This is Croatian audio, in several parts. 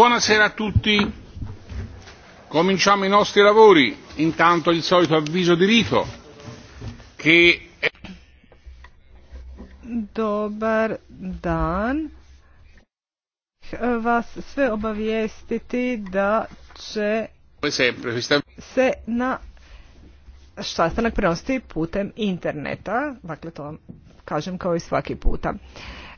Buonasera a tutti. Cominciamo i nostri lavori. Intanto il solito avviso di rito che Dobar dan. Vas sve obavijestiti da će se na sastanak prenositi putem interneta. Dakle, to vam kažem kao i svaki puta.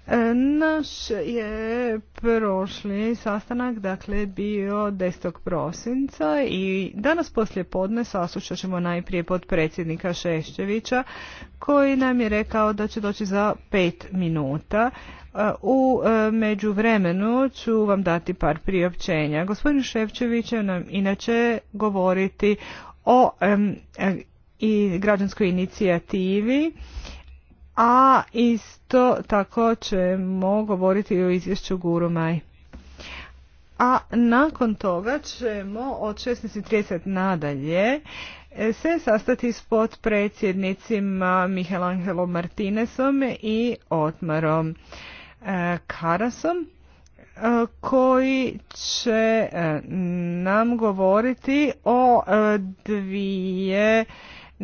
E, naš je prošli sastanak dakle bio 10. prosinca i danas poslije podne saslušat ćemo najprije potpredsjednika Šešćevića koji nam je rekao da će doći za pet minuta. E, u e, međuvremenu ću vam dati par priopćenja. Gospodin Šešćević će nam inače govoriti o i građanskoj inicijativi a isto tako ćemo govoriti o izvješću Gurumaj. A nakon toga ćemo od 16.30 nadalje e, se sastati s potpredsjednicima Michelangelo Martinesom i Otmarom e, Karasom e, koji će nam govoriti o dvije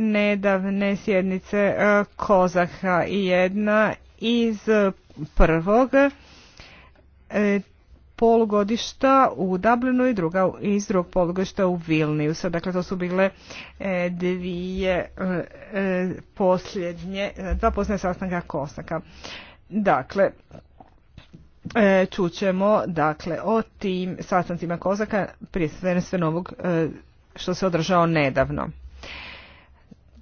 nedavne sjednice e, Kozaha i jedna iz prvog e, polugodišta u Dublinu i druga iz drugog polugodišta u Vilniusa. Dakle, to su bile e, dvije posljednje, dva posljednje sastanka Kosaka. Dakle, čućemo dakle, o tim sastancima Kozaka prije sve novog što se održao nedavno.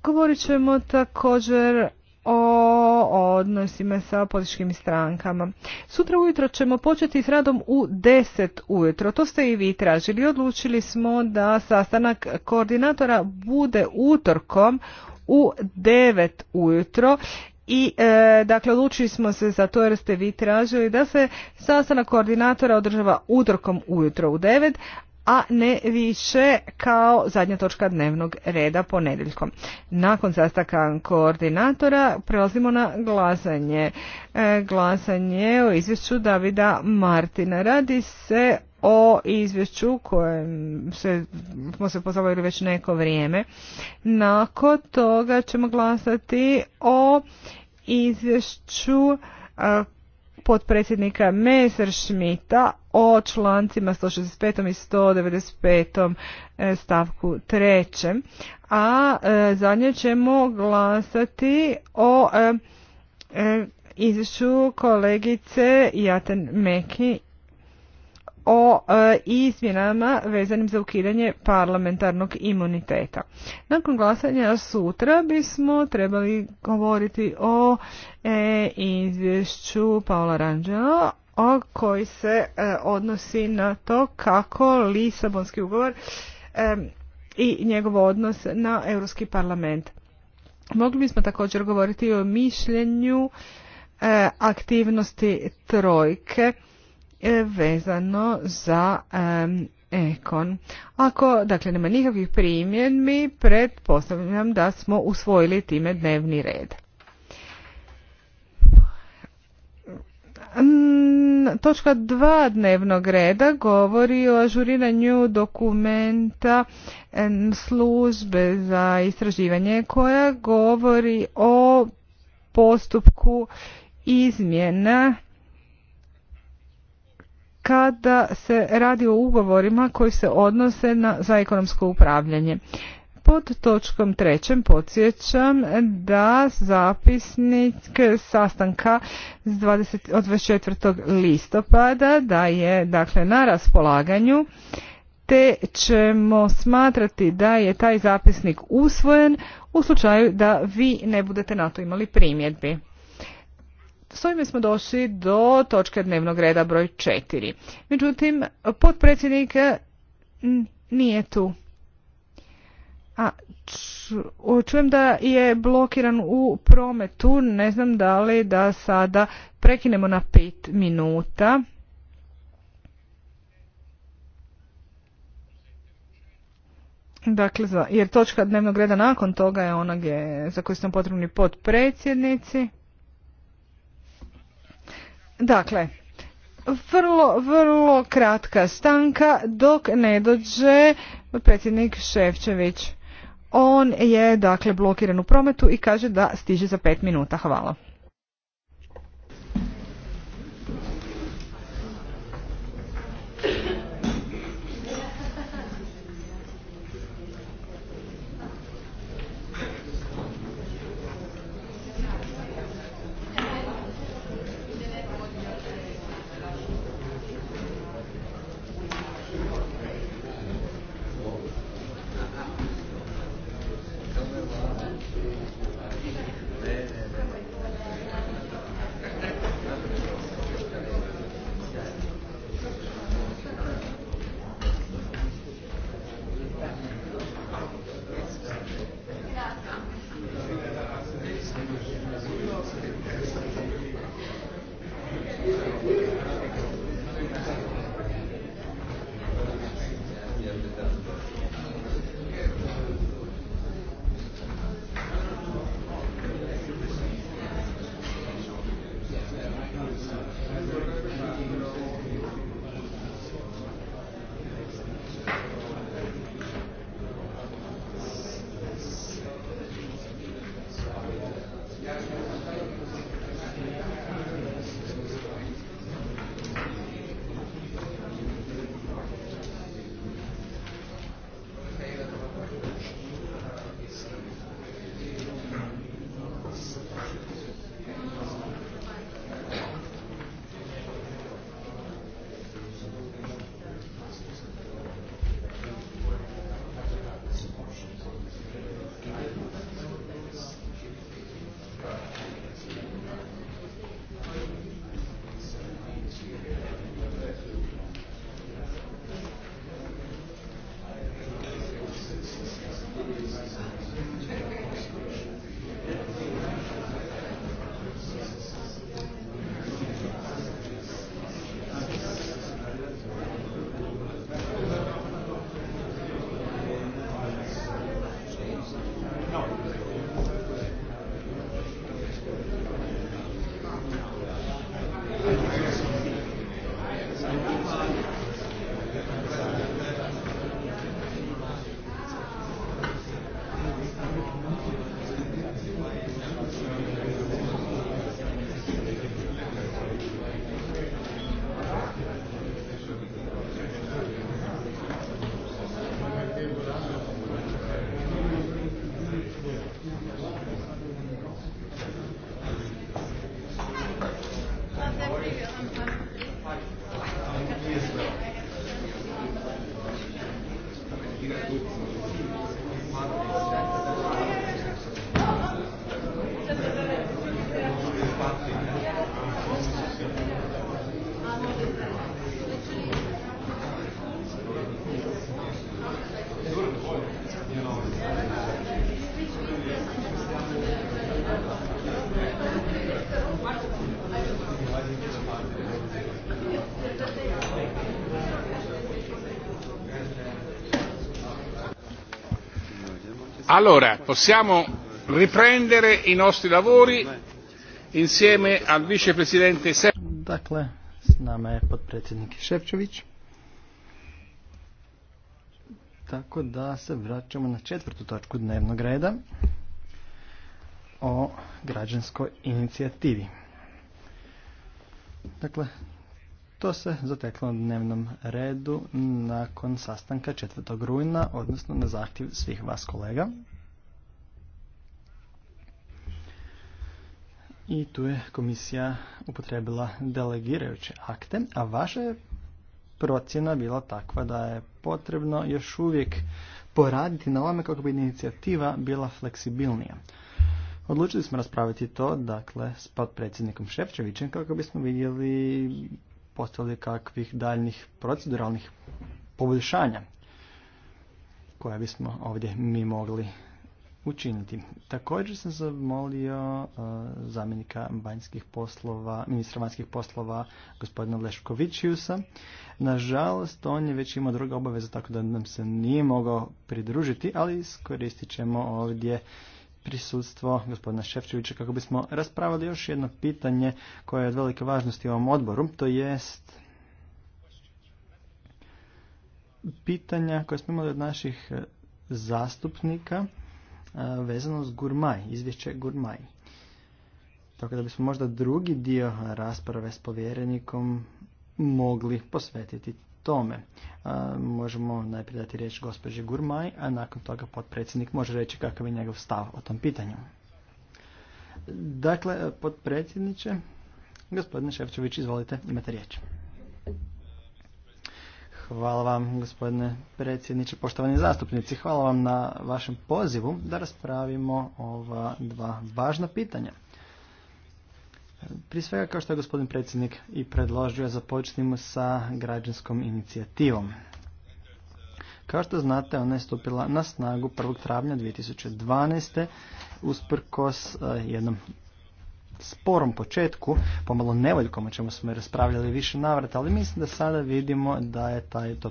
Govorit ćemo također o odnosima sa političkim strankama. Sutra ujutro ćemo početi s radom u 10 ujutro. To ste i vi tražili. Odlučili smo da sastanak koordinatora bude utorkom u 9 ujutro i e, dakle odlučili smo se za to jer ste vi tražili da se sastanak koordinatora održava utorkom ujutro u 9, a ne više kao zadnja točka dnevnog reda ponedjeljkom. Nakon sastaka koordinatora prelazimo na glasanje. E, glasanje o izvješću Davida Martina. Radi se o izvješću kojem se, smo se pozabavili već neko vrijeme. Nakon toga ćemo glasati o izvješću e, potpredsjednika Šmita o člancima 165. i 195. E, stavku 3. A e, zadnje ćemo glasati o e, izvješću kolegice Jaten Meki o e, izmjenama vezanim za ukidanje parlamentarnog imuniteta. Nakon glasanja sutra bismo trebali govoriti o e, izvješću Paola Ranđela o koji se e, odnosi na to kako Lisabonski ugovor e, i njegov odnos na Europski parlament. Mogli bismo također govoriti o mišljenju aktivnosti trojke E, vezano za ekon. Ako dakle nema nikakvih primjedbi, pretpostavljam da smo usvojili time dnevni red. Točka dva dnevnog reda govori o ažuriranju dokumenta službe za istraživanje koja govori o postupku izmjena kada se radi o ugovorima koji se odnose na, za ekonomsko upravljanje. Pod točkom trećem podsjećam da zapisnik sastanka od od 24. listopada da je dakle na raspolaganju te ćemo smatrati da je taj zapisnik usvojen u slučaju da vi ne budete na to imali primjedbi. S ovime smo došli do točke dnevnog reda broj četiri. Međutim, potpredsjednik nije tu. A čujem da je blokiran u prometu, ne znam da li da sada prekinemo na pet minuta. Dakle, jer točka dnevnog reda nakon toga je ona za koju su nam potrebni potpredsjednici. Dakle, vrlo, vrlo kratka stanka dok ne dođe predsjednik Ševčević. On je dakle blokiran u prometu i kaže da stiže za pet minuta. Hvala. allora possiamo riprendere i nostri lavori insieme al vicepresidente Dakle, s nama je potpredsjednik Ševčević. Tako da se vraćamo na četvrtu točku dnevnog reda o građanskoj inicijativi. Dakle, to se zateklo na dnevnom redu nakon sastanka 4. rujna, odnosno na zahtjev svih vas kolega. I tu je komisija upotrebila delegirajuće akte, a vaša je procjena bila takva da je potrebno još uvijek poraditi na ovome kako bi inicijativa bila fleksibilnija. Odlučili smo raspraviti to, dakle, s podpredsjednikom Ševčevićem, kako bismo vidjeli postavili kakvih daljnih proceduralnih poboljšanja koja bismo ovdje mi mogli učiniti. Također sam zamolio e, zamjenika vanjskih poslova, ministra vanjskih poslova gospodina Leškovićijusa. Nažalost, on je već imao druga obaveza, tako da nam se nije mogao pridružiti, ali iskoristit ćemo ovdje prisustvo gospodina Ševčevića kako bismo raspravili još jedno pitanje koje je od velike važnosti ovom odboru, to jest pitanja koje smo imali od naših e, zastupnika e, vezano s Gurmaj, izvješće Gurmaj. Tako da bismo možda drugi dio rasprave s povjerenikom mogli posvetiti tome. Možemo najprije dati riječ gospođi Gurmaj, a nakon toga potpredsjednik može reći kakav je njegov stav o tom pitanju. Dakle, potpredsjedniče, gospodine Ševčević, izvolite, imate riječ. Hvala vam, gospodine predsjedniče, poštovani zastupnici. Hvala vam na vašem pozivu da raspravimo ova dva važna pitanja. Prije svega, kao što je gospodin predsjednik i predložio, započnimo sa građanskom inicijativom. Kao što znate, ona je stupila na snagu 1. travnja 2012. usprkos e, jednom sporom početku, pomalo nevoljkom o čemu smo i raspravljali više navrata, ali mislim da sada vidimo da je taj, to,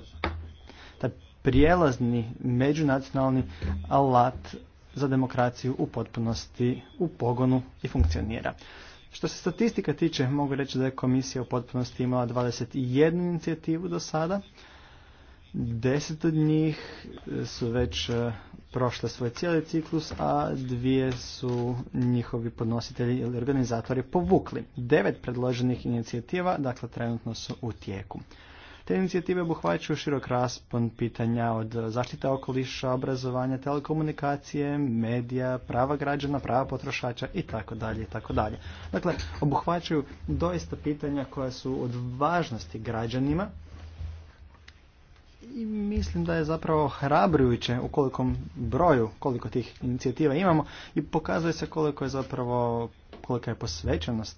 taj prijelazni međunacionalni alat za demokraciju u potpunosti u pogonu i funkcionira. Što se statistika tiče, mogu reći da je komisija u potpunosti imala 21 inicijativu do sada. Deset od njih su već e, prošle svoj cijeli ciklus, a dvije su njihovi podnositelji ili organizatori povukli. Devet predloženih inicijativa, dakle, trenutno su u tijeku. Te inicijative obuhvaćaju širok raspon pitanja od zaštite okoliša, obrazovanja, telekomunikacije, medija, prava građana, prava potrošača i tako dalje i tako dalje. Dakle, obuhvaćaju doista pitanja koja su od važnosti građanima i mislim da je zapravo hrabrujuće u kolikom broju, koliko tih inicijativa imamo i pokazuje se koliko je zapravo kolika je posvećenost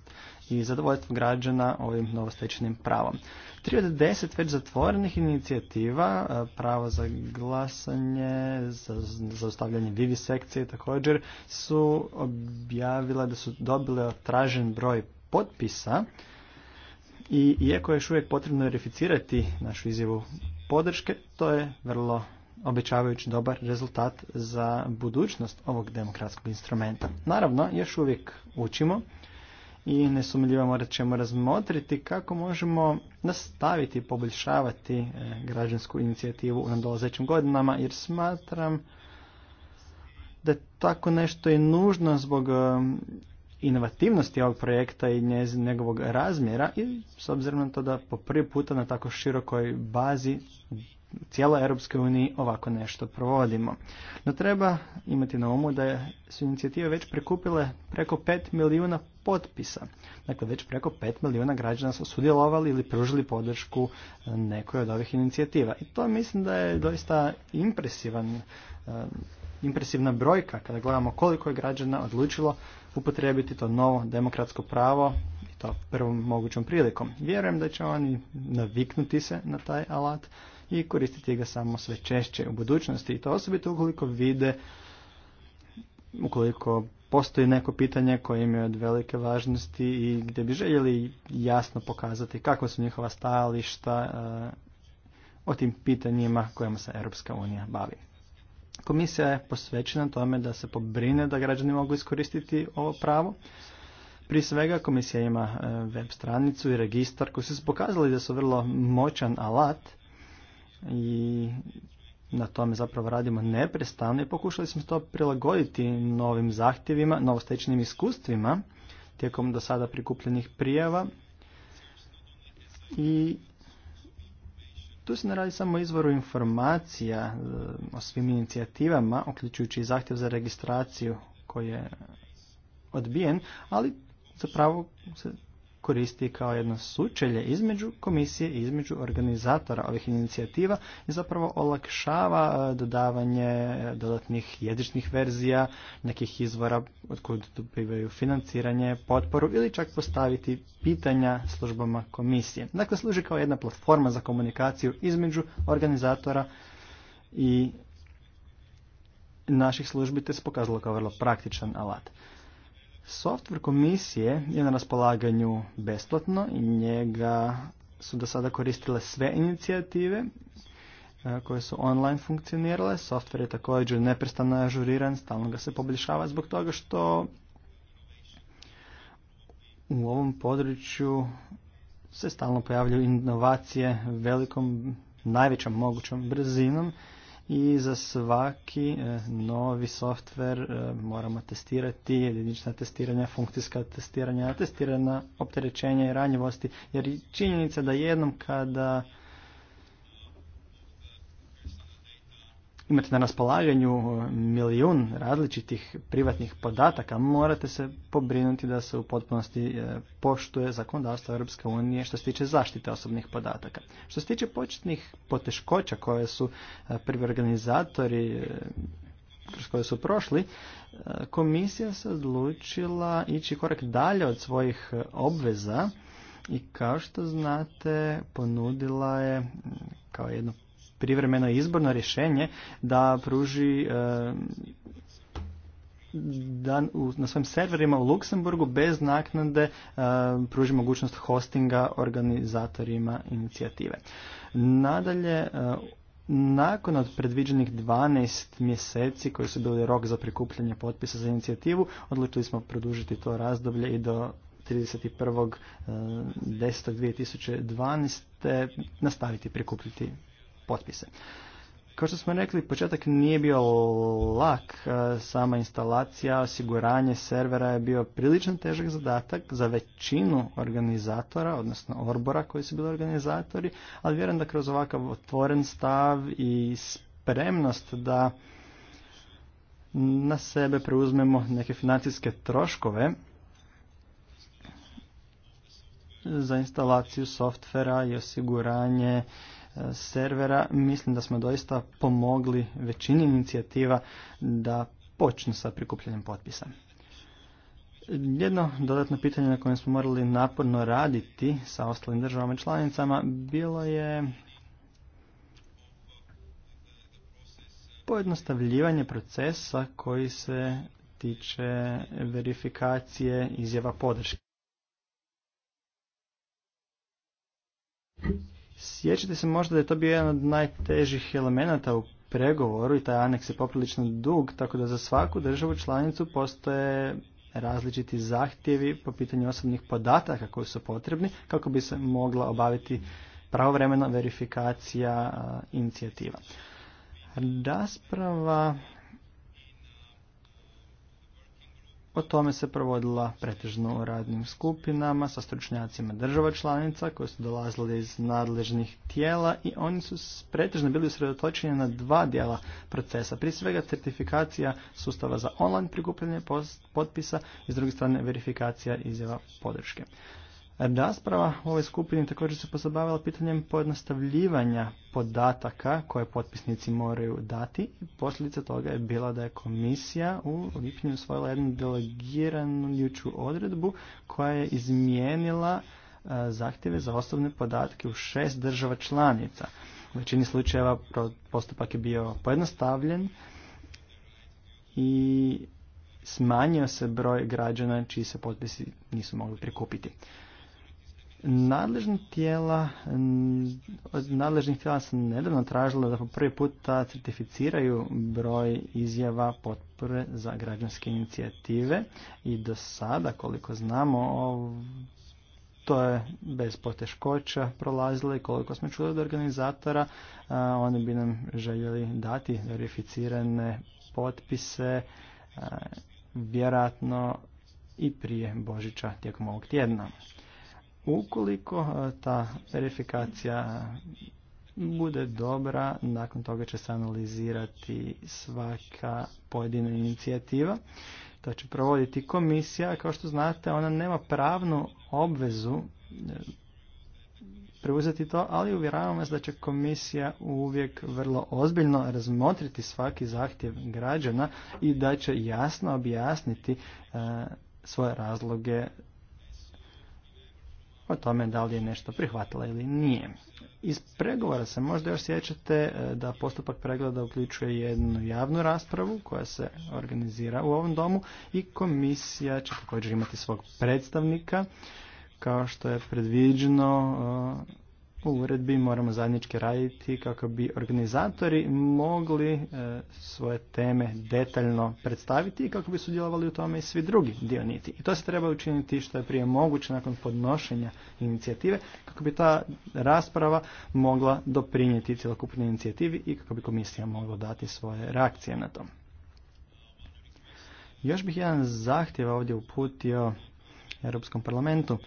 i zadovoljstvo građana ovim novostečenim pravom tri od deset već zatvorenih inicijativa, e, pravo za glasanje, za zaustavljanje sekcije također, su objavila da su dobile tražen broj potpisa i iako je još uvijek potrebno verificirati našu izjavu podrške, to je vrlo obećavajući dobar rezultat za budućnost ovog demokratskog instrumenta. Naravno, još uvijek učimo i nesumljivo morat ćemo razmotriti kako možemo nastaviti poboljšavati e, građansku inicijativu u nadolazećim godinama jer smatram da je tako nešto je nužno zbog e, inovativnosti ovog projekta i njegovog razmjera i s obzirom na to da po prvi puta na tako širokoj bazi cijela Europske unije ovako nešto provodimo. No treba imati na umu da su inicijative već prikupile preko 5 milijuna potpisa. Dakle, već preko pet milijuna građana su sudjelovali ili pružili podršku e, nekoj od ovih inicijativa. I to mislim da je doista impresivan, e, impresivna brojka kada gledamo koliko je građana odlučilo upotrijebiti to novo demokratsko pravo i to prvom mogućom prilikom. Vjerujem da će oni naviknuti se na taj alat i koristiti ga samo sve češće u budućnosti i to osobito ukoliko vide ukoliko postoji neko pitanje koje im je od velike važnosti i gdje bi željeli jasno pokazati kako su njihova stajališta e, o tim pitanjima kojima se Europska unija bavi. Komisija je posvećena tome da se pobrine da građani mogu iskoristiti ovo pravo. Prije svega komisija ima e, web stranicu i registar koji su se pokazali da su vrlo moćan alat i na tome zapravo radimo neprestano i pokušali smo to prilagoditi novim zahtjevima, novostečnim iskustvima tijekom do sada prikupljenih prijava i tu se ne radi samo o izvoru informacija e, o svim inicijativama, uključujući i zahtjev za registraciju koji je odbijen, ali zapravo se koristi kao jedno sučelje između komisije i između organizatora ovih inicijativa i zapravo olakšava e, dodavanje e, dodatnih jezičnih verzija, nekih izvora od kojih dobivaju financiranje, potporu ili čak postaviti pitanja službama komisije. Dakle, služi kao jedna platforma za komunikaciju između organizatora i naših službi te se pokazalo kao vrlo praktičan alat. Software komisije je na raspolaganju besplatno i njega su do sada koristile sve inicijative e, koje su online funkcionirale. Software je također neprestano ažuriran, stalno ga se poboljšava zbog toga što u ovom području se stalno pojavljuju inovacije velikom, najvećom mogućom brzinom i za svaki e, novi softver e, moramo testirati jedinična testiranja, funkcijska testiranja, testirana opterećenja i ranjivosti jer činjenica da jednom kada imate na raspolaganju e, milijun različitih privatnih podataka, morate se pobrinuti da se u potpunosti e, poštuje zakonodavstvo Europske unije što se tiče zaštite osobnih podataka. Što se tiče početnih poteškoća koje su e, prvi organizatori kroz koje su prošli, komisija se odlučila ići korak dalje od svojih obveza i kao što znate ponudila je kao jedno privremeno izborno rješenje da pruži eh, da u, na svojim serverima u Luksemburgu bez naknade e, pruži mogućnost hostinga organizatorima inicijative. Nadalje, eh, nakon od predviđenih 12 mjeseci koji su bili rok za prikupljanje potpisa za inicijativu, odlučili smo produžiti to razdoblje i do 31.10.2012. nastaviti prikupljati potpise. Kao što smo rekli, početak nije bio lak, e, sama instalacija, osiguranje servera je bio prilično težak zadatak za većinu organizatora, odnosno orbora koji su bili organizatori, ali vjerujem da kroz ovakav otvoren stav i spremnost da na sebe preuzmemo neke financijske troškove za instalaciju softvera i osiguranje servera, mislim da smo doista pomogli većini inicijativa da počnu sa prikupljanjem potpisa. Jedno dodatno pitanje na kojem smo morali naporno raditi sa ostalim državama i članicama bilo je pojednostavljivanje procesa koji se tiče verifikacije izjava podrške. Sjećate se možda da je to bio jedan od najtežih elemenata u pregovoru i taj aneks je poprilično dug, tako da za svaku državu članicu postoje različiti zahtjevi po pitanju osobnih podataka koji su potrebni kako bi se mogla obaviti pravovremena verifikacija inicijativa. Rasprava O tome se provodila pretežno u radnim skupinama sa stručnjacima država članica koji su dolazili iz nadležnih tijela i oni su pretežno bili usredotočeni na dva dijela procesa. Prije svega certifikacija sustava za online prikupljanje potpisa i s druge strane verifikacija izjava podrške. Rasprava u ovoj skupini također se pozabavila pitanjem pojednostavljivanja podataka koje potpisnici moraju dati i posljedica toga je bila da je komisija u lipnju usvojila jednu delegiranujuću odredbu koja je izmijenila e, zahtjeve za osobne podatke u šest država članica. U većini slučajeva postupak je bio pojednostavljen i smanjio se broj građana čiji se potpisi nisu mogli prikupiti. Nadležna tijela, od nadležnih tijela se nedavno tražila da po prvi puta certificiraju broj izjava potpore za građanske inicijative i do sada, koliko znamo, to je bez poteškoća prolazilo i koliko smo čuli od organizatora, oni bi nam željeli dati verificirane potpise, vjerojatno i prije Božića tijekom ovog tjedna. Ukoliko e, ta verifikacija bude dobra, nakon toga će se analizirati svaka pojedina inicijativa. To će provoditi komisija, kao što znate ona nema pravnu obvezu e, preuzeti to, ali uvjeravam vas da će komisija uvijek vrlo ozbiljno razmotriti svaki zahtjev građana i da će jasno objasniti e, svoje razloge o tome da li je nešto prihvatila ili nije. Iz pregovora se možda još sjećate e, da postupak pregleda uključuje jednu javnu raspravu koja se organizira u ovom domu i komisija će također imati svog predstavnika kao što je predviđeno e, u uredbi moramo zajednički raditi kako bi organizatori mogli e, svoje teme detaljno predstaviti i kako bi sudjelovali u tome i svi drugi dioniti. I to se treba učiniti što je prije moguće nakon podnošenja inicijative kako bi ta rasprava mogla doprinijeti cjelokupnoj inicijativi i kako bi komisija mogla dati svoje reakcije na to. Još bih jedan zahtjev ovdje uputio Europskom parlamentu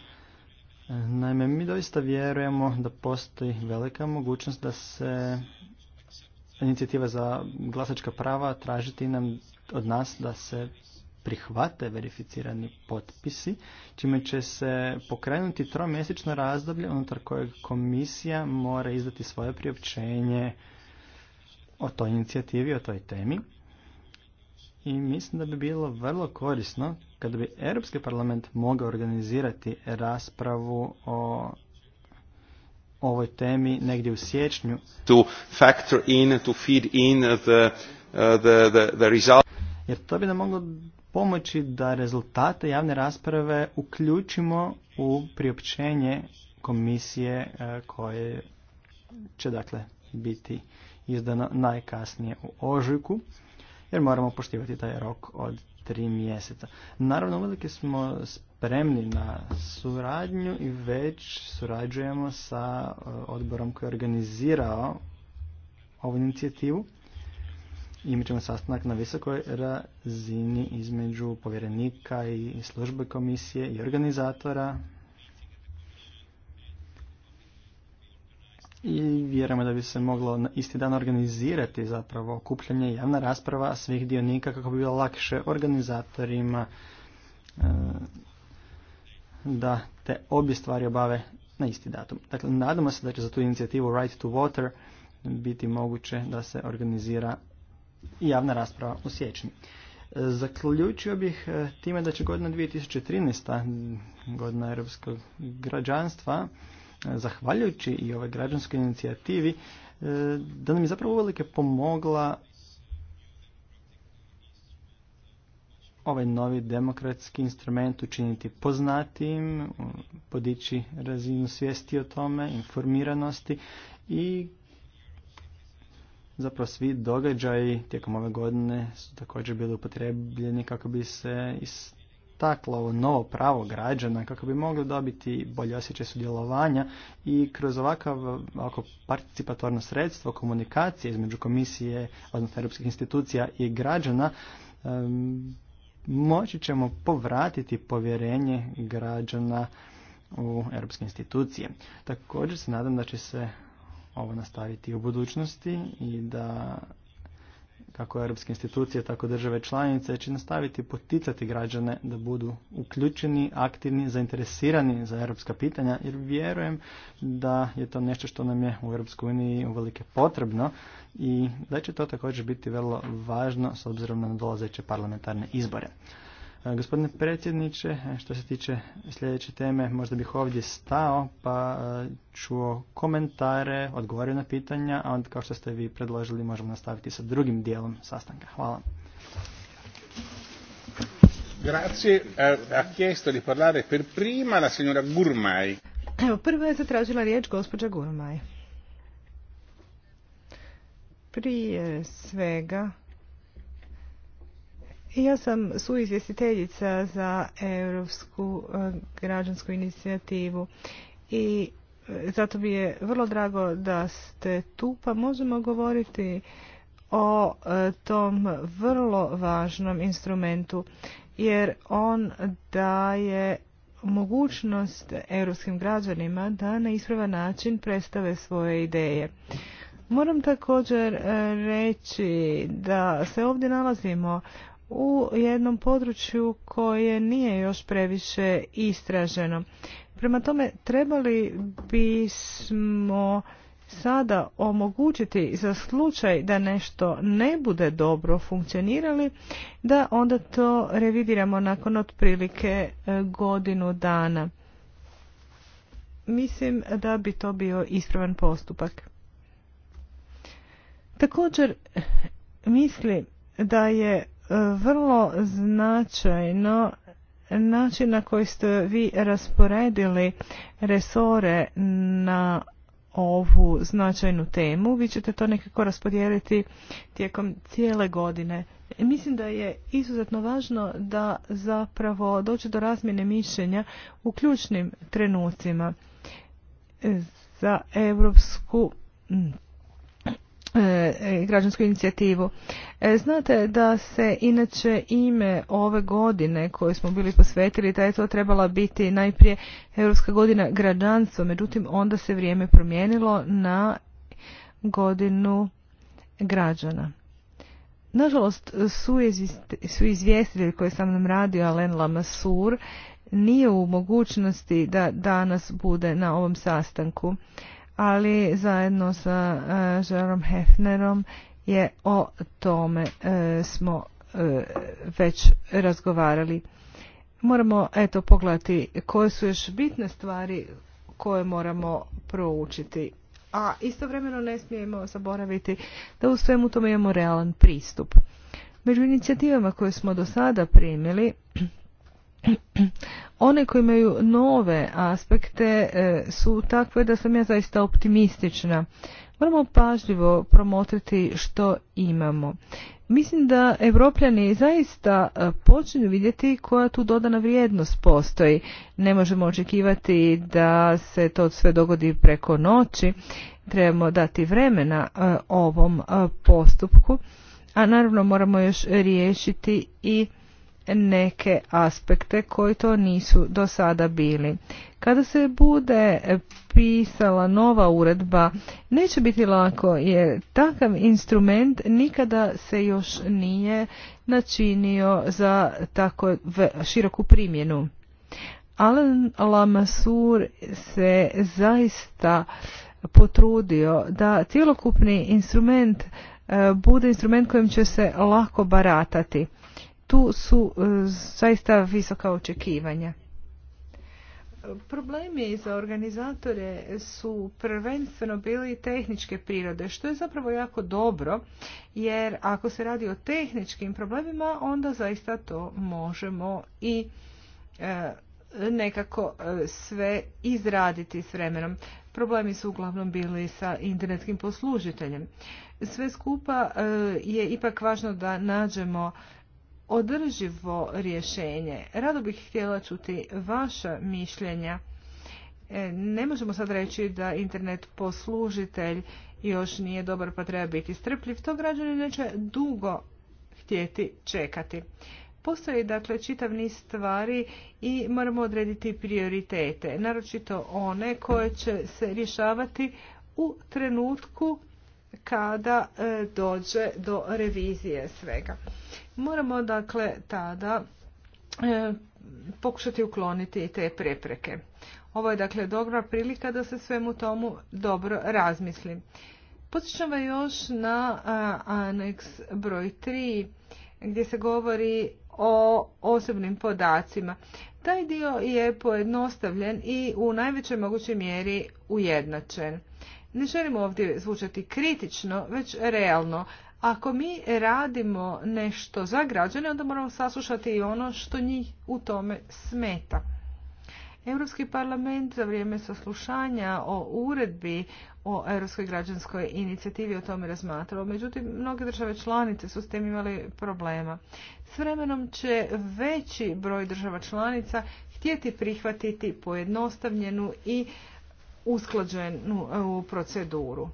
Naime, mi doista vjerujemo da postoji velika mogućnost da se inicijativa za glasačka prava tražiti nam od nas da se prihvate verificirani potpisi, čime će se pokrenuti tromjesečno razdoblje unutar kojeg komisija mora izdati svoje priopćenje o toj inicijativi, o toj temi i mislim da bi bilo vrlo korisno kada bi Europski parlament mogao organizirati raspravu o ovoj temi negdje u siječnju. Jer to bi nam moglo pomoći da rezultate javne rasprave uključimo u priopćenje komisije uh, koje će dakle biti izdano najkasnije u ožujku jer moramo poštivati taj rok od tri mjeseca. Naravno, uvijek smo spremni na suradnju i već surađujemo sa e, odborom koji je organizirao ovu inicijativu. Imat ćemo sastanak na visokoj razini između povjerenika i službe komisije i organizatora i vjerujemo da bi se moglo na isti dan organizirati zapravo okupljanje i javna rasprava svih dionika kako bi bilo lakše organizatorima e, da te obje stvari obave na isti datum. Dakle, nadamo se da će za tu inicijativu Right to Water biti moguće da se organizira javna rasprava u siječnju. E, zaključio bih e, time da će godina 2013. godina europskog građanstva zahvaljujući i ovoj građanskoj inicijativi, e, da nam je zapravo uvelike pomogla ovaj novi demokratski instrument učiniti poznatijim, podići razinu svijesti o tome, informiranosti i zapravo svi događaji tijekom ove godine su također bili upotrebljeni kako bi se taklo ovo novo pravo građana kako bi mogli dobiti bolje osjećaj sudjelovanja i kroz ovakav participatorno sredstvo komunikacije između komisije, odnosno europskih institucija i građana moći ćemo povratiti povjerenje građana u europske institucije. Također se nadam da će se ovo nastaviti u budućnosti i da kako europske institucije, tako države članice će nastaviti poticati građane da budu uključeni, aktivni, zainteresirani za europska pitanja, jer vjerujem da je to nešto što nam je u Europskoj uniji uvelike potrebno i da će to također biti vrlo važno s obzirom na dolazeće parlamentarne izbore. E, gospodine predsjedniče, e, što se tiče sljedeće teme, možda bih ovdje stao pa e, čuo komentare, odgovorio na pitanja, a onda kao što ste vi predložili možemo nastaviti sa drugim dijelom sastanka. Hvala. Grazie. Ha chiesto di parlare per prima la signora Gurmai. Evo, prvo je zatražila riječ gospođa Gurmai. Prije svega ja sam suizvjestiteljica za Europsku e, građansku inicijativu i e, zato mi je vrlo drago da ste tu, pa možemo govoriti o e, tom vrlo važnom instrumentu, jer on daje mogućnost europskim građanima da na ispravan način predstave svoje ideje. Moram također reći da se ovdje nalazimo u jednom području koje nije još previše istraženo. Prema tome, trebali bismo sada omogućiti za slučaj da nešto ne bude dobro funkcionirali, da onda to revidiramo nakon otprilike e, godinu dana. Mislim da bi to bio ispravan postupak. Također mislim da je vrlo značajno način na koji ste vi rasporedili resore na ovu značajnu temu. Vi ćete to nekako raspodijeliti tijekom cijele godine. Mislim da je izuzetno važno da zapravo dođe do razmjene mišljenja u ključnim trenucima za Europsku E, e, građansku inicijativu. E, znate da se inače ime ove godine koje smo bili posvetili, da je to trebala biti najprije Europska godina građanstva, međutim onda se vrijeme promijenilo na godinu građana. Nažalost, su izvjestitelji koji sam nam radio, Alen Lamassur, nije u mogućnosti da danas bude na ovom sastanku ali zajedno sa Žerom Hefnerom je o tome e, smo e, već razgovarali. Moramo eto pogledati koje su još bitne stvari koje moramo proučiti. A istovremeno ne smijemo zaboraviti da u svemu tome imamo realan pristup. Među inicijativama koje smo do sada primili One koji imaju nove aspekte e, su takve da sam ja zaista optimistična. Moramo pažljivo promotriti što imamo. Mislim da evropljani zaista e, počinju vidjeti koja tu dodana vrijednost postoji. Ne možemo očekivati da se to sve dogodi preko noći. Trebamo dati vremena e, ovom postupku. A naravno moramo još riješiti i neke aspekte koji to nisu do sada bili. Kada se bude pisala nova uredba, neće biti lako jer takav instrument nikada se još nije načinio za tako široku primjenu. Alan Lamassur se zaista potrudio da cjelokupni instrument e, bude instrument kojim će se lako baratati tu su e, zaista visoka očekivanja. Problemi za organizatore su prvenstveno bili tehničke prirode, što je zapravo jako dobro, jer ako se radi o tehničkim problemima, onda zaista to možemo i e, nekako e, sve izraditi s vremenom. Problemi su uglavnom bili sa internetskim poslužiteljem. Sve skupa je ipak važno da nađemo održivo rješenje. Rado bih htjela čuti vaša mišljenja. E, ne možemo sad reći da internet poslužitelj još nije dobar pa treba biti strpljiv. To građani neće dugo htjeti čekati. Postoji dakle čitav niz stvari i moramo odrediti prioritete, naročito one koje će se rješavati u trenutku kada e, dođe do revizije svega. Moramo dakle tada e, pokušati ukloniti i te prepreke. Ovo je dakle dobra prilika da se svemu tomu dobro razmisli. Podsjećam vas još na aneks broj 3 gdje se govori o osobnim podacima. Taj dio je pojednostavljen i u najvećoj mogućoj mjeri ujednačen. Ne želimo ovdje zvučati kritično, već realno. Ako mi radimo nešto za građane, onda moramo saslušati i ono što njih u tome smeta. Europski parlament za vrijeme saslušanja o uredbi o Europskoj građanskoj inicijativi o tome razmatrao. Međutim, mnoge države članice su s tem imali problema. S vremenom će veći broj država članica htjeti prihvatiti pojednostavljenu i usklađenu proceduru.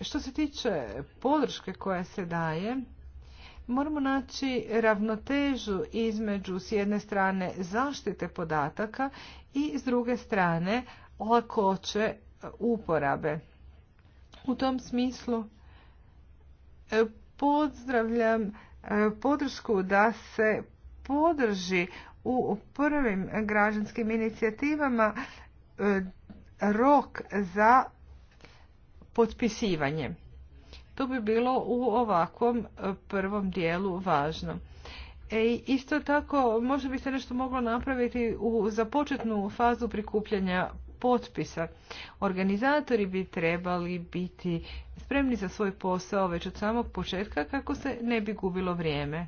Što se tiče podrške koja se daje, moramo naći ravnotežu između s jedne strane zaštite podataka i s druge strane lakoće uporabe. U tom smislu e, pozdravljam e, podršku da se podrži u prvim građanskim inicijativama rok za potpisivanje. To bi bilo u ovakvom e, prvom dijelu važno. E, isto tako, možda bi se nešto moglo napraviti u, za početnu fazu prikupljanja potpisa. Organizatori bi trebali biti spremni za svoj posao već od samog početka kako se ne bi gubilo vrijeme.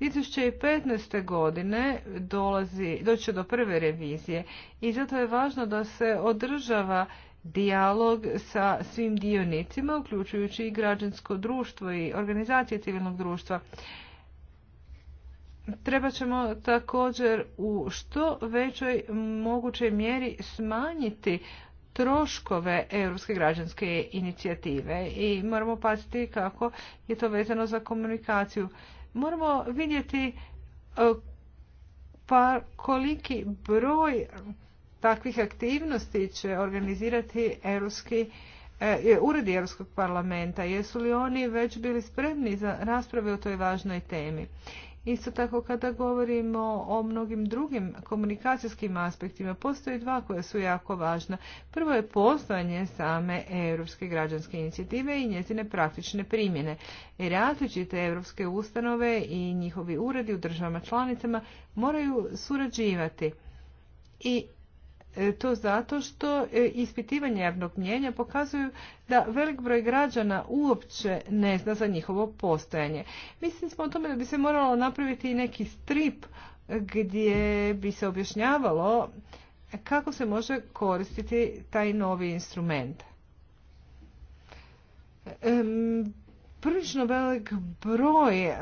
2015. godine dolazi, doći do prve revizije i zato je važno da se održava dijalog sa svim dionicima, uključujući i građansko društvo i organizacije civilnog društva. Treba ćemo također u što većoj mogućoj mjeri smanjiti troškove Europske građanske inicijative i moramo paziti kako je to vezano za komunikaciju. Moramo vidjeti e, koliki broj takvih aktivnosti će organizirati europski e, uredi Europskog parlamenta, jesu li oni već bili spremni za rasprave o toj važnoj temi. Isto tako kada govorimo o mnogim drugim komunikacijskim aspektima, postoji dva koja su jako važna. Prvo je postojanje same Europske građanske inicijative i njezine praktične primjene. Različite europske ustanove i njihovi uredi u državama članicama moraju surađivati i E, to zato što e, ispitivanje javnog mnjenja pokazuju da velik broj građana uopće ne zna za njihovo postojanje. Mislim smo o tome da bi se moralo napraviti i neki strip gdje bi se objašnjavalo kako se može koristiti taj novi instrument. Prvično velik broj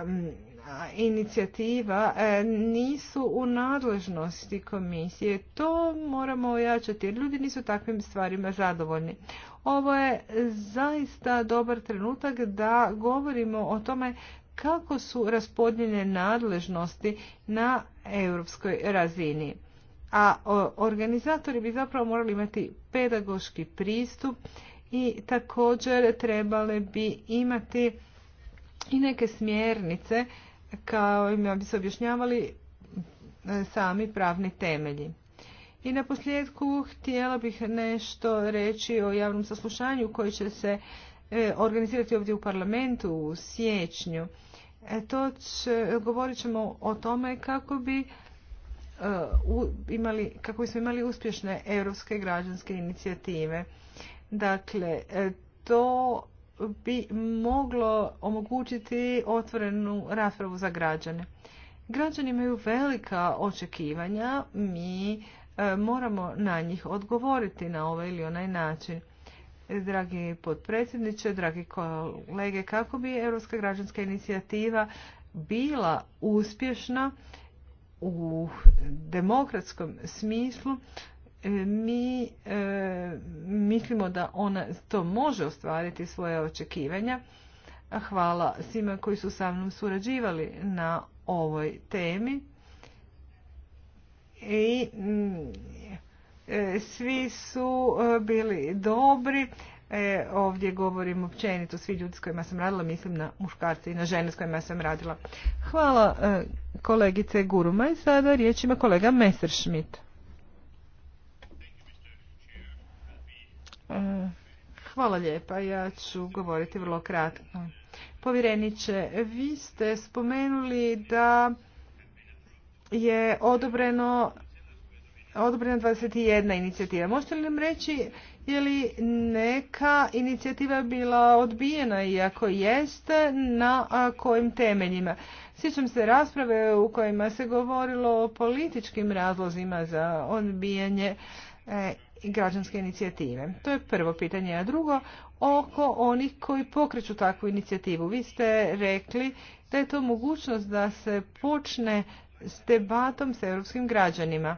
inicijativa e, nisu u nadležnosti komisije. To moramo ojačati jer ljudi nisu takvim stvarima zadovoljni. Ovo je zaista dobar trenutak da govorimo o tome kako su raspodijeljene nadležnosti na europskoj razini. A organizatori bi zapravo morali imati pedagoški pristup i također trebale bi imati i neke smjernice kao im bi se objašnjavali e, sami pravni temelji. I na posljedku htjela bih nešto reći o javnom saslušanju koji će se e, organizirati ovdje u parlamentu u siječnju. E, to će, govorit ćemo o tome kako bi imali, kako bismo imali uspješne europske građanske inicijative. Dakle, to bi moglo omogućiti otvorenu raspravu za građane. Građani imaju velika očekivanja, mi e, moramo na njih odgovoriti na ovaj ili onaj način. Dragi potpredsjedniče, dragi kolege, kako bi Europska građanska inicijativa bila uspješna u demokratskom smislu, E, mi e, mislimo da ona to može ostvariti svoje očekivanja. Hvala svima koji su sa mnom surađivali na ovoj temi. I mm, e, svi su bili dobri. E, ovdje govorim općenito svi ljudi s kojima sam radila, mislim na muškarce i na žene s kojima sam radila. Hvala kolegice Guruma i sada riječ ima kolega Messerschmidt. Hvala lijepa, ja ću govoriti vrlo kratko. Povjereniče, vi ste spomenuli da je odobreno odobrena 21 inicijativa. Možete li nam reći je li neka inicijativa bila odbijena i ako jeste, na kojim temeljima? Sjećam se rasprave u kojima se govorilo o političkim razlozima za odbijanje e, građanske inicijative. To je prvo pitanje. A drugo, oko onih koji pokreću takvu inicijativu. Vi ste rekli da je to mogućnost da se počne s debatom s europskim građanima.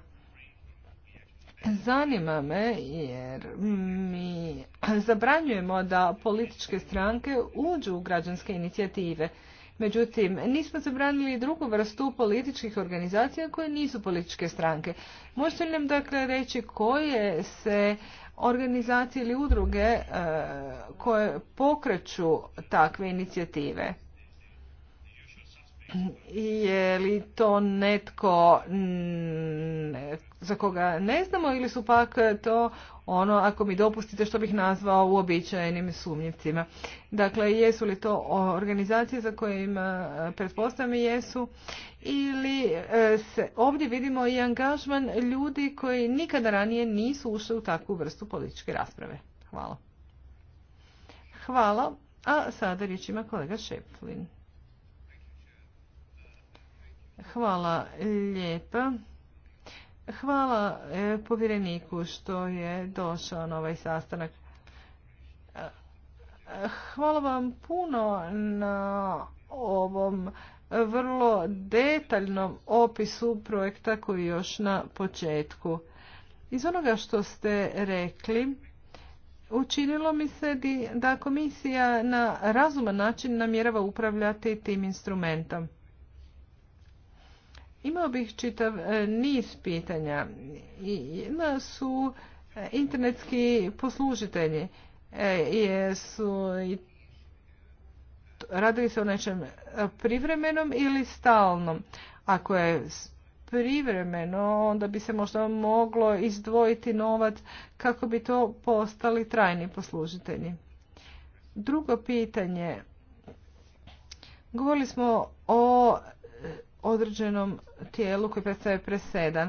Zanima me jer mi zabranjujemo da političke stranke uđu u građanske inicijative. Međutim, nismo zabranili drugu vrstu političkih organizacija koje nisu političke stranke. Možete li nam dakle reći koje se organizacije ili udruge e, koje pokreću takve inicijative? je li to netko za koga ne znamo ili su pak to ono, ako mi dopustite, što bih nazvao uobičajenim sumnjivcima. Dakle, jesu li to organizacije za kojima e, pretpostavljam jesu ili e, se ovdje vidimo i angažman ljudi koji nikada ranije nisu ušli u takvu vrstu političke rasprave. Hvala. Hvala. A sada riječ ima kolega Šeplin. Hvala lijepa. Hvala e, povjereniku što je došao na ovaj sastanak. Hvala vam puno na ovom vrlo detaljnom opisu projekta koji je još na početku. Iz onoga što ste rekli, učinilo mi se da komisija na razuman način namjerava upravljati tim instrumentom. Imao bih čitav e, niz pitanja. Jedna su e, internetski poslužitelji. E, jesu i radili se o nečem privremenom ili stalnom. Ako je privremeno, onda bi se možda moglo izdvojiti novac kako bi to postali trajni poslužitelji. Drugo pitanje. Govorili smo o određenom tijelu koji predstavlja presedan.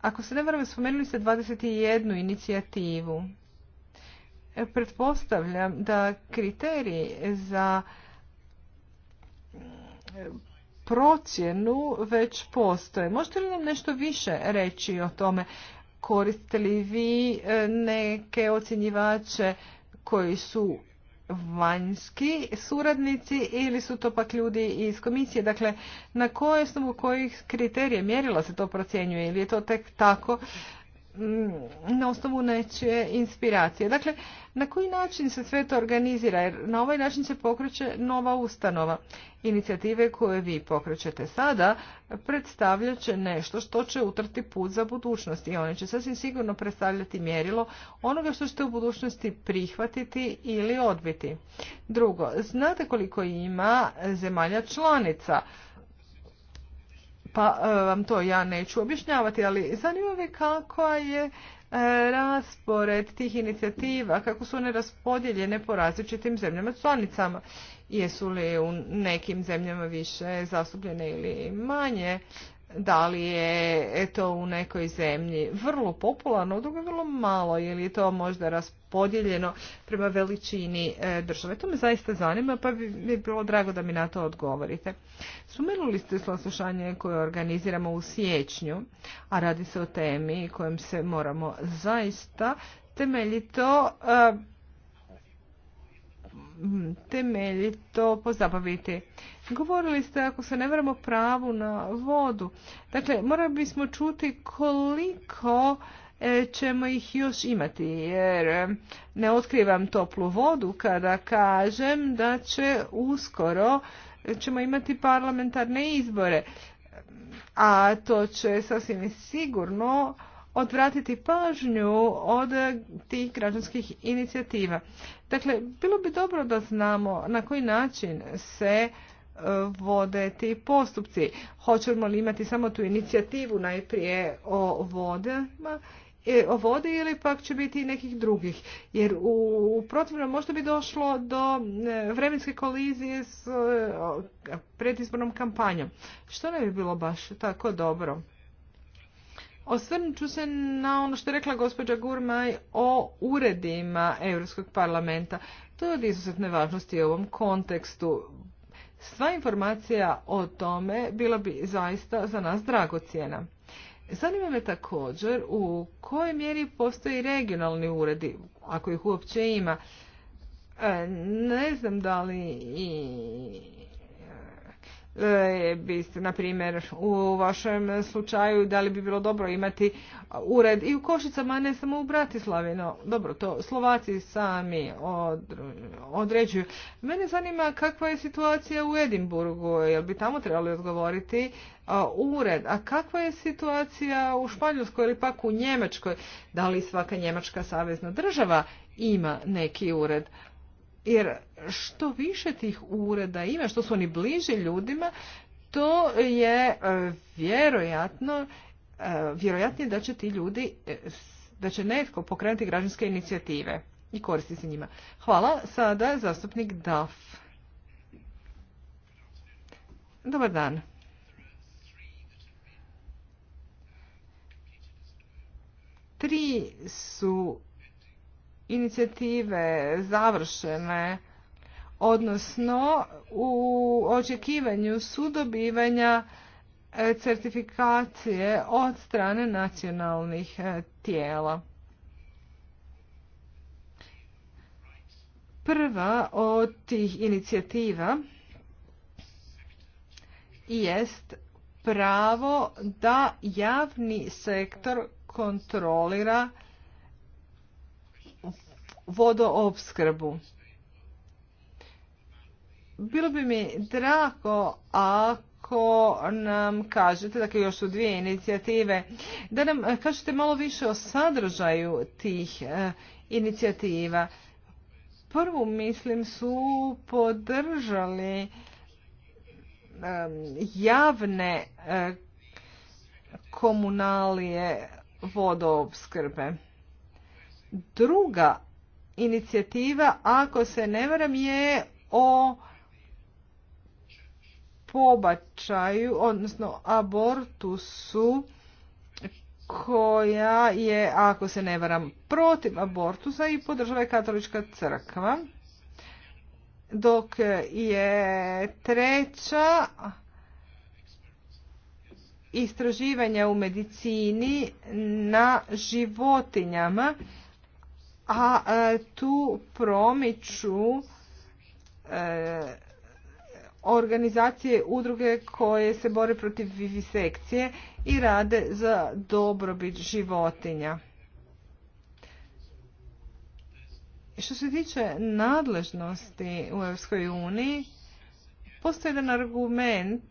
Ako se ne varam, spomenuli ste 21 inicijativu. E, pretpostavljam da kriteriji za mm, procjenu već postoje. Možete li nam nešto više reći o tome? Koristite li vi e, neke ocjenjivače koji su vanjski suradnici ili su to pak ljudi iz komisije? Dakle, na kojoj osnovu kojih kriterije mjerila se to procjenjuje ili je to tek tako Mm, na osnovu nečije inspiracije. Dakle, na koji način se sve to organizira? Jer na ovaj način se pokreće nova ustanova. Inicijative koje vi pokrećete sada predstavljat će nešto što će utrti put za budućnost i one će sasvim sigurno predstavljati mjerilo onoga što ćete u budućnosti prihvatiti ili odbiti. Drugo, znate koliko ima zemalja članica? pa e, vam to ja neću objašnjavati, ali zanima me kako je e, raspored tih inicijativa, kako su one raspodijeljene po različitim zemljama članicama. Jesu li u nekim zemljama više zastupljene ili manje da li je to u nekoj zemlji vrlo popularno, u drugoj vrlo malo, ili je to možda raspodijeljeno prema veličini e, države. To me zaista zanima, pa bi mi bilo drago da mi na to odgovorite. Spomenuli ste saslušanje koje organiziramo u siječnju, a radi se o temi kojom se moramo zaista temeljito e, temeljito pozabaviti. Govorili ste, ako se ne vremo pravu na vodu. Dakle, morali bismo čuti koliko e, ćemo ih još imati, jer e, ne otkrivam toplu vodu kada kažem da će uskoro e, ćemo imati parlamentarne izbore. A to će sasvim sigurno odvratiti pažnju od tih građanskih inicijativa. Dakle, bilo bi dobro da znamo na koji način se e, vode ti postupci. Hoćemo li imati samo tu inicijativu najprije o vodama e, o vodi ili pak će biti i nekih drugih. Jer u protivnom možda bi došlo do e, vremenske kolizije s predizbornom kampanjom. Što ne bi bilo baš tako dobro. Osvrnut ću se na ono što je rekla gospođa Gurmaj o uredima Europskog parlamenta. To je od izuzetne važnosti u ovom kontekstu. Sva informacija o tome bila bi zaista za nas dragocjena. Zanima me također u kojoj mjeri postoji regionalni uredi, ako ih uopće ima. E, ne znam da li i E, biste, na primjer, u vašem slučaju, da li bi bilo dobro imati ured i u Košicama, ne samo u Bratislavi. No, dobro, to Slovaci sami određuju. Mene zanima kakva je situacija u Edimburgu, jel bi tamo trebali odgovoriti ured, a kakva je situacija u Španjolskoj ili pak u Njemačkoj? Da li svaka Njemačka savezna država ima neki ured? Jer što više tih ureda ima, što su oni bliži ljudima, to je e, vjerojatno, e, vjerojatnije da će ti ljudi, e, da će netko pokrenuti građanske inicijative i koristi se njima. Hvala. Sada zastupnik DAF. Dobar dan. Tri su inicijative završene, odnosno u očekivanju sudobivanja e, certifikacije od strane nacionalnih e, tijela. Prva od tih inicijativa jest pravo da javni sektor kontrolira vodoopskrbu. Bilo bi mi drago ako nam kažete, dakle još su dvije inicijative, da nam kažete malo više o sadržaju tih e, inicijativa. Prvu, mislim, su podržali e, javne e, komunalije vodoopskrbe. Druga inicijativa, ako se ne varam, je o pobačaju, odnosno abortusu koja je, ako se ne varam, protiv abortusa i podržava je katolička crkva. Dok je treća istraživanja u medicini na životinjama a e, tu promiču e, organizacije udruge koje se bore protiv vivisekcije i rade za dobrobit životinja. Što se tiče nadležnosti u Europskoj uniji, postoji jedan argument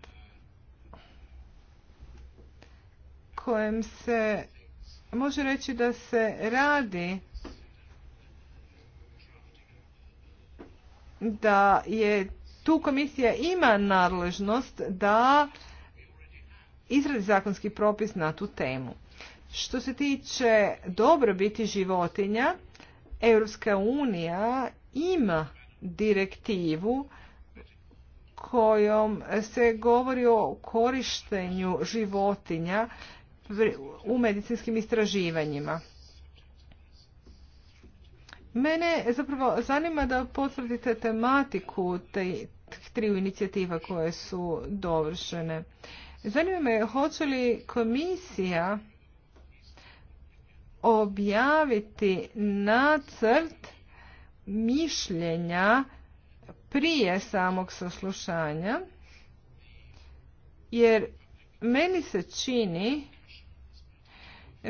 kojem se može reći da se radi da je tu komisija ima nadležnost da izradi zakonski propis na tu temu. Što se tiče dobrobiti životinja, Europska unija ima direktivu kojom se govori o korištenju životinja u medicinskim istraživanjima. Mene zapravo zanima da potvrdite tematiku tih triju inicijativa koje su dovršene. Zanima me, hoće li komisija objaviti nacrt mišljenja prije samog saslušanja, jer meni se čini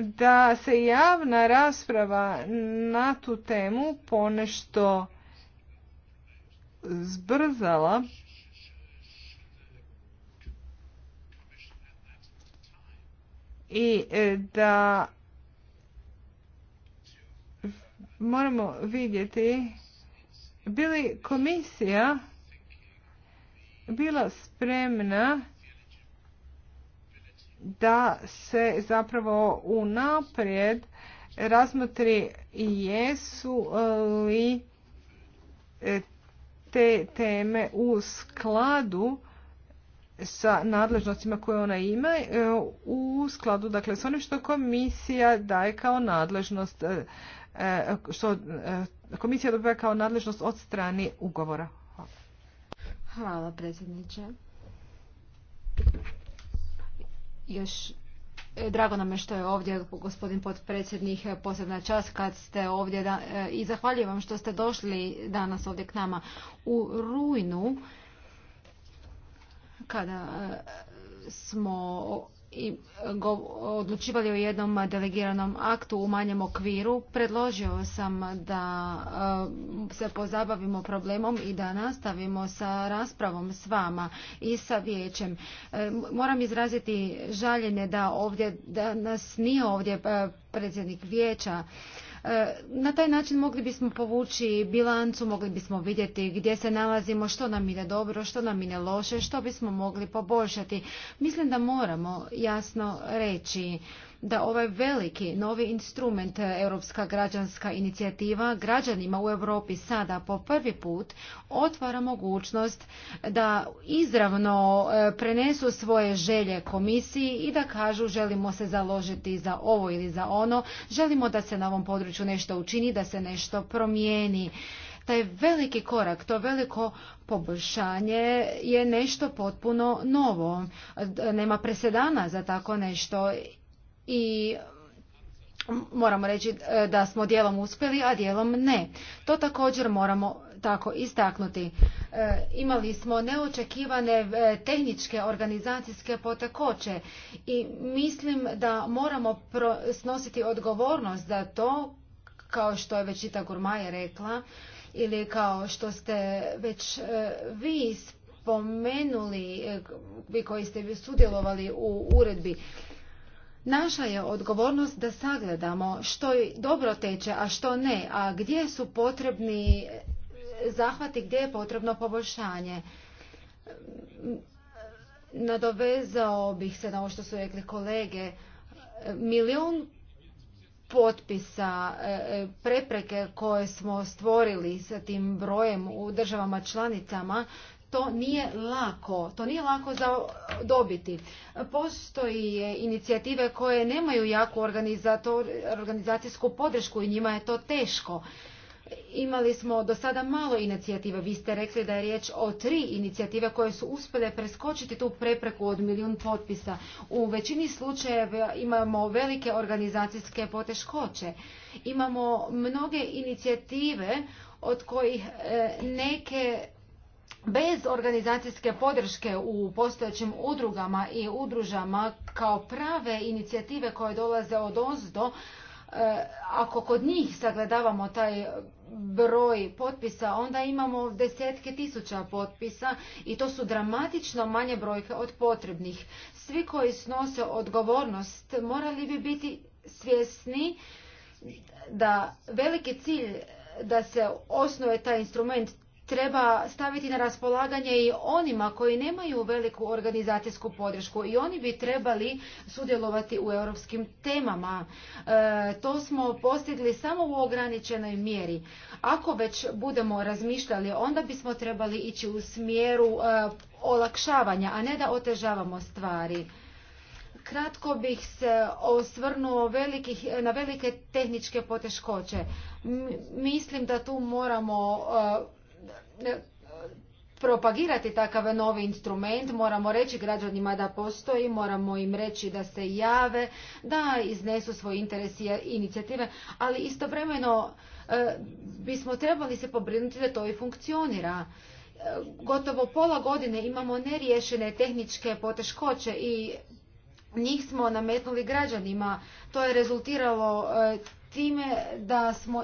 da se javna rasprava na tu temu ponešto zbrzala i e, da moramo vidjeti bili komisija bila spremna da se zapravo unaprijed razmotri jesu e, li e, te teme u skladu sa nadležnostima koje ona ima e, u skladu dakle s onim što komisija daje kao nadležnost što komisija dobiva kao nadležnost od strani ugovora. Hvala predsjedniče još e, Drago nam je što je ovdje gospodin potpredsjednik, e, posebna čast kad ste ovdje da, e, i zahvaljujem vam što ste došli danas ovdje k nama u rujnu kada smo i e, odlučivali o jednom delegiranom aktu u manjem okviru, predložio sam da e, se pozabavimo problemom i da nastavimo sa raspravom s vama i sa vijećem. E, moram izraziti žaljenje da ovdje da nas nije ovdje predsjednik vijeća E, na taj način mogli bismo povući bilancu, mogli bismo vidjeti gdje se nalazimo, što nam ide dobro, što nam ide loše, što bismo mogli poboljšati. Mislim da moramo jasno reći da ovaj veliki novi instrument e, Europska građanska inicijativa građanima u Europi sada po prvi put otvara mogućnost da izravno e, prenesu svoje želje komisiji i da kažu želimo se založiti za ovo ili za ono, želimo da se na ovom području nešto učini, da se nešto promijeni taj veliki korak, to veliko poboljšanje je nešto potpuno novo. Nema presedana za tako nešto i moramo reći e, da smo dijelom uspjeli, a dijelom ne. To također moramo tako istaknuti. E, imali smo neočekivane e, tehničke organizacijske potekoće i mislim da moramo snositi odgovornost za to, kao što je već Ita Gurmaje rekla, ili kao što ste već vi spomenuli, vi koji ste sudjelovali u uredbi, Naša je odgovornost da sagledamo što dobro teče, a što ne, a gdje su potrebni zahvati, gdje je potrebno poboljšanje. Nadovezao bih se na ovo što su rekli kolege. Milijun potpisa, e, e, prepreke koje smo stvorili sa tim brojem u državama članicama to nije lako, to nije lako za dobiti. Postoji inicijative koje nemaju jaku organizacijsku podršku i njima je to teško. Imali smo do sada malo inicijativa. Vi ste rekli da je riječ o tri inicijative koje su uspjele preskočiti tu prepreku od milijun potpisa. U većini slučajeva imamo velike organizacijske poteškoće. Imamo mnoge inicijative od kojih e, neke bez organizacijske podrške u postojećim udrugama i udružama kao prave inicijative koje dolaze od ozdo, e, ako kod njih sagledavamo taj broj potpisa, onda imamo desetke tisuća potpisa i to su dramatično manje brojke od potrebnih. Svi koji snose odgovornost morali bi biti svjesni da veliki cilj da se osnuje taj instrument treba staviti na raspolaganje i onima koji nemaju veliku organizacijsku podršku i oni bi trebali sudjelovati u europskim temama. E, to smo postigli samo u ograničenoj mjeri. Ako već budemo razmišljali, onda bismo trebali ići u smjeru e, olakšavanja, a ne da otežavamo stvari. Kratko bih se osvrnuo na velike tehničke poteškoće. mislim da tu moramo e, E, propagirati takav novi instrument, moramo reći građanima da postoji, moramo im reći da se jave, da iznesu svoj interes i inicijative, ali istovremeno e, bismo trebali se pobrinuti da to i funkcionira e, gotovo pola godine imamo neriješene tehničke poteškoće i njih smo nametnuli građanima. To je rezultiralo time da smo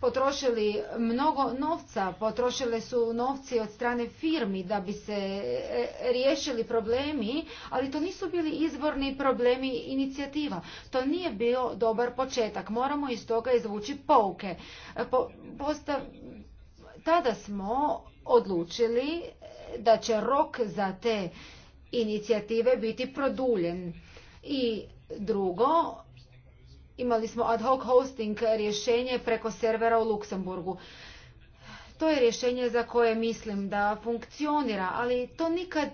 potrošili mnogo novca, potrošile su novci od strane firmi da bi se e, riješili problemi, ali to nisu bili izvorni problemi inicijativa. To nije bio dobar početak. Moramo iz toga izvući pouke. E, tada smo odlučili e, da će rok za te inicijative biti produljen. I drugo, Imali smo ad hoc hosting rješenje preko servera u Luksemburgu. To je rješenje za koje mislim da funkcionira, ali to nikad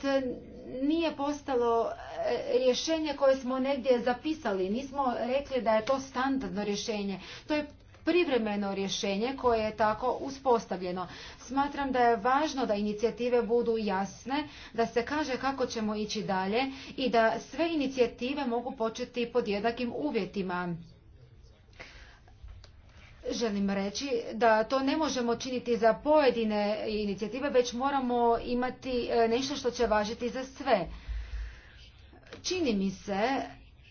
nije postalo e, rješenje koje smo negdje zapisali. Nismo rekli da je to standardno rješenje. To je privremeno rješenje koje je tako uspostavljeno. Smatram da je važno da inicijative budu jasne, da se kaže kako ćemo ići dalje i da sve inicijative mogu početi pod jednakim uvjetima. Želim reći da to ne možemo činiti za pojedine inicijative, već moramo imati e, nešto što će važiti za sve. Čini mi se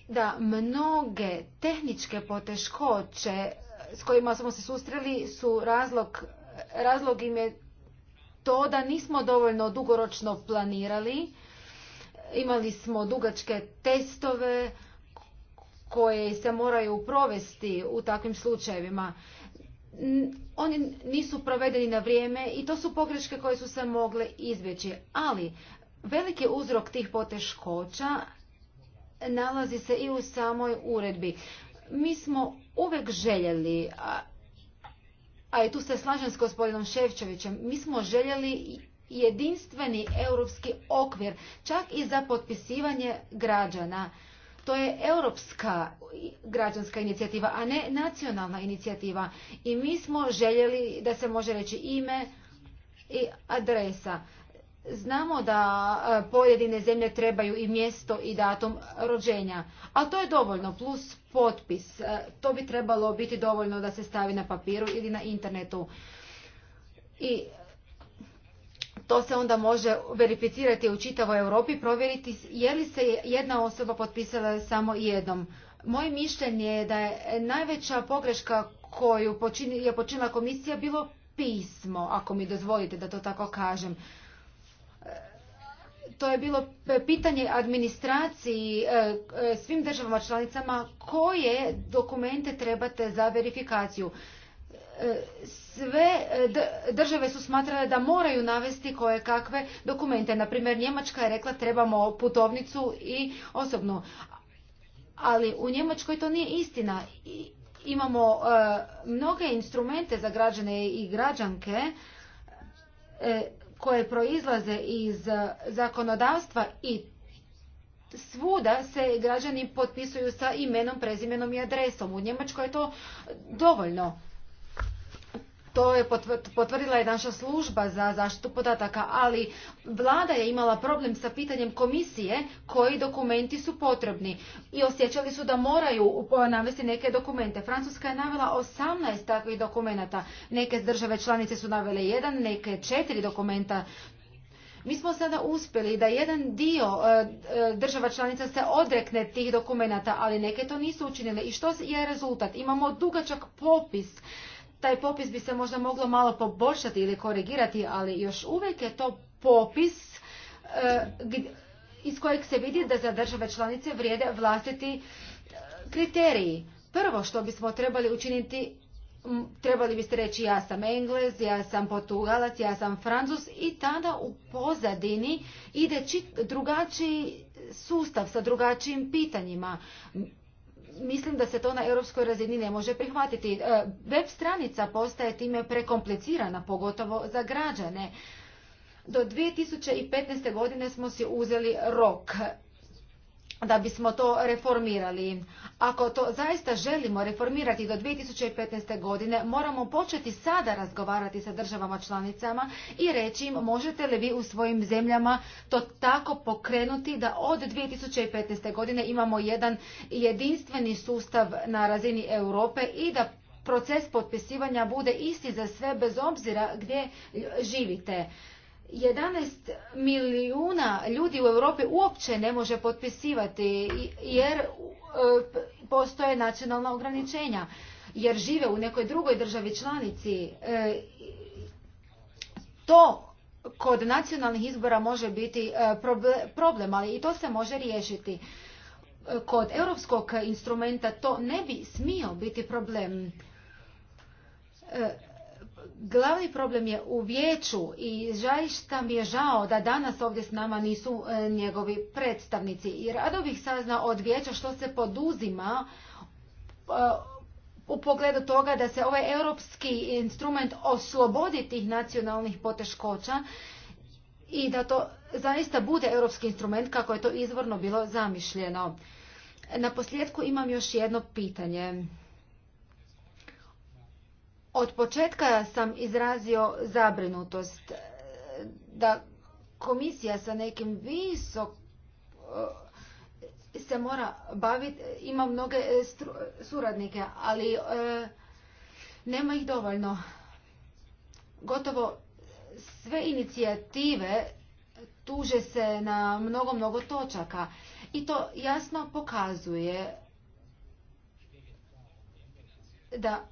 da mnoge tehničke poteškoće s kojima smo se susreli su razlog, razlog im je to da nismo dovoljno dugoročno planirali. Imali smo dugačke testove koje se moraju provesti u takvim slučajevima. Oni nisu provedeni na vrijeme i to su pogreške koje su se mogle izbjeći. Ali veliki uzrok tih poteškoća nalazi se i u samoj uredbi. Mi smo uvek željeli, a, i tu se slažem s gospodinom Ševčevićem, mi smo željeli jedinstveni europski okvir, čak i za potpisivanje građana. To je europska građanska inicijativa, a ne nacionalna inicijativa. I mi smo željeli da se može reći ime i adresa. Znamo da e, pojedine zemlje trebaju i mjesto i datum rođenja, ali to je dovoljno, plus potpis. E, to bi trebalo biti dovoljno da se stavi na papiru ili na internetu. I to se onda može verificirati u čitavoj Europi provjeriti je li se jedna osoba potpisala samo jednom. Moje mišljenje je da je najveća pogreška koju je počinila komisija bilo pismo, ako mi dozvolite da to tako kažem to je bilo pitanje administraciji e, e, svim državama članicama koje dokumente trebate za verifikaciju. E, sve države su smatrale da moraju navesti koje kakve dokumente. Naprimjer, Njemačka je rekla trebamo putovnicu i osobnu. Ali u Njemačkoj to nije istina. Imamo mnoge instrumente za građane i građanke koje proizlaze iz eh, zakonodavstva i svuda se građani potpisuju sa imenom, prezimenom i adresom. U Njemačkoj je to dovoljno to je potvrdila i naša služba za zaštitu podataka, ali vlada je imala problem sa pitanjem komisije koji dokumenti su potrebni i osjećali su da moraju navesti neke dokumente. Francuska je navela 18 takvih dokumenata. Neke države članice su navele jedan, neke četiri dokumenta. Mi smo sada uspjeli da jedan dio e, e, država članica se odrekne tih dokumenata, ali neke to nisu učinile. I što je rezultat? Imamo dugačak popis taj popis bi se možda moglo malo poboljšati ili korigirati, ali još uvijek je to popis e, iz kojeg se vidi da za države članice vrijede vlastiti e, kriteriji. Prvo što bismo trebali učiniti, trebali biste reći ja sam Englez, ja sam Portugalac, ja sam Francus i tada u pozadini ide drugačiji sustav sa drugačijim pitanjima mislim da se to na europskoj razini ne može prihvatiti. E, web stranica postaje time prekomplicirana, pogotovo za građane. Do 2015. godine smo si uzeli rok da bismo to reformirali. Ako to zaista želimo reformirati do 2015. godine, moramo početi sada razgovarati sa državama članicama i reći im možete li vi u svojim zemljama to tako pokrenuti da od 2015. godine imamo jedan jedinstveni sustav na razini Europe i da proces potpisivanja bude isti za sve bez obzira gdje živite. 11 milijuna ljudi u Europi uopće ne može potpisivati jer e, postoje nacionalna ograničenja jer žive u nekoj drugoj državi članici. E, to kod nacionalnih izbora može biti e, problem, ali i to se može riješiti. Kod europskog instrumenta to ne bi smio biti problem glavni problem je u vijeću i žajšta mi je žao da danas ovdje s nama nisu e, njegovi predstavnici. I rado bih saznao od vijeća što se poduzima e, u pogledu toga da se ovaj europski instrument oslobodi tih nacionalnih poteškoća i da to zaista bude europski instrument kako je to izvorno bilo zamišljeno. Na posljedku imam još jedno pitanje. Od početka sam izrazio zabrinutost e, da komisija sa nekim visok e, se mora baviti, ima mnoge e, suradnike, ali nema ih dovoljno. Gotovo sve inicijative tuže se na mnogo, mnogo točaka i to jasno pokazuje da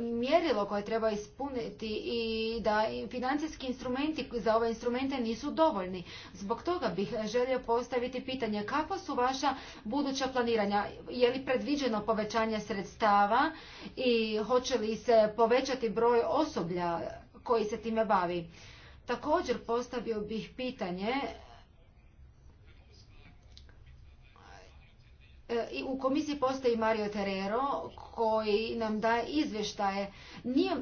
mjerilo koje treba ispuniti i da financijski instrumenti za ove instrumente nisu dovoljni. Zbog toga bih želio postaviti pitanje kakva su vaša buduća planiranja? Je li predviđeno povećanje sredstava i hoće li se povećati broj osoblja koji se time bavi? Također postavio bih pitanje E, u komisiji postoji Mario Terero koji nam daje izvještaje.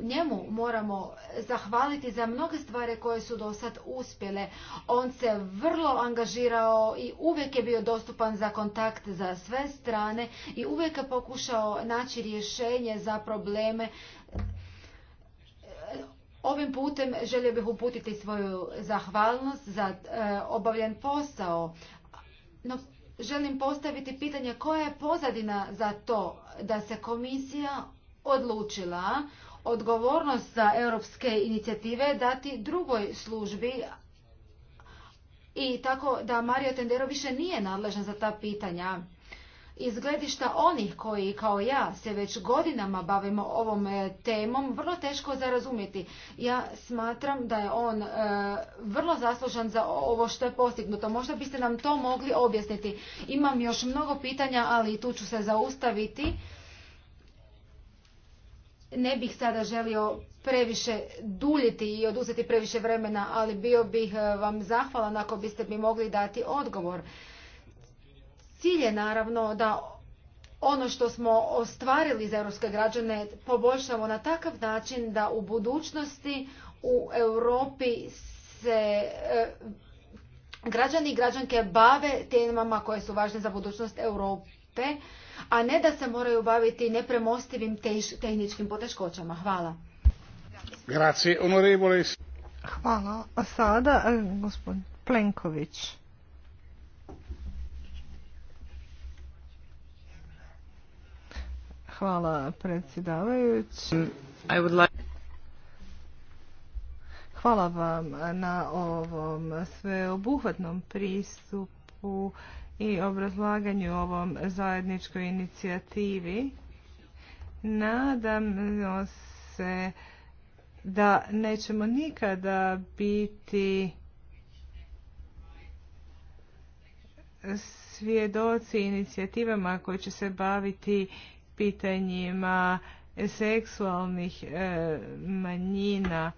Njemu moramo zahvaliti za mnoge stvari koje su do sad uspjele. On se vrlo angažirao i uvijek je bio dostupan za kontakt za sve strane i uvijek je pokušao naći rješenje za probleme Ovim putem želio bih uputiti svoju zahvalnost za e, obavljen posao. No, želim postaviti pitanje koja je pozadina za to da se komisija odlučila odgovornost za europske inicijative dati drugoj službi i tako da Mario Tendero više nije nadležan za ta pitanja iz gledišta onih koji kao ja se već godinama bavimo ovom e, temom vrlo teško za razumjeti. Ja smatram da je on e, vrlo zaslužan za ovo što je postignuto. Možda biste nam to mogli objasniti. Imam još mnogo pitanja, ali tu ću se zaustaviti. Ne bih sada želio previše duljiti i oduzeti previše vremena, ali bio bih e, vam zahvalan ako biste mi mogli dati odgovor. Cilj je naravno da ono što smo ostvarili za europske građane poboljšamo na takav način da u budućnosti u Europi se e, građani i građanke bave temama koje su važne za budućnost Europe, a ne da se moraju baviti nepremostivim tehničkim poteškoćama. Hvala. Grazie, onorevole. Hvala. A sada, e, gospodin Plenković. Hvala predsjedavajući. Hvala vam na ovom sveobuhvatnom pristupu i obrazlaganju ovom zajedničkoj inicijativi. Nadam se da nećemo nikada biti svjedoci inicijativama koje će se baviti pitanjima seksualnih e, manjina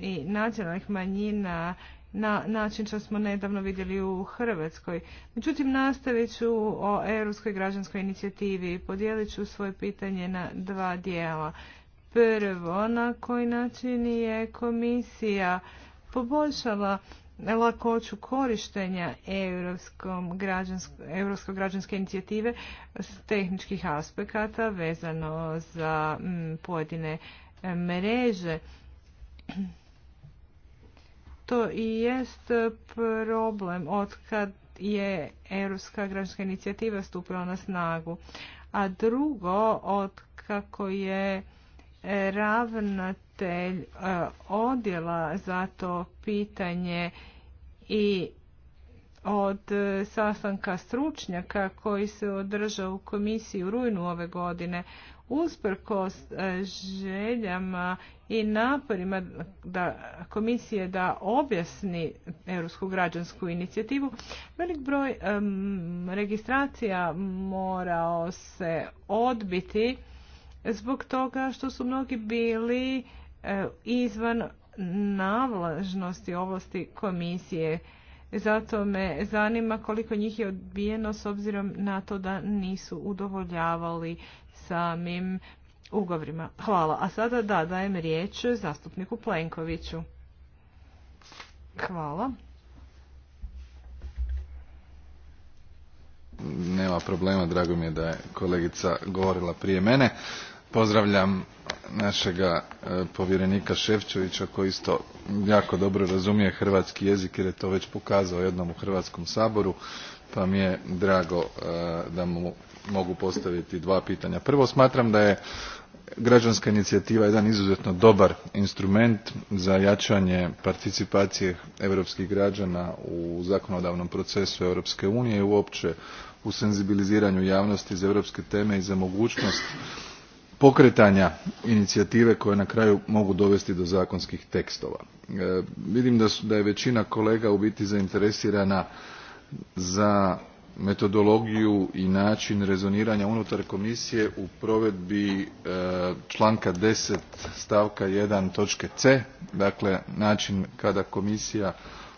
i nacionalnih manjina na način što smo nedavno vidjeli u Hrvatskoj. Međutim, nastavit ću o Europskoj građanskoj inicijativi i podijelit ću svoje pitanje na dva dijela. Prvo, na koji način je komisija poboljšala lakoću korištenja Europske građanske inicijative s tehničkih aspekata vezano za mm, pojedine e, mreže. To i jest problem od je Europska građanska inicijativa stupila na snagu. A drugo, od kako je ravnatelj e, odjela za to pitanje i od sastanka stručnjaka koji se održao u komisiji u rujnu ove godine usprkos e, željama i naporima da komisije da objasni europsku građansku inicijativu velik broj registracija morao se odbiti zbog toga što su mnogi bili e, izvan navlažnosti ovlasti komisije. Zato me zanima koliko njih je odbijeno s obzirom na to da nisu udovoljavali samim ugovorima. Hvala. A sada da, dajem riječ zastupniku Plenkoviću. Hvala. Nema problema, drago mi je da je kolegica govorila prije mene pozdravljam našega e, povjerenika šefčovića koji isto jako dobro razumije hrvatski jezik jer je to već pokazao jednom u hrvatskom saboru pa mi je drago e, da mu mogu postaviti dva pitanja. prvo smatram da je građanska inicijativa jedan izuzetno dobar instrument za jačanje participacije europskih građana u zakonodavnom procesu europske unije i uopće u senzibiliziranju javnosti za europske teme i za mogućnost pokretanja inicijative koje na kraju mogu dovesti do zakonskih tekstova. E, vidim da, je većina kolega u biti zainteresirana za metodologiju i način rezoniranja unutar komisije u provedbi e, članka 10 stavka 1 točke c dakle način kada komisija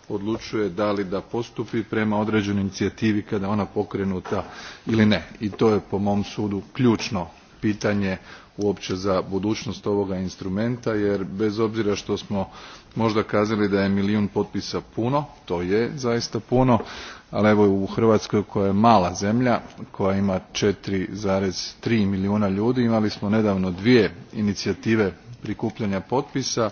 odlučuje da li da postupi prema određenoj inicijativi kada je ona pokrenuta ili ne i to je po mom sudu ključno pitanje uopće za budućnost ovoga instrumenta jer bez obzira što smo možda kazali da je milijun potpisa puno to je zaista puno ali evo u hrvatskoj koja je mala zemlja koja ima four milijuna ljudi imali smo nedavno dvije inicijative prikupljanja potpisa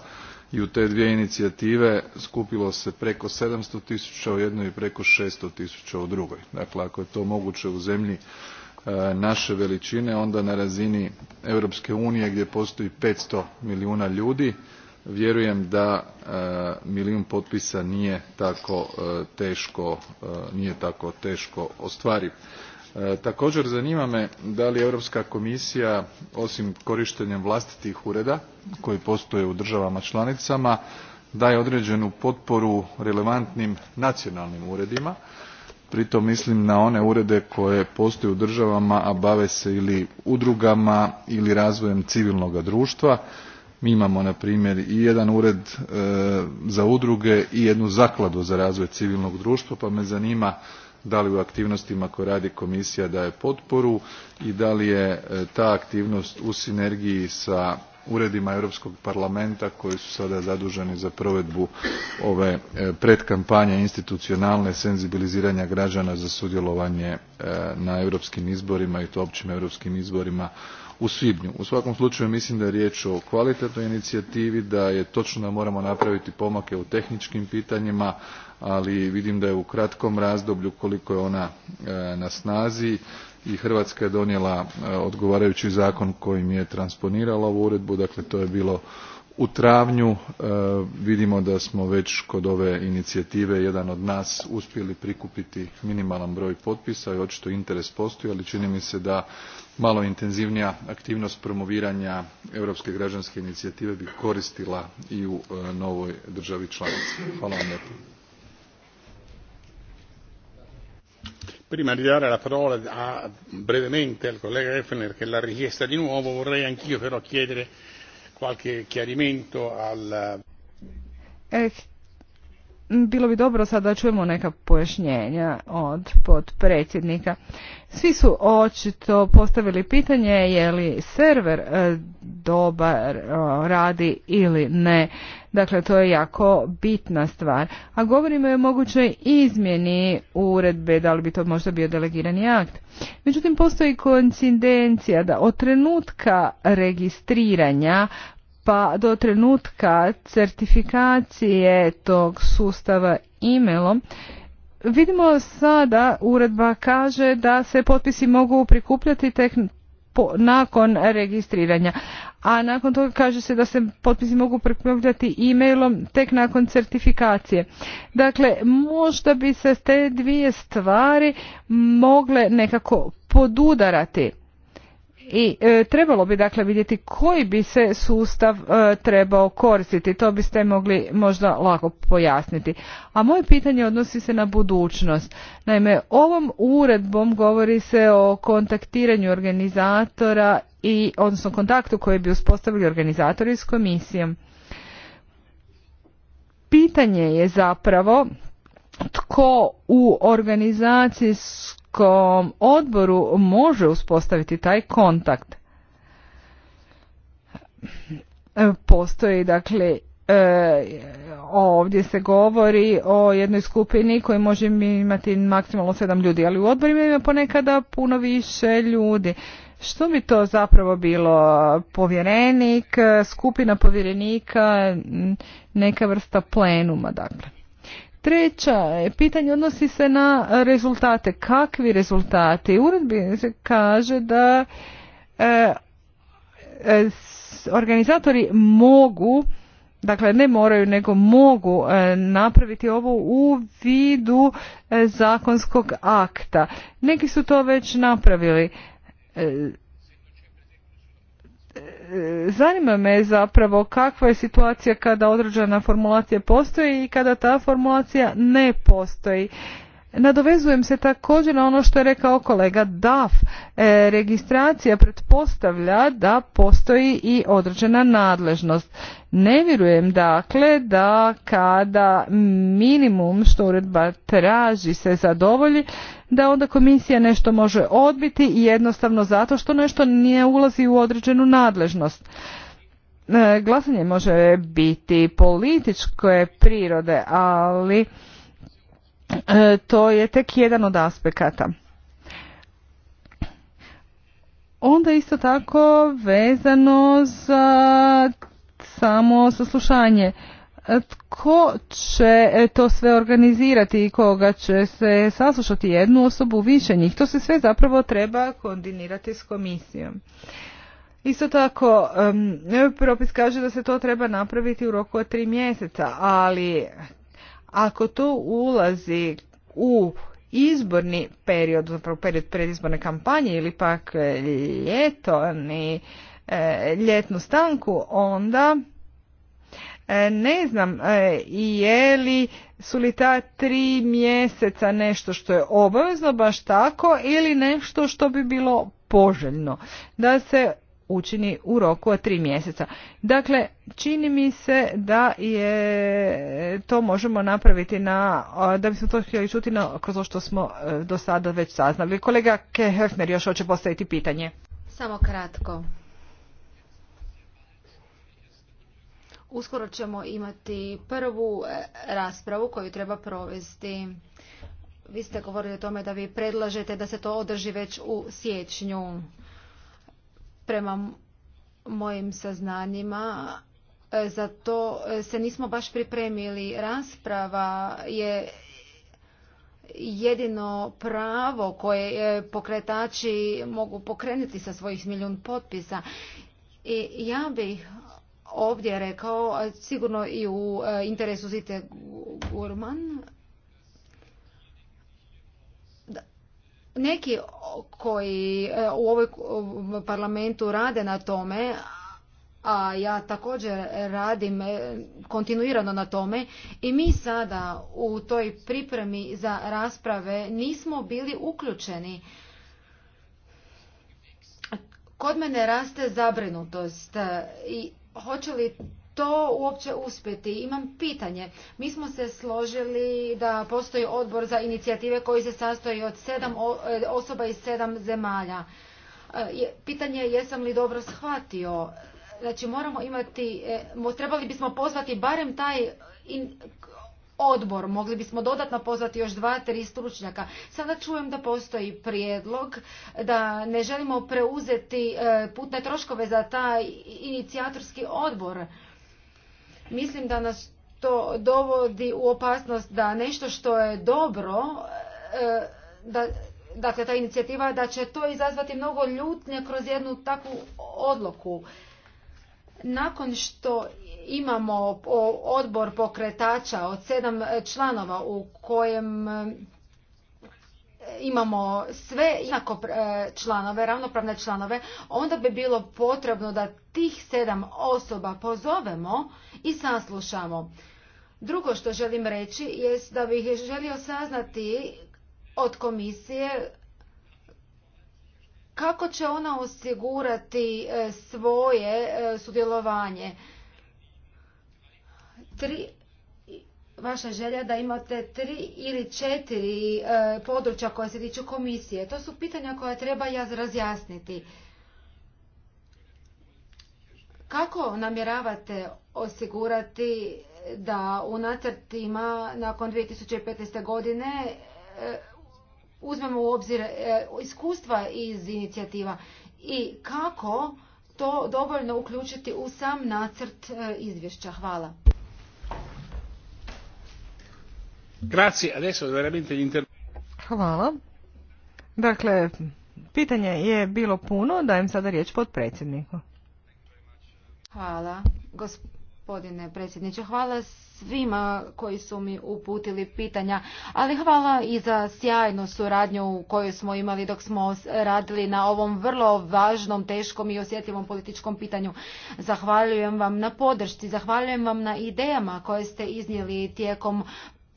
i u te dvije inicijative skupilo se preko sedamsto tisuća u jednoj i preko šesto tisuća u drugoj. dakle ako je to moguće u zemlji E, naše veličine onda na razini Europske unije gdje postoji 500 milijuna ljudi vjerujem da e, milijun potpisa nije tako e, teško nije tako teško ostvariv također zanima me da li europska komisija osim korištenjem vlastitih ureda koji postoje u državama članicama daje određenu potporu relevantnim nacionalnim uredima pritom mislim na one urede koje postoje u državama a bave se ili udrugama ili razvojem civilnog društva mi imamo na primjer i jedan ured e, za udruge i jednu zakladu za razvoj civilnog društva pa me zanima da li u aktivnostima koje radi komisija daje potporu i da li je e, ta aktivnost u sinergiji sa uredima Europskog parlamenta koji su sada zaduženi za provedbu ove e, predkampanje institucionalne senzibiliziranja građana za sudjelovanje e, na europskim izborima i to općim europskim izborima u svibnju. U svakom slučaju mislim da je riječ o kvalitetnoj inicijativi, da je točno da moramo napraviti pomake u tehničkim pitanjima, ali vidim da je u kratkom razdoblju koliko je ona e, na snazi i Hrvatska je donijela e, odgovarajući zakon kojim je transponirala ovu uredbu, dakle to je bilo u travnju e, vidimo da smo već kod ove inicijative jedan od nas uspjeli prikupiti minimalan broj potpisa i očito interes postoji ali čini mi se da malo intenzivnija aktivnost promoviranja europske građanske inicijative bi koristila i u e, novoj državi članici. Hvala vam prima di dare la parola brevemente al collega Effner che l'ha richiesta di nuovo vorrei anch'io però chiedere qualche chiarimento al eh, bilo bi dobro sada da čujemo neka pojašnjenja od potpredsjednika. Svi su očito postavili pitanje je li server e, dobar e, radi ili ne. Dakle, to je jako bitna stvar. A govorimo je o mogućoj izmjeni uredbe, da li bi to možda bio delegirani akt. Međutim, postoji koincidencija da od trenutka registriranja pa do trenutka certifikacije tog sustava e-mailom vidimo sada uredba kaže da se potpisi mogu prikupljati tek nakon registriranja a nakon toga kaže se da se potpisi mogu prikupljati e-mailom tek nakon certifikacije. Dakle, možda bi se te dvije stvari mogle nekako podudarati i e, trebalo bi dakle vidjeti koji bi se sustav e, trebao koristiti to biste mogli možda lako pojasniti a moje pitanje odnosi se na budućnost naime ovom uredbom govori se o kontaktiranju organizatora i odnosno kontaktu koji bi uspostavili organizatori s komisijom pitanje je zapravo tko u organizaciji odboru može uspostaviti taj kontakt. Postoji dakle e, ovdje se govori o jednoj skupini koji može imati maksimalno sedam ljudi, ali u odborima ima ponekada puno više ljudi. Što bi to zapravo bilo? Povjerenik, skupina povjerenika, neka vrsta plenuma, dakle. Treća pitanje odnosi se na rezultate. Kakvi rezultati? Uredbi se kaže da e, e, organizatori mogu dakle ne moraju nego mogu e, napraviti ovo u vidu zakonskog akta. Neki su to već napravili zanima me zapravo kakva je situacija kada određena formulacija postoji i kada ta formulacija ne postoji Nadovezujem se također na ono što je rekao kolega DAF. E, registracija pretpostavlja da postoji i određena nadležnost. Ne vjerujem dakle da kada minimum što uredba traži se zadovolji, da onda komisija nešto može odbiti i jednostavno zato što nešto nije ulazi u određenu nadležnost. E, glasanje može biti političke prirode, ali E, to je tek jedan od aspekata. Onda isto tako vezano za samo saslušanje. E, tko će e, to sve organizirati i koga će se saslušati jednu osobu više njih? To se sve zapravo treba koordinirati s komisijom. Isto tako, propis kaže da se to treba napraviti u roku od tri mjeseca, ali ako to ulazi u izborni period, zapravo period predizborne kampanje ili pak e, ljetoni, e, ljetnu stanku, onda e, ne znam je li su li ta tri mjeseca nešto što je obavezno baš tako ili nešto što bi bilo poželjno da se učini u roku od tri mjeseca. Dakle, čini mi se da je to možemo napraviti na, da bismo to htjeli čuti kroz što smo e, do sada već saznali. Kolega Ke još hoće postaviti pitanje. Samo kratko. Uskoro ćemo imati prvu e, raspravu koju treba provesti. Vi ste govorili o tome da vi predlažete da se to održi već u siječnju prema mojim saznanjima e, za to e, se nismo baš pripremili. Rasprava je jedino pravo koje e, pokretači mogu pokrenuti sa svojih milijun potpisa. I ja bih ovdje rekao, sigurno i u interesu Zite Gurman, Neki koji e, u ovoj parlamentu rade na tome, a ja također radim e, kontinuirano na tome i mi sada u toj pripremi za rasprave nismo bili uključeni. Kod mene raste zabrinutost e, i hoće li to uopće uspjeti? Imam pitanje. Mi smo se složili da postoji odbor za inicijative koji se sastoji od sedam e, osoba iz sedam zemalja. E, pitanje je jesam li dobro shvatio. Znači moramo imati, e, trebali bismo pozvati barem taj odbor, mogli bismo dodatno pozvati još dva, tri stručnjaka. Sada čujem da postoji prijedlog da ne želimo preuzeti putne troškove za taj inicijatorski odbor. Mislim da nas to dovodi u opasnost da nešto što je dobro, e, da, dakle ta inicijativa, da će to izazvati mnogo ljutnje kroz jednu takvu odluku. Nakon što imamo odbor pokretača od sedam članova u kojem imamo sve jednako e, članove, ravnopravne članove, onda bi bilo potrebno da tih sedam osoba pozovemo i saslušamo. Drugo što želim reći je da bih želio saznati od komisije kako će ona osigurati e, svoje e, sudjelovanje. Tri, vaša želja da imate tri ili četiri e, područja koja se tiču komisije. To su pitanja koja treba razjasniti. Kako namjeravate osigurati da u nacrtima nakon 2015. godine e, uzmemo u obzir e, iskustva iz inicijativa i kako to dovoljno uključiti u sam nacrt izvješća? Hvala. Dakle, pitanje je bilo puno, dajem sada riječ potpredsjedniku. Hvala, gospodine predsjedniče. Hvala svima koji su mi uputili pitanja, ali hvala i za sjajnu suradnju koju smo imali dok smo radili na ovom vrlo važnom, teškom i osjetljivom političkom pitanju. Zahvaljujem vam na podršci, zahvaljujem vam na idejama koje ste iznijeli tijekom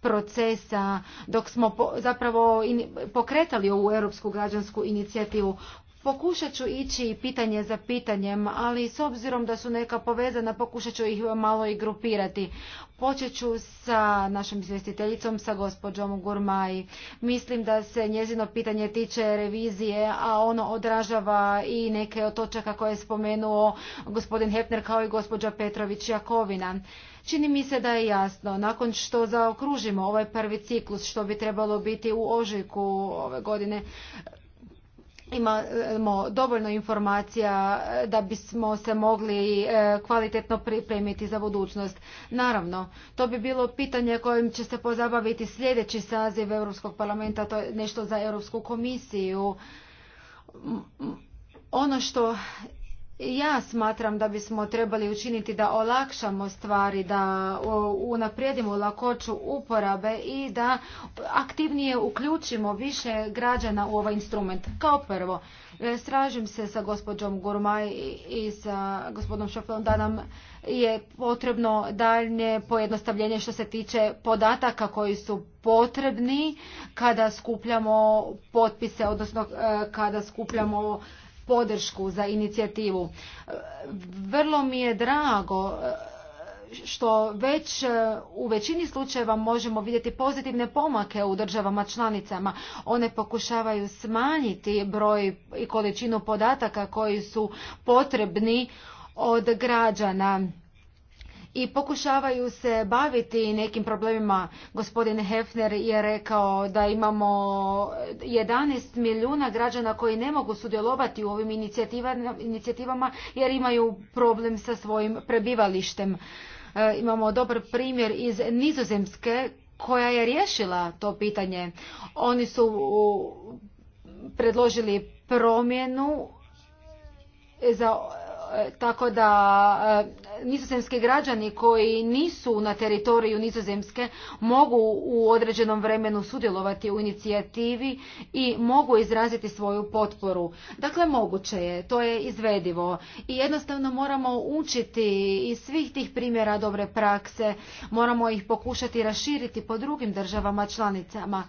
procesa dok smo zapravo in, pokretali ovu europsku građansku inicijativu. Pokušat ću ići pitanje za pitanjem, ali s obzirom da su neka povezana, pokušat ću ih malo i grupirati. Počet ću sa našom izvjestiteljicom, sa gospođom Gurmaj. Mislim da se njezino pitanje tiče revizije, a ono odražava i neke od točaka koje je spomenuo gospodin Hepner kao i gospođa Petrović Jakovina. Čini mi se da je jasno, nakon što zaokružimo ovaj prvi ciklus, što bi trebalo biti u ožujku ove godine, imamo dovoljno informacija eh, da bismo se mogli eh, kvalitetno pripremiti za budućnost. Naravno, to bi bilo pitanje kojim će se pozabaviti sljedeći saziv Europskog parlamenta, to je nešto za Europsku komisiju. Ono što ja smatram da bismo trebali učiniti da olakšamo stvari, da unaprijedimo lakoću uporabe i da aktivnije uključimo više građana u ovaj instrument. Kao prvo, e, stražim se sa gospođom Gurmaj i sa gospodom Šofilom da nam je potrebno daljnje pojednostavljenje što se tiče podataka koji su potrebni kada skupljamo potpise, odnosno e, kada skupljamo podršku za inicijativu. Vrlo mi je drago eh, što već eh, u većini slučajeva možemo vidjeti pozitivne pomake u državama članicama. One pokušavaju smanjiti broj i količinu podataka koji su potrebni od građana i pokušavaju se baviti nekim problemima. Gospodin Hefner je rekao da imamo 11 milijuna građana koji ne mogu sudjelovati u ovim inicijativama jer imaju problem sa svojim prebivalištem. E, imamo dobar primjer iz Nizozemske koja je riješila to pitanje. Oni su predložili promjenu za E, tako da e, nizozemski građani koji nisu na teritoriju nizozemske mogu u određenom vremenu sudjelovati u inicijativi i mogu izraziti svoju potporu. Dakle, moguće je, to je izvedivo i jednostavno moramo učiti iz svih tih primjera dobre prakse, moramo ih pokušati raširiti po drugim državama članicama.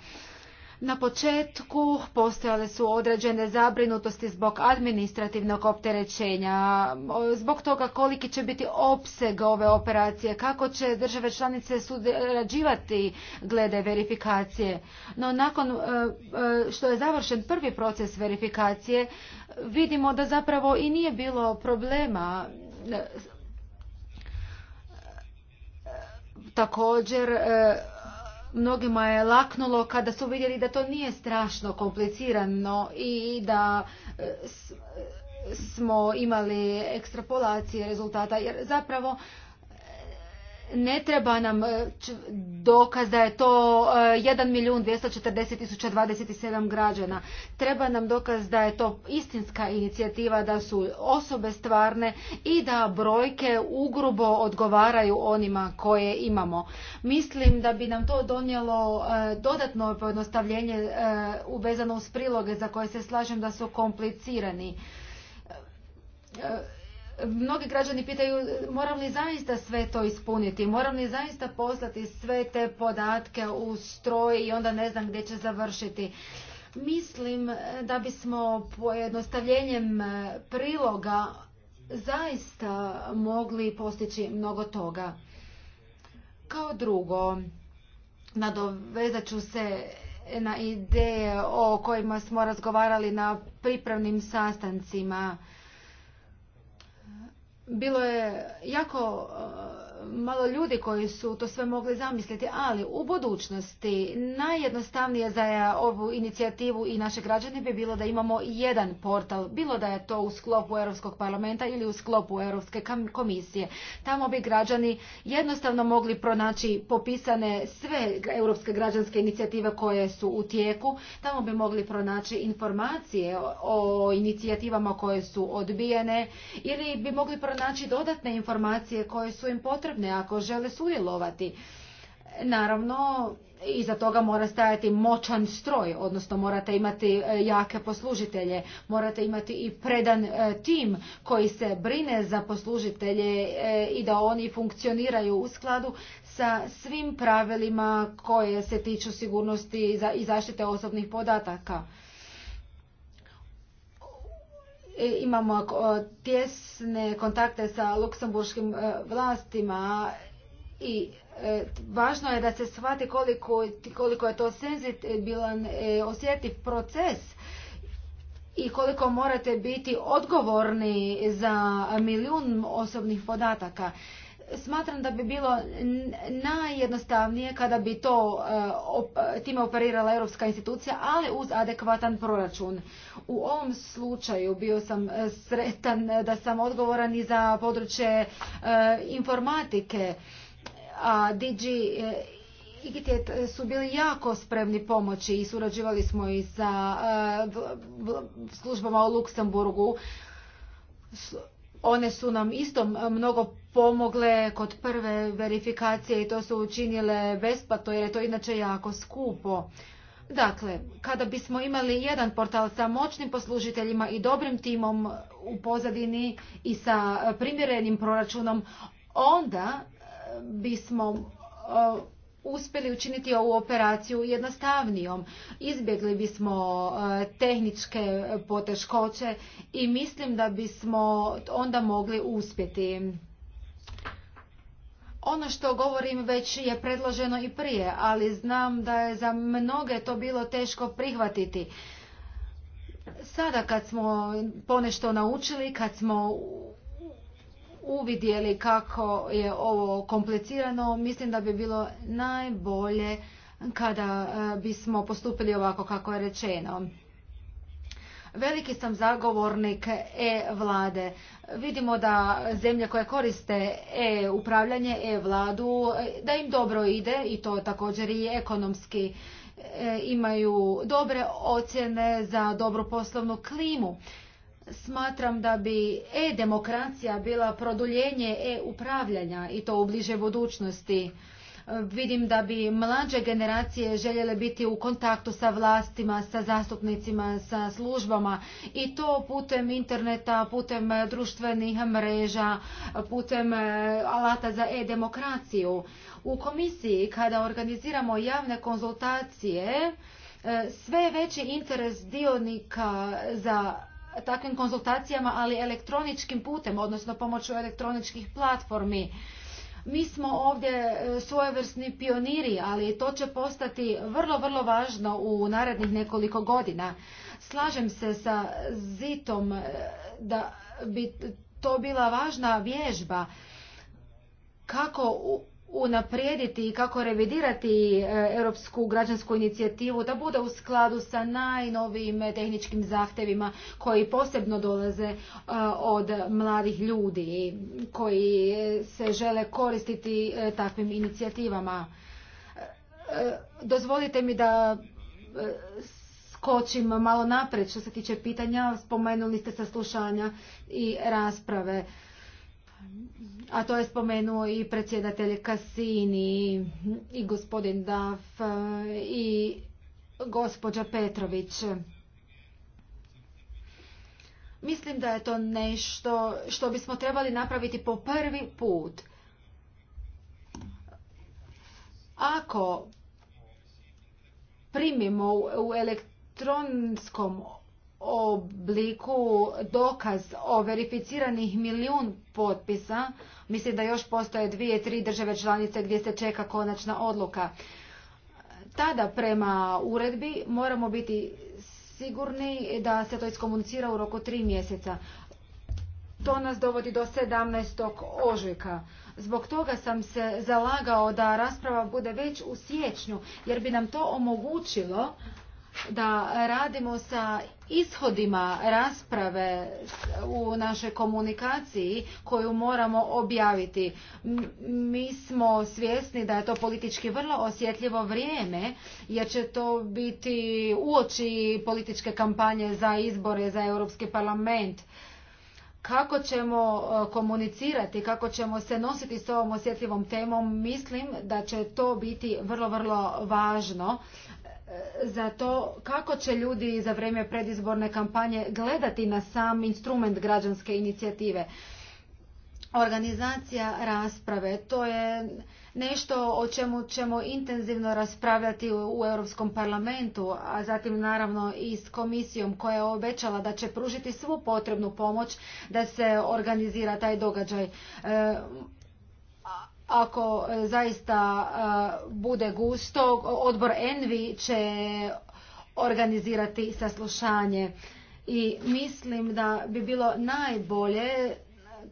Na početku postojale su određene zabrinutosti zbog administrativnog opterećenja, zbog toga koliki će biti opseg ove operacije, kako će države članice surađivati glede verifikacije. No nakon e, e, što je završen prvi proces verifikacije, vidimo da zapravo i nije bilo problema e, također mnogima je laknulo kada su vidjeli da to nije strašno komplicirano i da e, e, smo imali ekstrapolacije rezultata jer zapravo ne treba nam e, dokaz da je to 1 e, milijun 240 tisuća 27 građana. Treba nam dokaz da je to istinska inicijativa, da su osobe stvarne i da brojke ugrubo odgovaraju onima koje imamo. Mislim da bi nam to donijelo e, dodatno pojednostavljenje uvezano uz priloge za koje se slažem da su komplicirani mnogi građani pitaju moram li zaista sve to ispuniti, moram li zaista poslati sve te podatke u stroj i onda ne znam gdje će završiti. Mislim e, da bismo pojednostavljenjem e, priloga zaista mogli postići mnogo toga. Kao drugo, nadovezat ću se na ideje o kojima smo razgovarali na pripravnim sastancima bilo je jako malo ljudi koji su to sve mogli zamisliti, ali u budućnosti najjednostavnije za ovu inicijativu i naše građane bi bilo da imamo jedan portal, bilo da je to u sklopu Europskog parlamenta ili u sklopu Europske komisije. Tamo bi građani jednostavno mogli pronaći popisane sve europske građanske inicijative koje su u tijeku, tamo bi mogli pronaći informacije o inicijativama koje su odbijene ili bi mogli pronaći dodatne informacije koje su im potrebne potrebne ako žele sudjelovati. Naravno, iza toga mora stajati moćan stroj, odnosno morate imati e, jake poslužitelje, morate imati i predan e, tim koji se brine za poslužitelje e, i da oni funkcioniraju u skladu sa svim pravilima koje se tiču sigurnosti i zaštite osobnih podataka. E, imamo e, tjesne kontakte sa luksemburškim e, vlastima i važno je da se shvati koliko, koliko je to senzitivan osjetljiv proces i koliko morate biti odgovorni za milijun osobnih podataka. Smatram da bi bilo najjednostavnije kada bi to e, time operirala europska institucija, ali uz adekvatan proračun. U ovom slučaju bio sam e, sretan da sam odgovoran i za područje e, informatike, a DG IGTET su bili jako spremni pomoći i surađivali smo i sa službama u Luksemburgu one su nam isto mnogo pomogle kod prve verifikacije i to su učinile besplatno jer je to inače jako skupo. Dakle, kada bismo imali jedan portal sa moćnim poslužiteljima i dobrim timom u pozadini i sa primjerenim proračunom, onda e, bismo e, uspjeli učiniti ovu operaciju jednostavnijom. Izbjegli bismo e, tehničke poteškoće i mislim da bismo onda mogli uspjeti. Ono što govorim već je predloženo i prije, ali znam da je za mnoge to bilo teško prihvatiti. Sada kad smo ponešto naučili, kad smo uvidjeli kako je ovo komplicirano, mislim da bi bilo najbolje kada e, bismo postupili ovako kako je rečeno. Veliki sam zagovornik e-vlade. Vidimo da zemlje koje koriste e-upravljanje, e-vladu, e, da im dobro ide i to također i ekonomski e, imaju dobre ocjene za dobru poslovnu klimu. Smatram da bi e-demokracija bila produljenje e-upravljanja i to u bliže budućnosti. E, vidim da bi mlađe generacije željele biti u kontaktu sa vlastima, sa zastupnicima, sa službama i to putem interneta, putem društvenih mreža, putem e, alata za e-demokraciju. U komisiji kada organiziramo javne konzultacije, e, sve veći interes dionika za takvim konzultacijama, ali elektroničkim putem, odnosno pomoću elektroničkih platformi. Mi smo ovdje e, svojevrsni pioniri, ali to će postati vrlo, vrlo važno u narednih nekoliko godina. Slažem se sa Zitom e, da bi to bila važna vježba kako unaprijediti i kako revidirati e, europsku građansku inicijativu da bude u skladu sa najnovijim tehničkim zahtjevima koji posebno dolaze e, od mladih ljudi koji se žele koristiti e, takvim inicijativama. Dozvolite mi da skočim malo napred što se tiče pitanja. Spomenuli ste saslušanja i rasprave a to je spomenuo i predsjedatelj Kasini i gospodin Daf e, i gospođa Petrović. Mislim da je to nešto što bismo trebali napraviti po prvi put. Ako primimo u elektronskom obliku dokaz o verificiranih milijun potpisa. Mislim da još postoje dvije, tri države članice gdje se čeka konačna odluka. Tada prema uredbi moramo biti sigurni da se to iskomunicira u roku tri mjeseca. To nas dovodi do 17. ožujka. Zbog toga sam se zalagao da rasprava bude već u siječnju, jer bi nam to omogućilo da radimo sa ishodima rasprave u našoj komunikaciji koju moramo objaviti. Mi smo svjesni da je to politički vrlo osjetljivo vrijeme jer će to biti uoči političke kampanje za izbore za Europski parlament kako ćemo e, komunicirati, kako ćemo se nositi s ovom osjetljivom temom, mislim da će to biti vrlo, vrlo važno za to kako će ljudi za vrijeme predizborne kampanje gledati na sam instrument građanske inicijative. Organizacija rasprave, to je nešto o čemu ćemo intenzivno raspravljati u Europskom parlamentu, a zatim naravno i s komisijom koja je obećala da će pružiti svu potrebnu pomoć da se organizira taj događaj. E, ako e, zaista e, bude gusto, odbor Envi će organizirati saslušanje. I mislim da bi bilo najbolje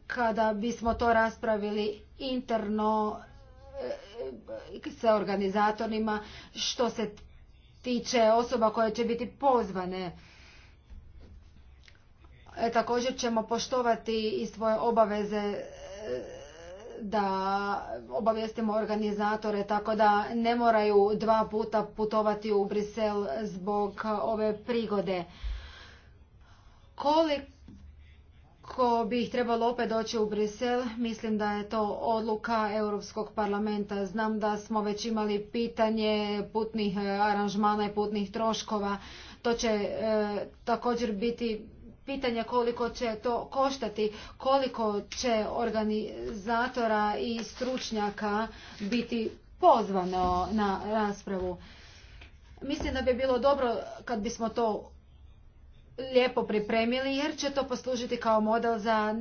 kada bismo to raspravili interno e, sa organizatorima što se tiče osoba koje će biti pozvane. Također ćemo poštovati i svoje obaveze da obavijestimo organizatore tako da ne moraju dva puta putovati u Brisel zbog ove prigode. Koliko bi ih trebalo opet doći u Brisel, mislim da je to odluka Europskog parlamenta. Znam da smo već imali pitanje putnih aranžmana i putnih troškova. To će eh, također biti pitanje koliko će to koštati, koliko će organizatora i stručnjaka biti pozvano na raspravu. Mislim da bi bilo dobro kad bismo to lijepo pripremili jer će to poslužiti kao model za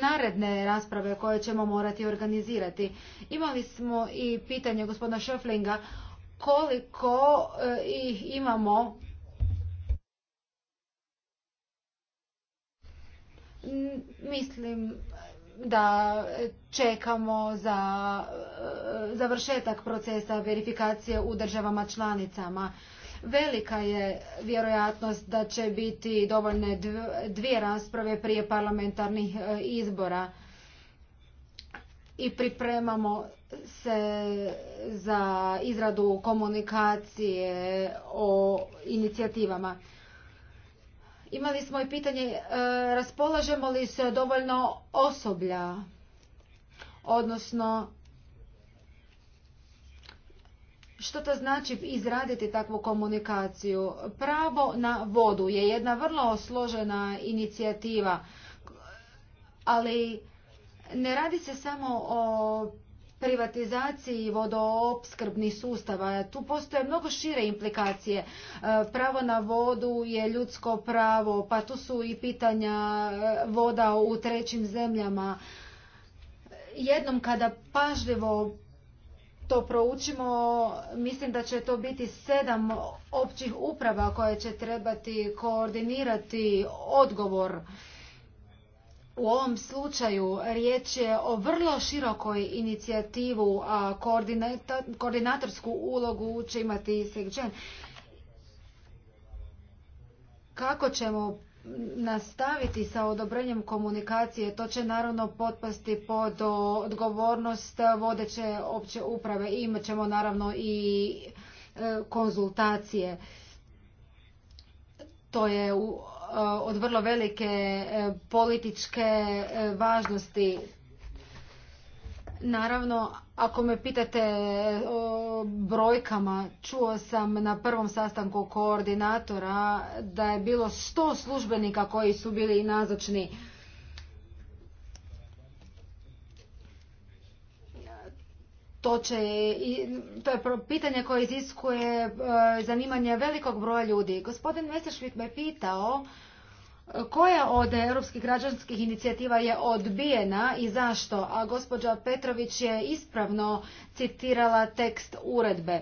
naredne rasprave koje ćemo morati organizirati. Imali smo i pitanje gospodina Šoflinga koliko e, ih imamo Mislim da čekamo za e, završetak procesa verifikacije u državama članicama. Velika je vjerojatnost da će biti dovoljne dvije rasprave prije parlamentarnih e, izbora i pripremamo se za izradu komunikacije o inicijativama. Imali smo i pitanje e, raspolažemo li se dovoljno osoblja, odnosno što to znači izraditi takvu komunikaciju? Pravo na vodu je jedna vrlo složena inicijativa, ali ne radi se samo o privatizaciji vodoopskrbnih sustava. Tu postoje mnogo šire implikacije. E, pravo na vodu je ljudsko pravo, pa tu su i pitanja e, voda u trećim zemljama. Jednom kada pažljivo to proučimo, mislim da će to biti sedam općih uprava koje će trebati koordinirati odgovor u ovom slučaju riječ je o vrlo širokoj inicijativu, a koordinatorsku ulogu će imati SEGGEN. Kako ćemo nastaviti sa odobrenjem komunikacije, to će naravno potpasti pod odgovornost vodeće opće uprave. Imat ćemo naravno i e, konzultacije. To je u Eh, od vrlo velike eh, političke eh, važnosti. Naravno, ako me pitate o brojkama, čuo sam na prvom sastanku koordinatora da je bilo sto službenika koji su bili nazočni to će to je pitanje koje iziskuje e, zanimanje velikog broja ljudi. Gospodin Messerschmidt me pitao e, koja od europskih građanskih inicijativa je odbijena i zašto, a gospođa Petrović je ispravno citirala tekst uredbe.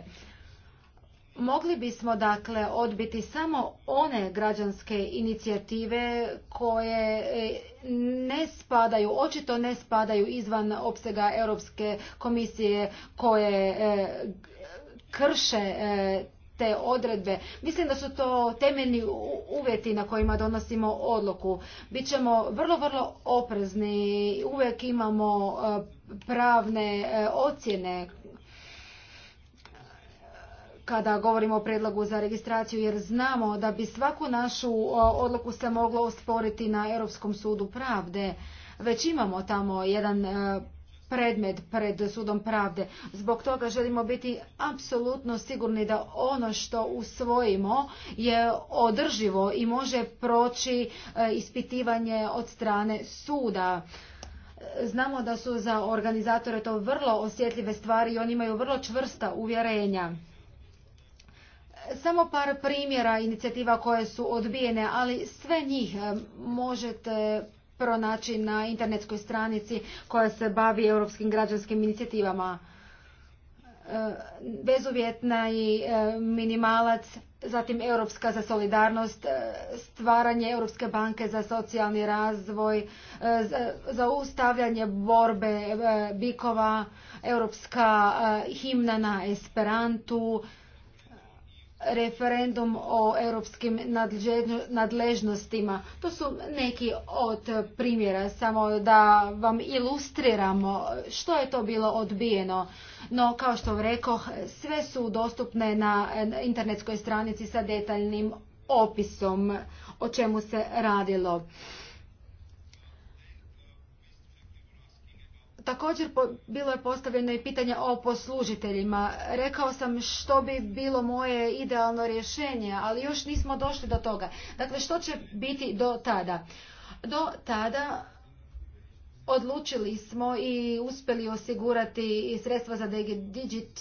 Mogli bismo dakle odbiti samo one građanske inicijative koje e, ne spadaju, očito ne spadaju izvan opsega Europske komisije koje e, krše e, te odredbe. Mislim da su to temeljni uvjeti na kojima donosimo odluku. Bićemo vrlo, vrlo oprezni. Uvijek imamo pravne ocjene kada govorimo o predlogu za registraciju jer znamo da bi svaku našu odluku se moglo osporiti na Europskom sudu pravde. Već imamo tamo jedan e, predmet pred sudom pravde. Zbog toga želimo biti apsolutno sigurni da ono što usvojimo je održivo i može proći e, ispitivanje od strane suda. Znamo da su za organizatore to vrlo osjetljive stvari i oni imaju vrlo čvrsta uvjerenja. Samo par primjera inicijativa koje su odbijene, ali sve njih e, možete pronaći na internetskoj stranici koja se bavi europskim građanskim inicijativama. E, bezuvjetna i e, minimalac, zatim Europska za solidarnost, stvaranje Europske banke za socijalni razvoj, zaustavljanje borbe bikova, Europska himna na Esperantu, referendum o europskim nadležnostima. To su neki od primjera, samo da vam ilustriramo što je to bilo odbijeno. No, kao što rekao, sve su dostupne na internetskoj stranici sa detaljnim opisom o čemu se radilo. Također bilo je postavljeno i pitanje o poslužiteljima. Rekao sam što bi bilo moje idealno rješenje, ali još nismo došli do toga. Dakle, što će biti do tada? Do tada odlučili smo i uspjeli osigurati i sredstva za Digit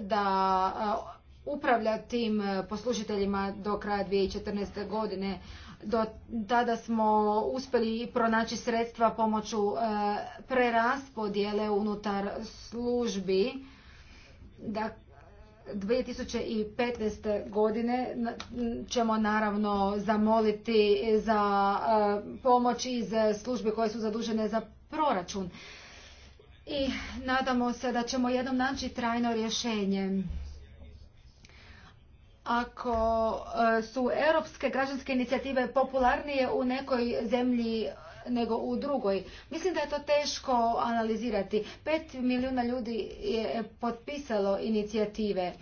da upravlja tim poslužiteljima do kraja 2014. godine, do tada smo uspjeli pronaći sredstva pomoću e, preraspodjele unutar službi. da 2015. godine ćemo naravno zamoliti za e, pomoć iz službe koje su zadužene za proračun. I nadamo se da ćemo jednom naći trajno rješenje ako e, su europske građanske inicijative popularnije u nekoj zemlji nego u drugoj. Mislim da je to teško analizirati. Pet milijuna ljudi je potpisalo inicijative.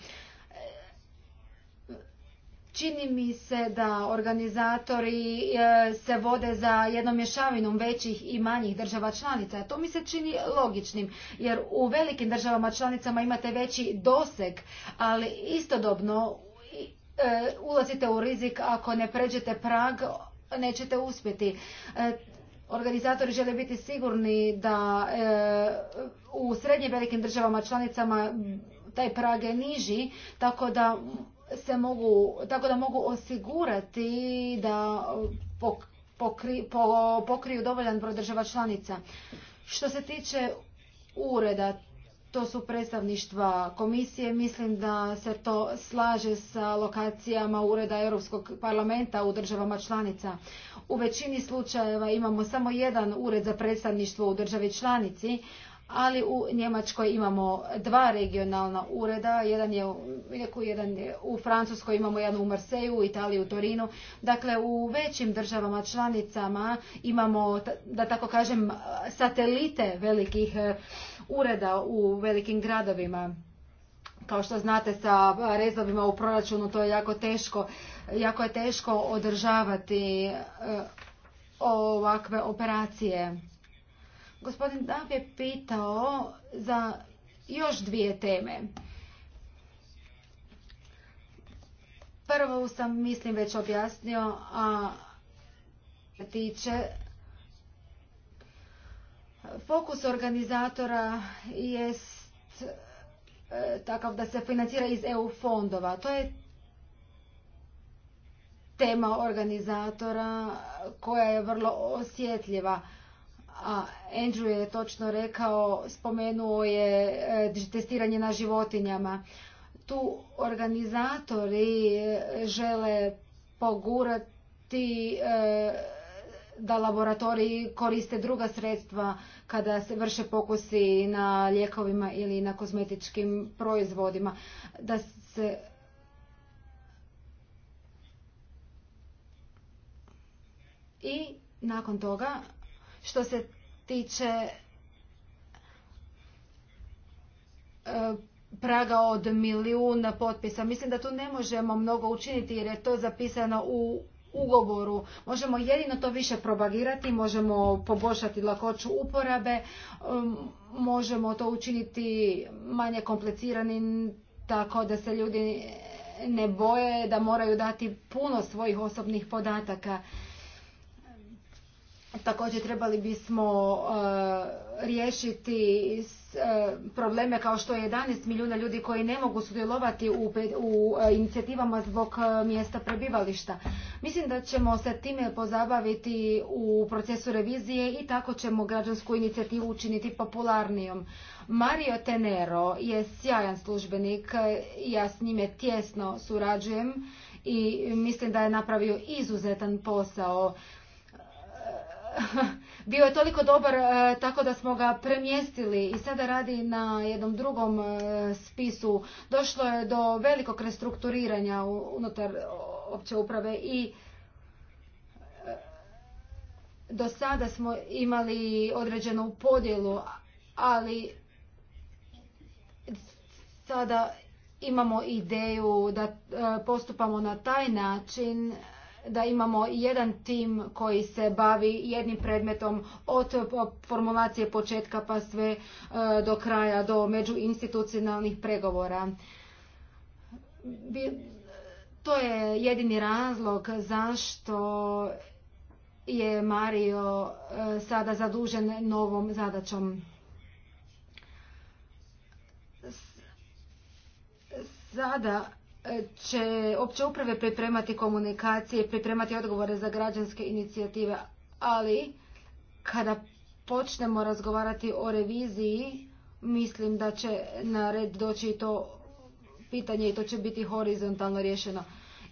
Čini mi se da organizatori e, se vode za jednom mješavinom većih i manjih država članica. To mi se čini logičnim, jer u velikim državama članicama imate veći doseg, ali istodobno E, ulazite u rizik ako ne pređete prag, nećete uspjeti. E, organizatori žele biti sigurni da e, u srednje velikim državama članicama taj prag je niži, tako da se mogu, tako da mogu osigurati da pokriju dovoljan broj država članica. Što se tiče ureda, to su predstavništva komisije. Mislim da se to slaže sa lokacijama Ureda Europskog parlamenta u državama članica. U većini slučajeva imamo samo jedan ured za predstavništvo u državi članici, ali u Njemačkoj imamo dva regionalna ureda, jedan je u jedan je u Francuskoj, imamo jedan u Marseju, u Italiji, u Torinu. Dakle, u većim državama članicama imamo, da tako kažem, satelite velikih e, ureda u velikim gradovima. Kao što znate sa rezovima u proračunu to je jako teško, jako je teško održavati e, ovakve operacije. Gospodin Dav je pitao za još dvije teme. Prvo sam, mislim, već objasnio, a tiče fokus organizatora jest e, takav da se financira iz EU fondova. To je tema organizatora koja je vrlo osjetljiva a Andrew je točno rekao, spomenuo je e, testiranje na životinjama. Tu organizatori e, žele pogurati e, da laboratoriji koriste druga sredstva kada se vrše pokusi na lijekovima ili na kozmetičkim proizvodima. Da se I nakon toga što se tiče e, praga od milijuna potpisa. Mislim da tu ne možemo mnogo učiniti jer je to zapisano u ugovoru. Možemo jedino to više propagirati, možemo poboljšati lakoću uporabe, e, možemo to učiniti manje kompliciranim tako da se ljudi ne boje da moraju dati puno svojih osobnih podataka. Također trebali bismo e, riješiti e, probleme kao što je 11 milijuna ljudi koji ne mogu sudjelovati u e, inicijativama zbog mjesta prebivališta. Mislim da ćemo se time pozabaviti u procesu revizije i tako ćemo građansku inicijativu učiniti popularnijom. Mario Tenero je sjajan službenik, ja s njime tjesno surađujem i mislim da je napravio izuzetan posao. bio je toliko dobar e, tako da smo ga premjestili i sada radi na jednom drugom e, spisu. Došlo je do velikog restrukturiranja unutar opće uprave i e, do sada smo imali određenu podjelu, ali sada imamo ideju da postupamo na taj način da imamo jedan tim koji se bavi jednim predmetom od formulacije početka pa sve e, do kraja do međuinstitucionalnih pregovora. To je jedini razlog zašto je Mario e, sada zadužen novom zadaćom. Sada će opće uprave pripremati komunikacije, pripremati odgovore za građanske inicijative, ali kada počnemo razgovarati o reviziji, mislim da će na red doći to pitanje i to će biti horizontalno rješeno.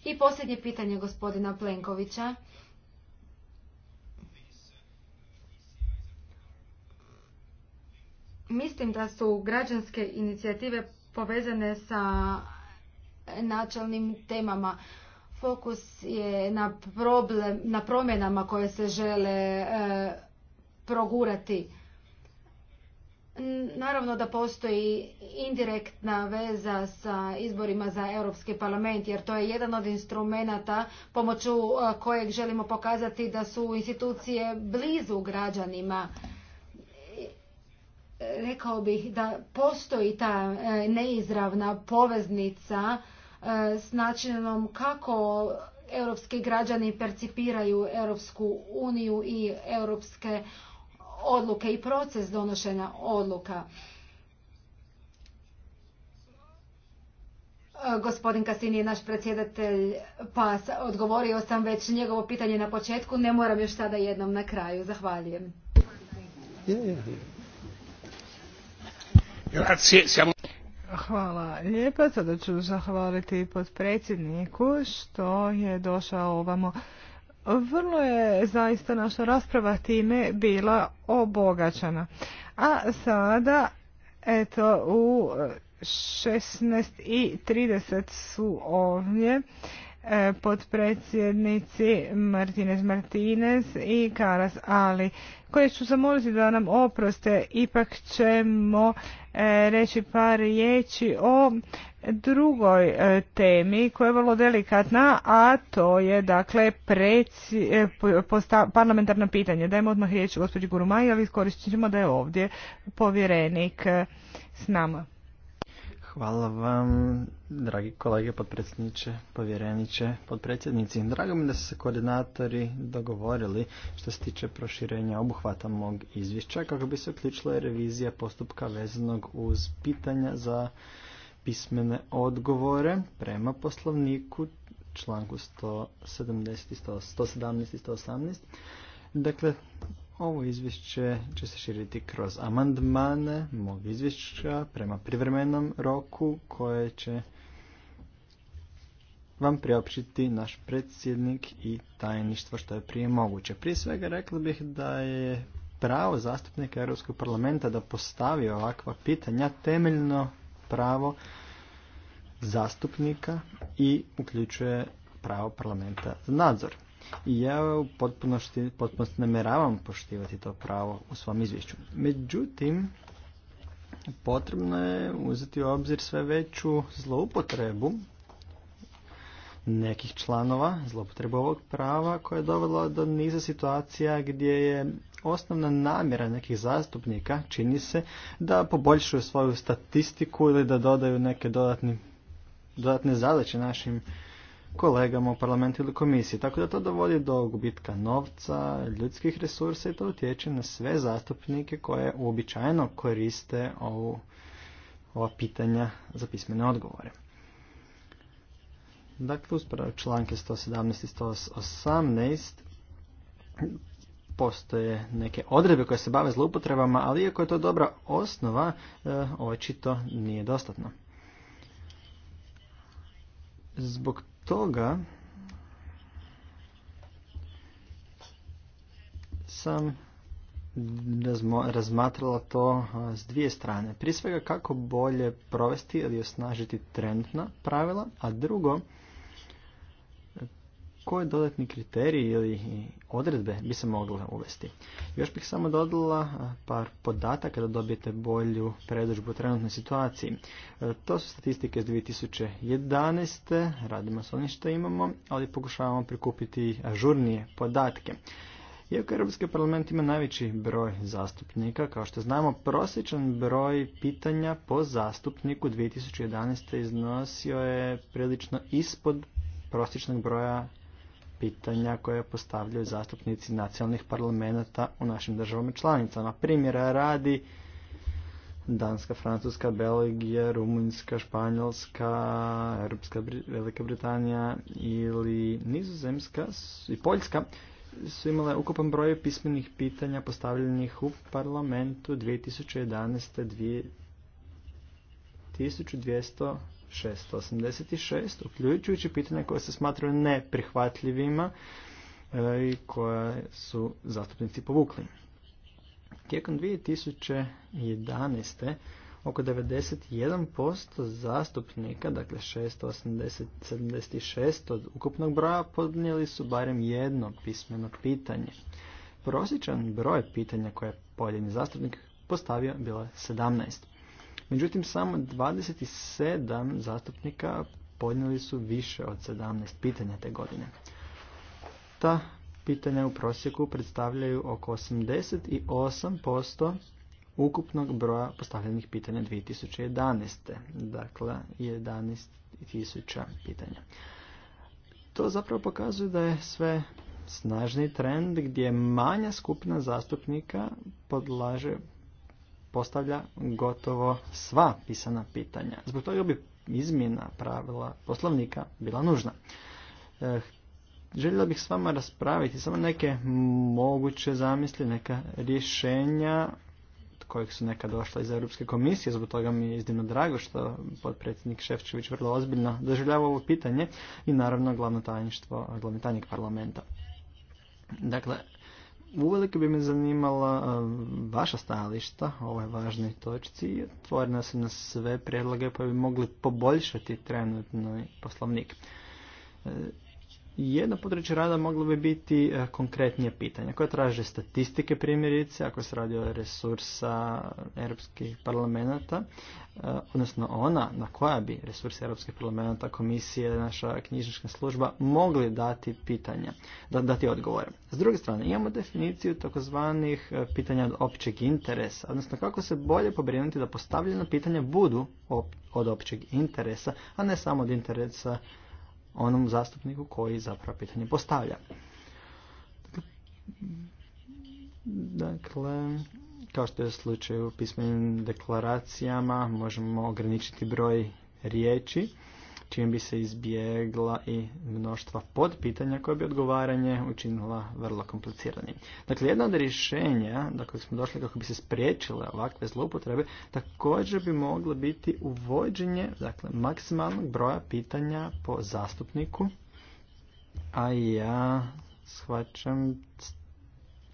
I posljednje pitanje gospodina Plenkovića. Mislim da su građanske inicijative povezane sa načelnim temama. Fokus je na, problem, na promjenama koje se žele e, progurati. Naravno da postoji indirektna veza sa izborima za Europski parlament, jer to je jedan od instrumenata pomoću e, kojeg želimo pokazati da su institucije blizu građanima. E, rekao bih da postoji ta neizravna poveznica E, s načinom kako europski građani percipiraju Europsku uniju i europske odluke i proces donošenja odluka. E, gospodin Kasini je naš predsjedatelj, pa odgovorio sam već njegovo pitanje na početku, ne moram još sada jednom na kraju. Zahvaljujem. Hvala lijepa. Sada ću zahvaliti potpredsjedniku što je došao ovamo. Vrlo je zaista naša rasprava time bila obogaćana. A sada, eto, u 16.30 su ovdje E, potpredsjednici Martinez Martinez i Karas Ali koje ću zamoliti da nam oproste ipak ćemo e, reći par riječi o drugoj e, temi koja je vrlo delikatna a to je dakle preci, parlamentarno pitanje dajmo odmah riječ gospođi Gurumaj ali iskoristit ćemo da je ovdje povjerenik s nama Hvala vam, dragi kolege, potpredsjedniče, povjereniče, potpredsjednici. Drago mi da su se koordinatori dogovorili što se tiče proširenja obuhvata mog izvješća kako bi se uključila revizija postupka vezanog uz pitanja za pismene odgovore prema poslovniku članku 170, 117 i 118. Dakle, ovo izvješće će se širiti kroz amandmane mog izvješća prema privremenom roku koje će vam priopćiti naš predsjednik i tajništvo što je prije moguće. Prije svega rekla bih da je pravo zastupnika Europskog parlamenta da postavi ovakva pitanja temeljno pravo zastupnika i uključuje pravo parlamenta nadzor i ja u potpunosti, namjeravam poštivati to pravo u svom izvješću. Međutim, potrebno je uzeti u obzir sve veću zloupotrebu nekih članova, zloupotrebu ovog prava koja je dovela do niza situacija gdje je osnovna namjera nekih zastupnika, čini se, da poboljšuju svoju statistiku ili da dodaju neke dodatne zadaće našim kolegama u parlamentu ili komisiji. Tako da to dovodi do gubitka novca, ljudskih resursa i to utječe na sve zastupnike koje uobičajeno koriste ovu, ova pitanja za pismene odgovore. Dakle, uspravo članke 117 i 118 postoje neke odrebe koje se bave zloupotrebama, ali iako je to dobra osnova, eh, očito nije dostatno. Zbog toga sam razmatrala to s dvije strane. Prije svega kako bolje provesti ili osnažiti trenutna pravila, a drugo koje dodatni kriteriji ili odredbe bi se mogle uvesti. Još bih samo dodala par podataka da dobijete bolju predođbu trenutnoj situaciji. E, to su statistike iz 2011. Radimo s onim što imamo, ali pokušavamo prikupiti ažurnije podatke. Iako Europski parlament ima najveći broj zastupnika, kao što znamo, prosječan broj pitanja po zastupniku 2011. iznosio je prilično ispod prosječnog broja pitanja koje postavljaju zastupnici nacionalnih parlamenta u našim državama članicama. Primjera radi Danska, Francuska, Belgija, Rumunjska, Španjolska, Europska, Velika Britanija ili Nizozemska i Poljska su imale ukupan broj pismenih pitanja postavljenih u parlamentu 2011. 2200 686, uključujući pitanja koje se smatraju neprihvatljivima e, i koja su zastupnici povukli. Tijekom 2011. oko 91% zastupnika, dakle 676 od ukupnog broja, podnijeli su barem jedno pismeno pitanje. Prosječan broj pitanja koje je pojedini zastupnik postavio bilo je 17. Međutim, samo 27 zastupnika podnijeli su više od 17 pitanja te godine. Ta pitanja u prosjeku predstavljaju oko 88% ukupnog broja postavljenih pitanja 2011. Dakle, 11.000 pitanja. To zapravo pokazuje da je sve snažni trend gdje manja skupina zastupnika podlaže postavlja gotovo sva pisana pitanja. Zbog toga bi izmjena pravila poslovnika bila nužna. E, željela bih s vama raspraviti samo neke moguće zamisli, neka rješenja kojih su neka došla iz Europske komisije, zbog toga mi je iznimno drago što potpredsjednik Ševčević vrlo ozbiljno doživljava ovo pitanje i naravno glavno tajništvo, glavni tajnik parlamenta. Dakle, Uvelike bi me zanimala vaša stajališta o ovoj važnoj točci i otvorena se na sve prijedloge pa bi mogli poboljšati trenutno poslovnik. E, jedno područje rada moglo bi biti e, konkretnije pitanje koje traže statistike primjerice, ako se radi o resursa europskih parlamenta, e, odnosno ona na koja bi resursi europskih parlamenta, komisije, naša knjižnička služba mogli dati pitanja, dati odgovore. S druge strane, imamo definiciju takozvanih e, pitanja od općeg interesa, odnosno kako se bolje pobrinuti da postavljena pitanja budu od općeg interesa, a ne samo od interesa onom zastupniku koji zapravo pitanje postavlja. Dakle, kao što je slučaj u pismenim deklaracijama, možemo ograničiti broj riječi čim bi se izbjegla i mnoštva podpitanja koje bi odgovaranje učinila vrlo kompliciranim. Dakle, jedno od rješenja do smo došli kako bi se spriječile ovakve zloupotrebe također bi moglo biti uvođenje dakle, maksimalnog broja pitanja po zastupniku, a ja shvaćam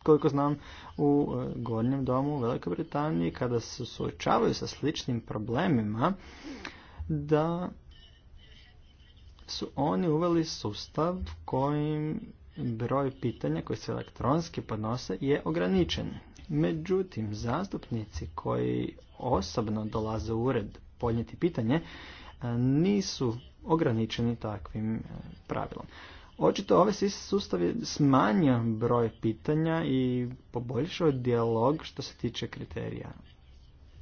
koliko znam u e, Gornjem domu u Velikoj Britaniji kada se suočavaju sa sličnim problemima da su oni uveli sustav kojim broj pitanja koji se elektronski podnose je ograničen. Međutim, zastupnici koji osobno dolaze u ured podnijeti pitanje e, nisu ograničeni takvim e, pravilom. Očito ovaj sustav je smanjio broj pitanja i poboljšao dijalog što se tiče kriterija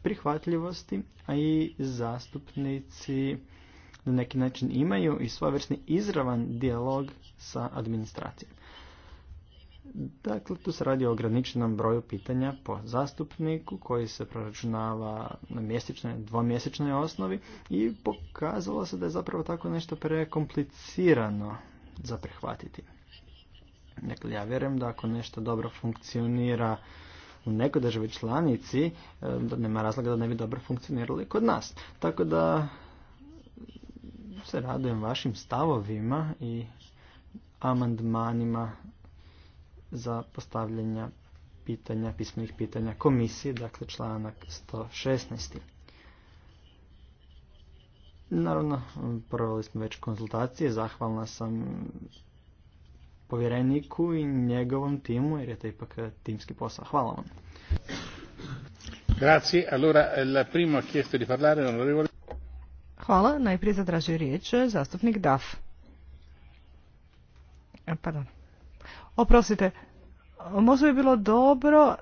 prihvatljivosti, a i zastupnici na neki način imaju i svojevrsni izravan dijalog sa administracijom. Dakle, tu se radi o ograničenom broju pitanja po zastupniku koji se proračunava na mjesečnoj, dvomjesečnoj osnovi i pokazalo se da je zapravo tako nešto prekomplicirano za prihvatiti. Dakle, ja vjerujem da ako nešto dobro funkcionira u nekoj državi članici, e, da nema razloga da ne bi dobro funkcionirali kod nas. Tako da se radujem vašim stavovima i amandmanima za postavljanje pitanja, pismenih pitanja komisije, dakle članak 116. Naravno, provali smo već konzultacije, zahvalna sam povjereniku i njegovom timu, jer je to ipak timski posao. Hvala vam. Grazie. Allora, chiesto di parlare, Hvala. Najprije zadražuje riječ zastupnik DAF. E, pardon. Oprostite, možda bi bilo dobro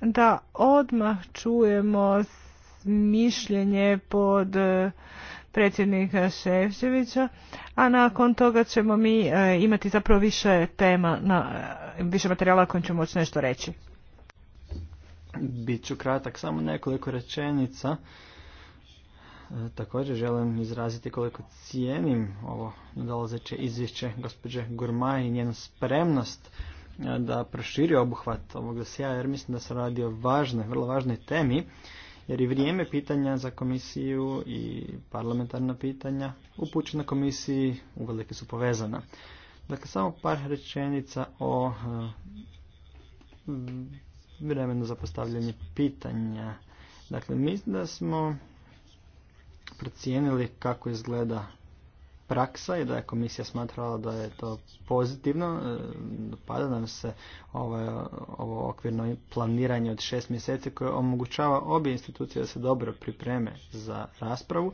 da odmah čujemo mišljenje pod e, predsjednika Ševčevića, a nakon toga ćemo mi e, imati zapravo više tema, na, više materijala kojim ćemo moći nešto reći. Biću kratak, samo nekoliko rečenica Također želim izraziti koliko cijenim ovo dolazeće izvješće gospođe Gurma i njenu spremnost e, da proširi obuhvat ovog dosija jer mislim da se radi o važnoj, vrlo važnoj temi jer i vrijeme pitanja za komisiju i parlamentarna pitanja upućena komisiji uvelike su povezana. Dakle, samo par rečenica o e, vremenu za postavljanje pitanja. Dakle, mislim da smo procijenili kako izgleda praksa i da je komisija smatrala da je to pozitivno. E, dopada nam se ovo, ovaj, ovo okvirno planiranje od šest mjeseci koje omogućava obje institucije da se dobro pripreme za raspravu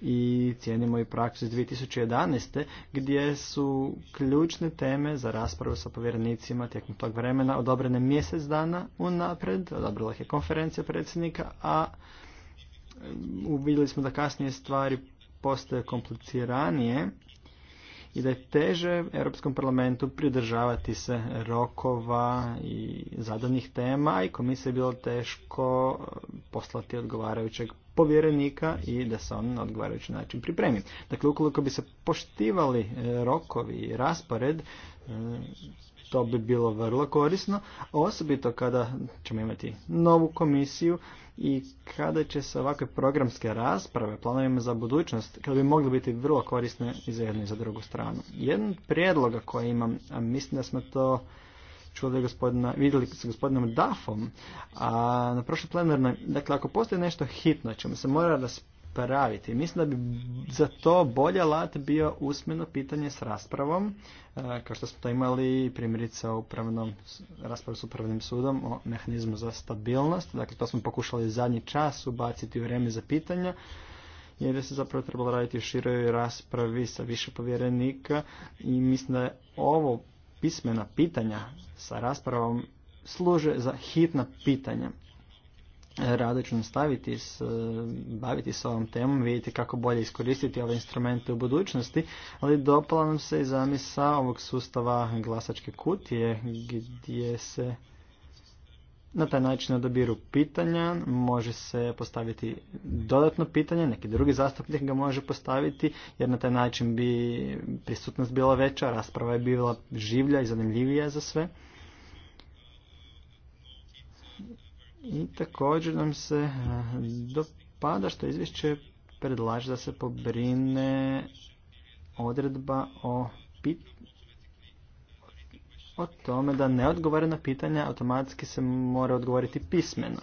i cijenimo i praksu iz 2011. gdje su ključne teme za raspravu sa povjerenicima tijekom tog vremena odobrene mjesec dana unaprijed, odobrila ih je konferencija predsjednika, a uvidjeli smo da kasnije stvari postoje kompliciranije i da je teže Europskom parlamentu pridržavati se rokova i zadanih tema i komisiji je bilo teško eh, poslati odgovarajućeg povjerenika i da se on na odgovarajući način pripremi. Dakle, ukoliko bi se poštivali eh, rokovi i raspored, eh, to bi bilo vrlo korisno, osobito kada ćemo imati novu komisiju i kada će se ovakve programske rasprave, planovima za budućnost, kada bi mogli biti vrlo korisne i za jednu i za drugu stranu. Jedan prijedloga koji imam, a mislim da smo to čuli gospodina, vidjeli s gospodinom Dafom a, na prošloj plenarnoj, dakle ako postoji nešto hitno čemu se mora raspravljati napraviti. Mislim da bi za to bolje alat bio usmeno pitanje s raspravom, e, kao što smo to imali primjerice u upravnom, raspravu s upravnim sudom o mehanizmu za stabilnost. Dakle, to smo pokušali zadnji čas ubaciti u vreme za pitanja jer je se zapravo trebalo raditi u široj raspravi sa više povjerenika i mislim da je ovo pismena pitanja sa raspravom služe za hitna pitanja rado ću nastaviti s, e, baviti s ovom temom, vidjeti kako bolje iskoristiti ove instrumente u budućnosti, ali dopala nam se i zamisa ovog sustava glasačke kutije gdje se na taj način odabiru pitanja, može se postaviti dodatno pitanje, neki drugi zastupnik ga može postaviti, jer na taj način bi prisutnost bila veća, rasprava je bila življa i zanimljivija za sve. I također nam se eh, dopada što izvješće predlaže da se pobrine odredba o pit o tome da neodgovorena pitanja automatski se mora odgovoriti pismeno.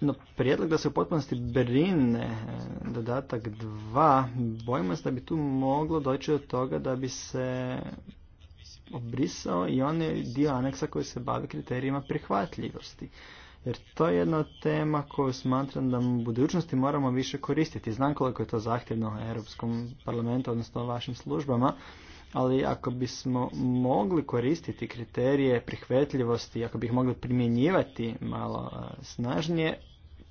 No, prijedlog da se u potpunosti brine eh, dodatak 2, bojimo se da bi tu moglo doći do toga da bi se obrisao i on je dio aneksa koji se bavi kriterijima prihvatljivosti. Jer to je jedna tema koju smatram da u budućnosti moramo više koristiti. Znam koliko je to zahtjevno Europskom parlamentu, odnosno vašim službama, ali ako bismo mogli koristiti kriterije prihvatljivosti, ako bi ih mogli primjenjivati malo e, snažnije,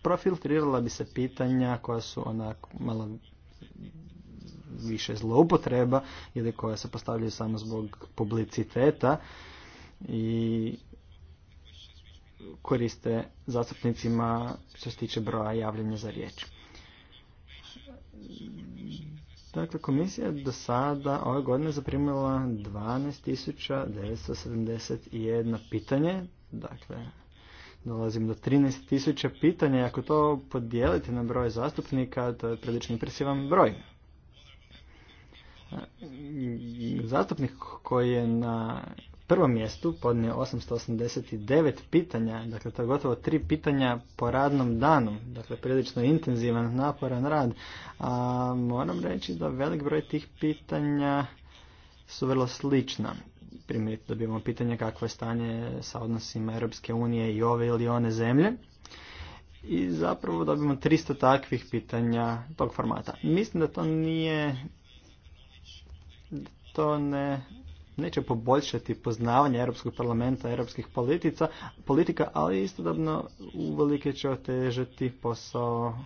profiltrirala bi se pitanja koja su onako malo više zloupotreba ili koja se postavljaju samo zbog publiciteta i koriste zastupnicima što se tiče broja javljanja za riječ. Dakle, komisija do sada ove godine zaprimila 12.971 pitanje, dakle, dolazim do 13.000 pitanja, ako to podijelite na broj zastupnika, to je prilično impresivan broj zastupnik koji je na prvom mjestu podnio 889 pitanja, dakle to je gotovo tri pitanja po radnom danu, dakle prilično intenzivan, naporan rad. A moram reći da velik broj tih pitanja su vrlo slična. Primjerite dobijemo pitanje kakvo je stanje sa odnosima Europske unije i ove ili one zemlje. I zapravo dobijemo 300 takvih pitanja tog formata. Mislim da to nije to ne, neće poboljšati poznavanje Europskog parlamenta, europskih politica, politika, ali istodobno uvelike će otežati posao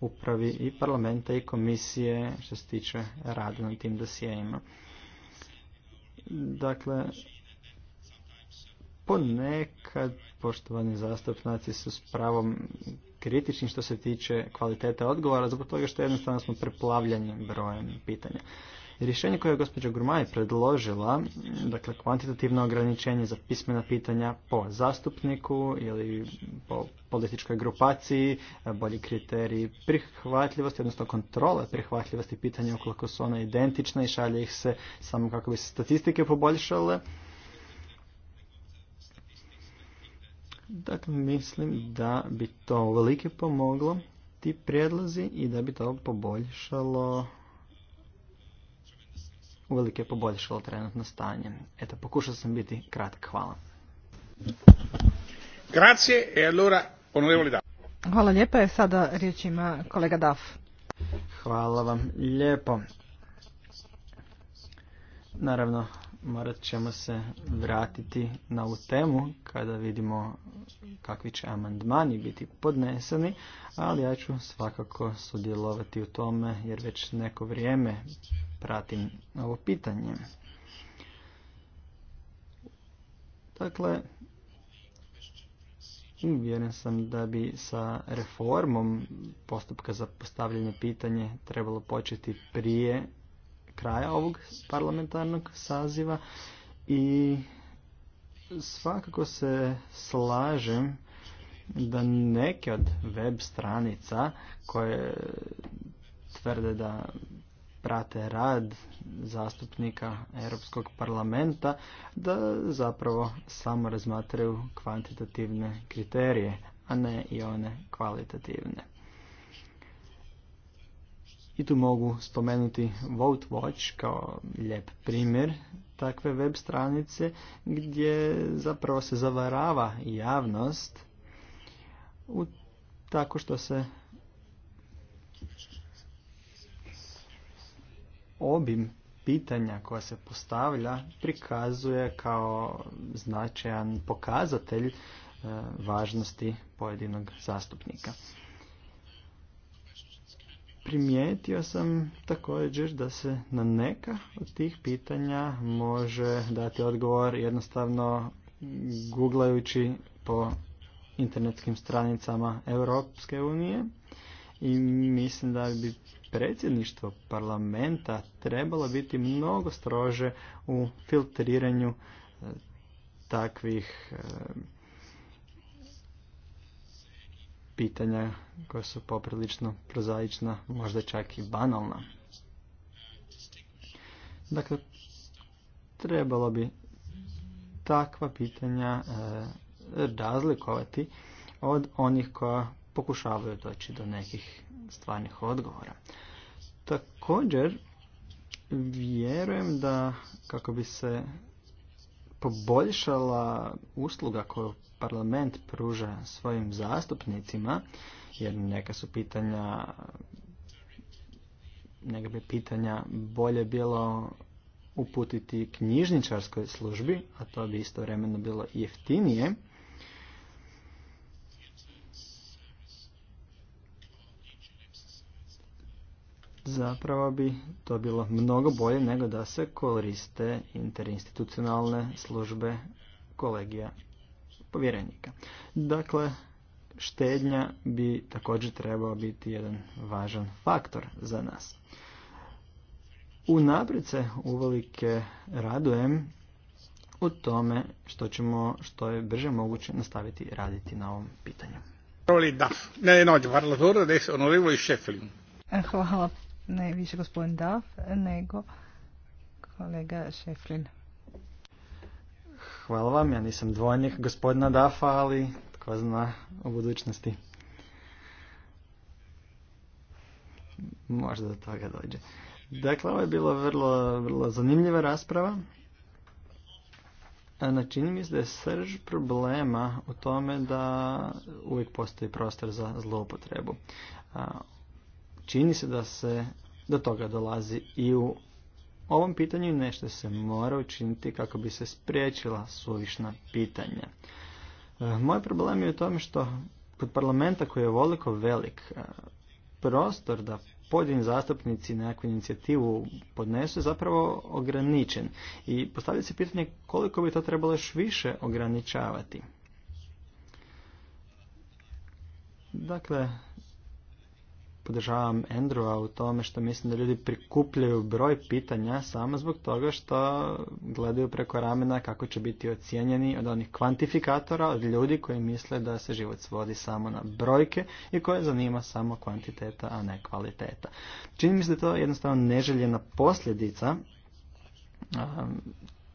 upravi i parlamenta i komisije što se tiče rada na tim dosijejima. Dakle, ponekad poštovani zastupnici su s pravom kritični što se tiče kvalitete odgovora zbog toga što jednostavno smo preplavljeni brojem pitanja. Rješenje koje je gospođa Gurmaj predložila, dakle kvantitativno ograničenje za pismena pitanja po zastupniku ili po političkoj grupaciji, bolji kriteriji prihvatljivosti, odnosno kontrole prihvatljivosti pitanja ukoliko su ona identična i šalje ih se samo kako bi se statistike poboljšale. Dakle, mislim da bi to velike pomoglo ti prijedlozi i da bi to poboljšalo uvelike poboljšalo trenutno stanje. Eto, pokušao sam biti kratak. Hvala. Grazie e allora onorevoli Daf. Hvala lijepa, je sada riječ ima kolega Daf. Hvala vam lijepo. Naravno, morat ćemo se vratiti na ovu temu kada vidimo kakvi će amandmani biti podneseni, ali ja ću svakako sudjelovati u tome jer već neko vrijeme pratim ovo pitanje. Dakle, uvjeren sam da bi sa reformom postupka za postavljanje pitanje trebalo početi prije kraja ovog parlamentarnog saziva i svakako se slažem da neke od web stranica koje tvrde da prate rad zastupnika Europskog parlamenta da zapravo samo razmatraju kvantitativne kriterije, a ne i one kvalitativne. I tu mogu spomenuti Vote kao lijep primjer takve web stranice gdje zapravo se zavarava javnost u tako što se obim pitanja koja se postavlja prikazuje kao značajan pokazatelj e, važnosti pojedinog zastupnika. Primijetio sam također da se na neka od tih pitanja može dati odgovor jednostavno googlajući po internetskim stranicama Europske unije i mislim da bi predsjedništvo parlamenta trebalo biti mnogo strože u filtriranju e, takvih e, pitanja koja su poprilično prozaična, možda čak i banalna. Dakle, trebalo bi takva pitanja e, razlikovati od onih koja pokušavaju doći do nekih stvarnih odgovora. Također, vjerujem da kako bi se poboljšala usluga koju parlament pruža svojim zastupnicima, jer neka su pitanja neka bi pitanja bolje bilo uputiti knjižničarskoj službi, a to bi istovremeno bilo jeftinije, zapravo bi to bilo mnogo bolje nego da se koriste interinstitucionalne službe kolegija povjerenika. Dakle, štednja bi također trebao biti jedan važan faktor za nas. U se uvelike radujem u tome što ćemo što je brže moguće nastaviti raditi na ovom pitanju. Hvala ne više gospodin nego kolega Šeflin. Hvala vam, ja nisam dvojnik gospodina Dafa, ali tko zna o budućnosti. Možda do toga dođe. Dakle, ovo je bila vrlo, vrlo zanimljiva rasprava. Na čini mi se da je srž problema u tome da uvijek postoji prostor za zloupotrebu čini se da se do toga dolazi i u ovom pitanju nešto se mora učiniti kako bi se spriječila suvišna pitanja. E, moj problem je u tome što kod parlamenta koji je voliko velik e, prostor da pojedini zastupnici nekakvu inicijativu podnesu je zapravo ograničen. I postavlja se pitanje koliko bi to trebalo još više ograničavati. Dakle, podržavam Andrewa u tome što mislim da ljudi prikupljaju broj pitanja samo zbog toga što gledaju preko ramena kako će biti ocijenjeni od onih kvantifikatora, od ljudi koji misle da se život svodi samo na brojke i koje zanima samo kvantiteta, a ne kvaliteta. Čini mi se da je to jednostavno neželjena posljedica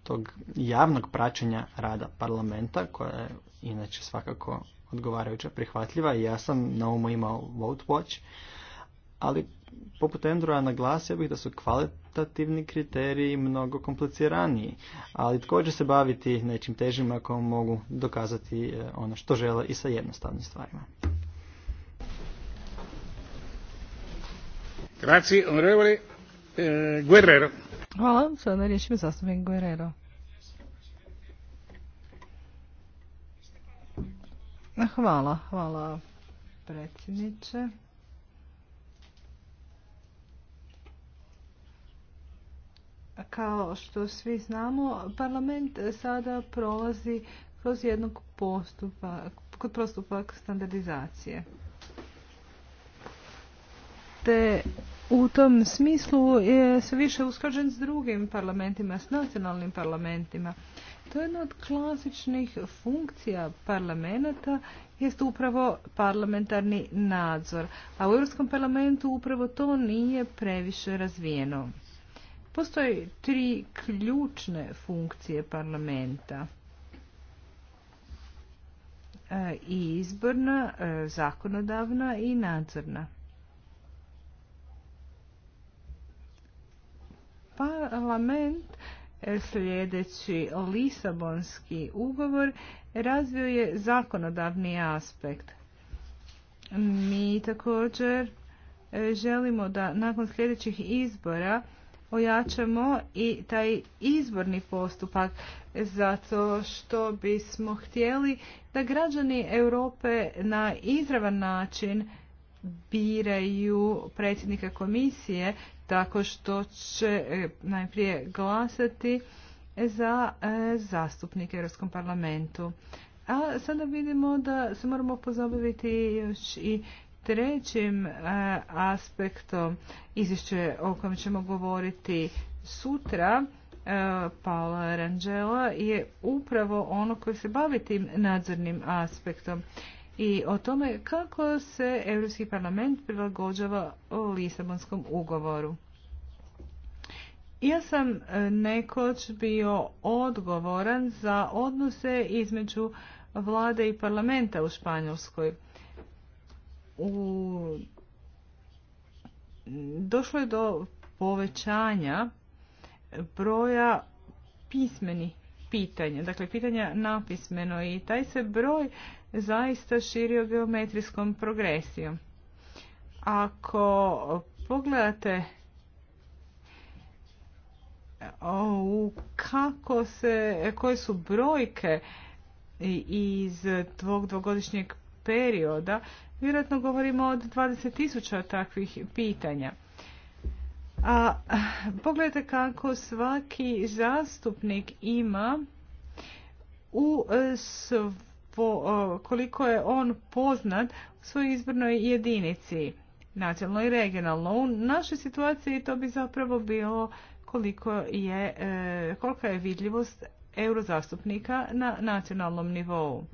tog javnog praćenja rada parlamenta, koja je inače svakako odgovarajuća prihvatljiva i ja sam na umu imao Vote Watch ali poput Endroa naglasio bih da su kvalitativni kriteriji mnogo kompliciraniji, ali tko će se baviti nečim težim ako mogu dokazati e, ono što žele i sa jednostavnim stvarima. Grazie, onorevole e, Guerrero. Hvala, sada na zastupnik Guerrero. Hvala, hvala predsjedniče. Kao što svi znamo, parlament sada prolazi kroz jednog postupak, kod postupak standardizacije. Te u tom smislu je sve više usklađen s drugim parlamentima, s nacionalnim parlamentima. To je jedna od klasičnih funkcija parlamenta, jest upravo parlamentarni nadzor. A u Europskom parlamentu upravo to nije previše razvijeno. Postoje tri ključne funkcije parlamenta. E, I izborna, e, zakonodavna i nadzorna. Parlament e, sljedeći Lisabonski ugovor razvio je zakonodavni aspekt. Mi također želimo da nakon sljedećih izbora ojačamo i taj izborni postupak zato što bismo htjeli da građani Europe na izravan način biraju predsjednika komisije tako što će e, najprije glasati za e, zastupnike u Europskom parlamentu. A sada vidimo da se moramo pozabaviti još i trećim e, aspektom izvješće o kojem ćemo govoriti sutra e, Paola Rangela je upravo ono koji se bavi tim nadzornim aspektom i o tome kako se Europski parlament prilagođava Lisabonskom ugovoru. Ja sam e, nekoć bio odgovoran za odnose između vlade i parlamenta u Španjolskoj u došlo je do povećanja broja pismenih pitanja, dakle pitanja napismeno i taj se broj zaista širio geometrijskom progresijom. Ako pogledate kako se, koje su brojke iz tvog dvogodišnjeg perioda, Vjerojatno govorimo od 20.000 takvih pitanja. A pogledajte kako svaki zastupnik ima u e, koliko je on poznat u svojoj izbornoj jedinici, nacionalno i regionalno. U našoj situaciji to bi zapravo bilo koliko je, e, kolika je vidljivost eurozastupnika na nacionalnom nivou.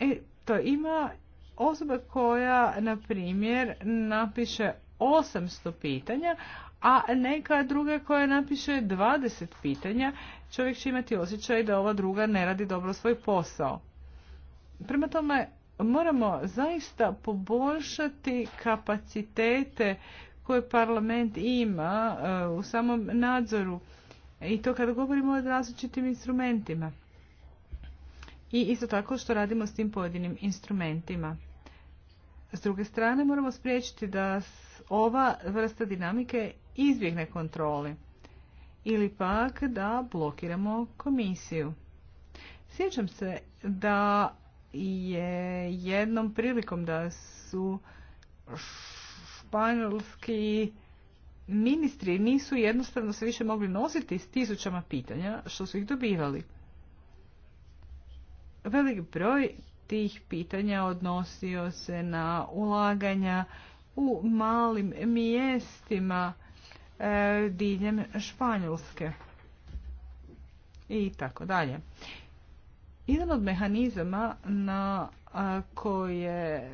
E, to ima osoba koja, na primjer, napiše 800 pitanja, a neka druga koja napiše 20 pitanja, čovjek će imati osjećaj da ova druga ne radi dobro svoj posao. Prema tome, moramo zaista poboljšati kapacitete koje parlament ima e, u samom nadzoru i to kada govorimo o različitim instrumentima. I isto tako što radimo s tim pojedinim instrumentima. S druge strane moramo spriječiti da ova vrsta dinamike izbjegne kontroli ili pak da blokiramo komisiju. Sjećam se da je jednom prilikom da su španjolski ministri nisu jednostavno se više mogli nositi s tisućama pitanja što su ih dobivali. Velik broj tih pitanja odnosio se na ulaganja u malim mjestima e, diljem Španjolske i tako dalje. Jedan od mehanizama na koje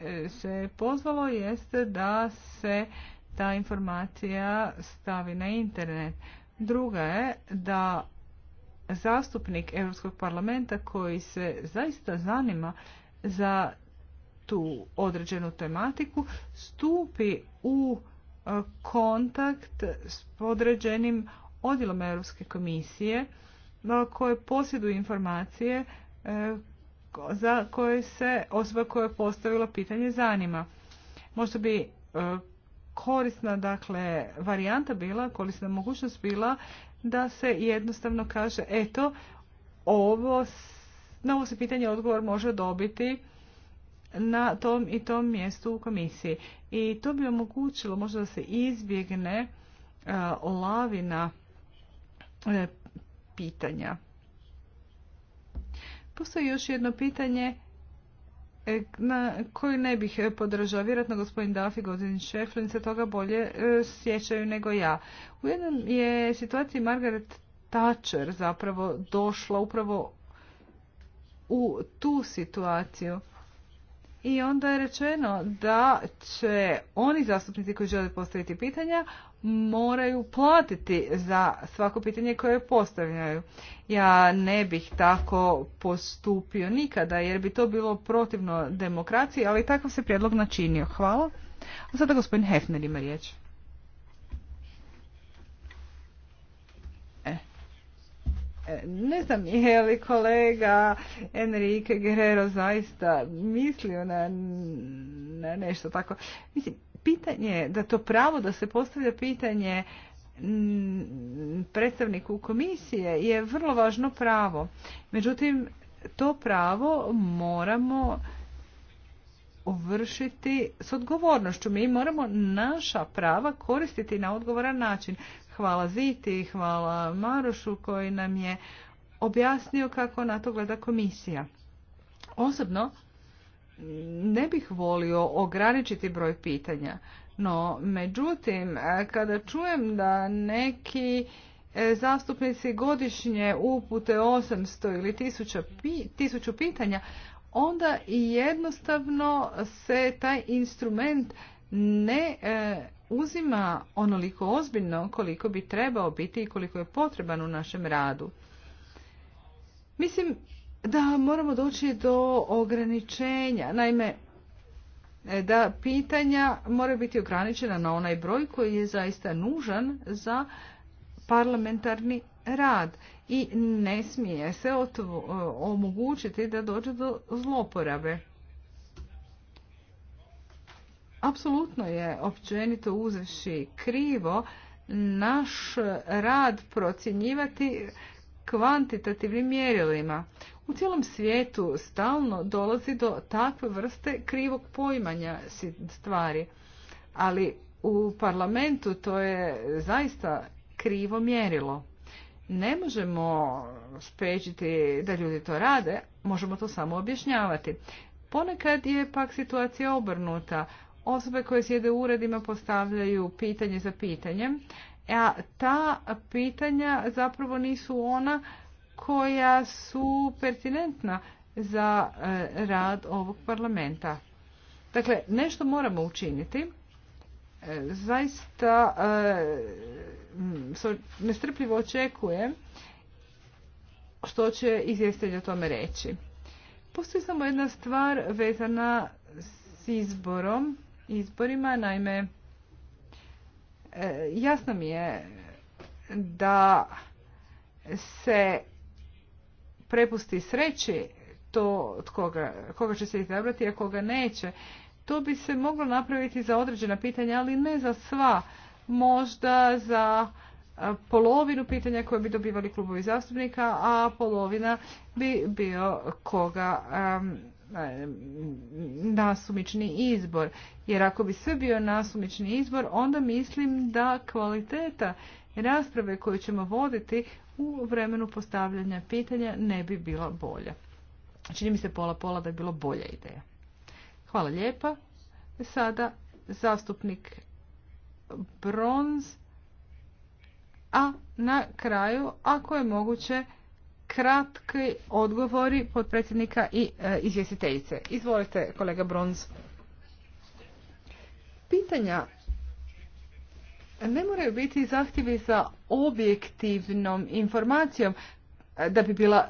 e, se pozvalo jeste da se ta informacija stavi na internet. Druga je da zastupnik Europskog parlamenta koji se zaista zanima za tu određenu tematiku stupi u e, kontakt s određenim odjelom Europske komisije e, koje posjeduju informacije e, za koje se osoba koja je postavila pitanje zanima. Možda bi korisna dakle varijanta bila, korisna mogućnost bila da se jednostavno kaže eto ovo na ovo se pitanje odgovor može dobiti na tom i tom mjestu u komisiji. I to bi omogućilo možda da se izbjegne olavina e, e, pitanja. Postoji još jedno pitanje E, na koju ne bih podržao. Vjerojatno gospodin Dafi, gospodin Šeflin se toga bolje e, sjećaju nego ja. U jednom je situaciji Margaret Thatcher zapravo došla upravo u tu situaciju. I onda je rečeno da će oni zastupnici koji žele postaviti pitanja, moraju platiti za svako pitanje koje postavljaju. Ja ne bih tako postupio nikada jer bi to bilo protivno demokraciji, ali takav se prijedlog načinio. Hvala. A sada gospodin Hefner ima riječ. E, e, ne znam je li kolega Enrique Guerrero zaista mislio na, na nešto tako. Mislim, pitanje, da to pravo da se postavlja pitanje mm, predstavniku komisije je vrlo važno pravo. Međutim, to pravo moramo ovršiti s odgovornošću. Mi moramo naša prava koristiti na odgovoran način. Hvala Ziti, hvala Marošu koji nam je objasnio kako na to gleda komisija. Osobno ne bih volio ograničiti broj pitanja, no međutim e, kada čujem da neki e, zastupnici godišnje upute 800 ili 1000 pitanja, onda jednostavno se taj instrument ne e, uzima onoliko ozbiljno koliko bi trebao biti i koliko je potreban u našem radu. Mislim da moramo doći do ograničenja. Naime, da pitanja moraju biti ograničena na onaj broj koji je zaista nužan za parlamentarni rad i ne smije se omogućiti da dođe do zloporabe. Apsolutno je općenito uzeši krivo naš rad procjenjivati kvantitativnim mjerilima. U cijelom svijetu stalno dolazi do takve vrste krivog poimanja stvari, ali u parlamentu to je zaista krivo mjerilo. Ne možemo spriječiti da ljudi to rade, možemo to samo objašnjavati. Ponekad je pak situacija obrnuta. Osobe koje sjede u uredima postavljaju pitanje za pitanjem, a ta pitanja zapravo nisu ona koja su pertinentna za e, rad ovog parlamenta. Dakle, nešto moramo učiniti. E, zaista e, nestrpljivo očekujem što će izvjestelj o tome reći. Postoji samo jedna stvar vezana s izborom, izborima, naime E, jasno mi je da se prepusti sreći to koga, koga će se izabrati, a koga neće. To bi se moglo napraviti za određena pitanja, ali ne za sva. Možda za e, polovinu pitanja koje bi dobivali klubovi zastupnika, a polovina bi bio koga E, nasumični izbor. Jer ako bi sve bio nasumični izbor, onda mislim da kvaliteta rasprave koju ćemo voditi u vremenu postavljanja pitanja ne bi bila bolja. Čini mi se pola-pola da je bilo bolja ideja. Hvala lijepa. Sada zastupnik Bronz. A na kraju, ako je moguće, kratki odgovori pod predsjednika i e, Izvolite, kolega Bronz. Pitanja ne moraju biti zahtjevi za objektivnom informacijom e, da bi bila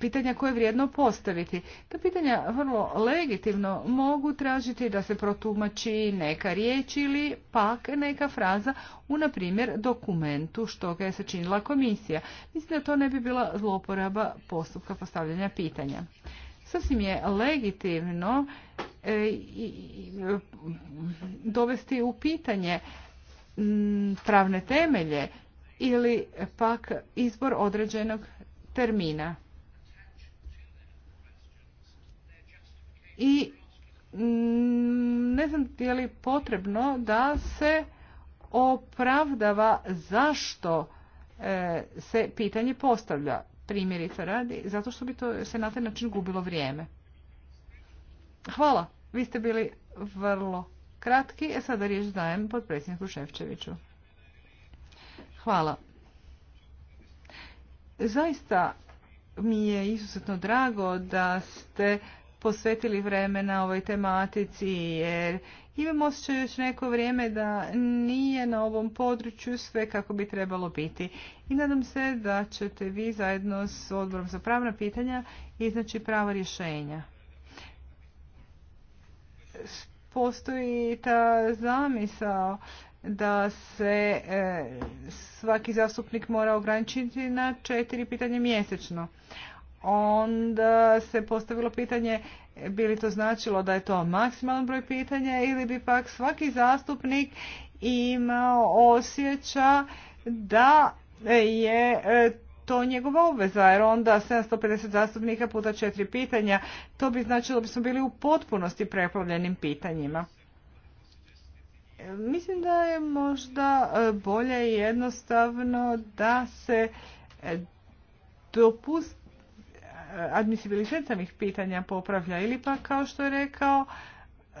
pitanja koje je vrijedno postaviti. Ta pitanja vrlo legitimno mogu tražiti da se protumači neka riječ ili pak neka fraza u, na primjer, dokumentu što ga je sačinila komisija. Mislim da to ne bi bila zloporaba postupka postavljanja pitanja. Sasvim je legitimno e, dovesti u pitanje pravne temelje ili pak izbor određenog termina. i mm, ne znam je li potrebno da se opravdava zašto e, se pitanje postavlja primjerice radi, zato što bi to se na taj način gubilo vrijeme. Hvala, vi ste bili vrlo kratki, e sada riječ dajem potpredsjedniku Ševčeviću. Hvala. Zaista mi je izuzetno drago da ste posvetili vremena ovoj tematici jer imam osjećaj još neko vrijeme da nije na ovom području sve kako bi trebalo biti. I nadam se da ćete vi zajedno s odborom za pravna pitanja iznaći prava rješenja. Postoji ta zamisao da se e, svaki zastupnik mora ograničiti na četiri pitanja mjesečno onda se postavilo pitanje bi li to značilo da je to maksimalan broj pitanja ili bi pak svaki zastupnik imao osjeća da je e, to njegova obveza, jer onda 750 zastupnika puta četiri pitanja, to bi značilo da bismo bili u potpunosti preplavljenim pitanjima. Mislim da je možda e, bolje jednostavno da se e, dopusti admisibilitet pitanja popravlja ili pa kao što je rekao e,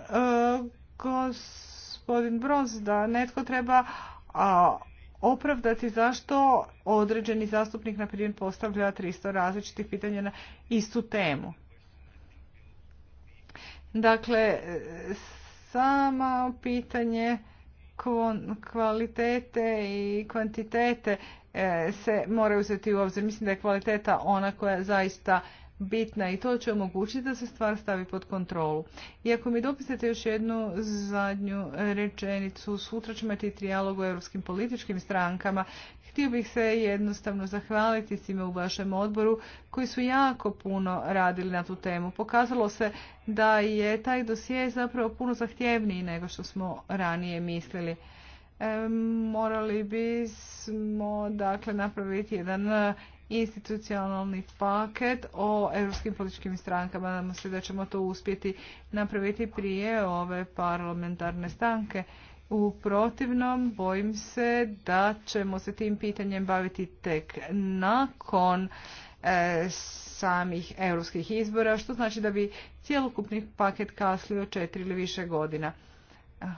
gospodin Broz da netko treba a, opravdati zašto određeni zastupnik na primjer postavlja 300 različitih pitanja na istu temu. Dakle, samo pitanje kvalitete i kvantitete E, se mora uzeti u obzir. Mislim da je kvaliteta ona koja je zaista bitna i to će omogućiti da se stvar stavi pod kontrolu. I ako mi dopisate još jednu zadnju rečenicu, sutra ćemo imati trijalog o europskim političkim strankama. Htio bih se jednostavno zahvaliti svima u vašem odboru koji su jako puno radili na tu temu. Pokazalo se da je taj dosje zapravo puno zahtjevniji nego što smo ranije mislili morali bismo dakle napraviti jedan e, institucionalni paket o europskim političkim strankama. Nadamo se da ćemo to uspjeti napraviti prije ove parlamentarne stanke. U protivnom, bojim se da ćemo se tim pitanjem baviti tek nakon e, samih europskih izbora, što znači da bi cjelokupni paket kaslio četiri ili više godina.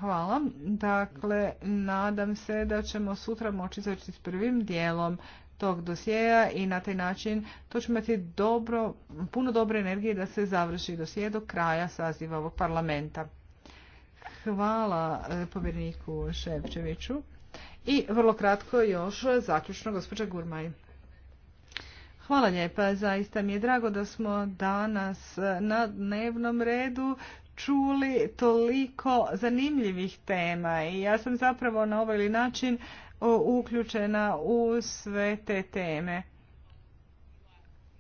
Hvala. Dakle, nadam se da ćemo sutra moći zaći s prvim dijelom tog dosjeja i na taj način to ćemo imati dobro, puno dobre energije da se završi dosje do kraja saziva ovog parlamenta. Hvala e, povjerniku Ševčeviću. I vrlo kratko još zaključno gospođa Gurmaj. Hvala lijepa, zaista mi je drago da smo danas e, na dnevnom redu čuli toliko zanimljivih tema i ja sam zapravo na ovaj način uključena u sve te teme.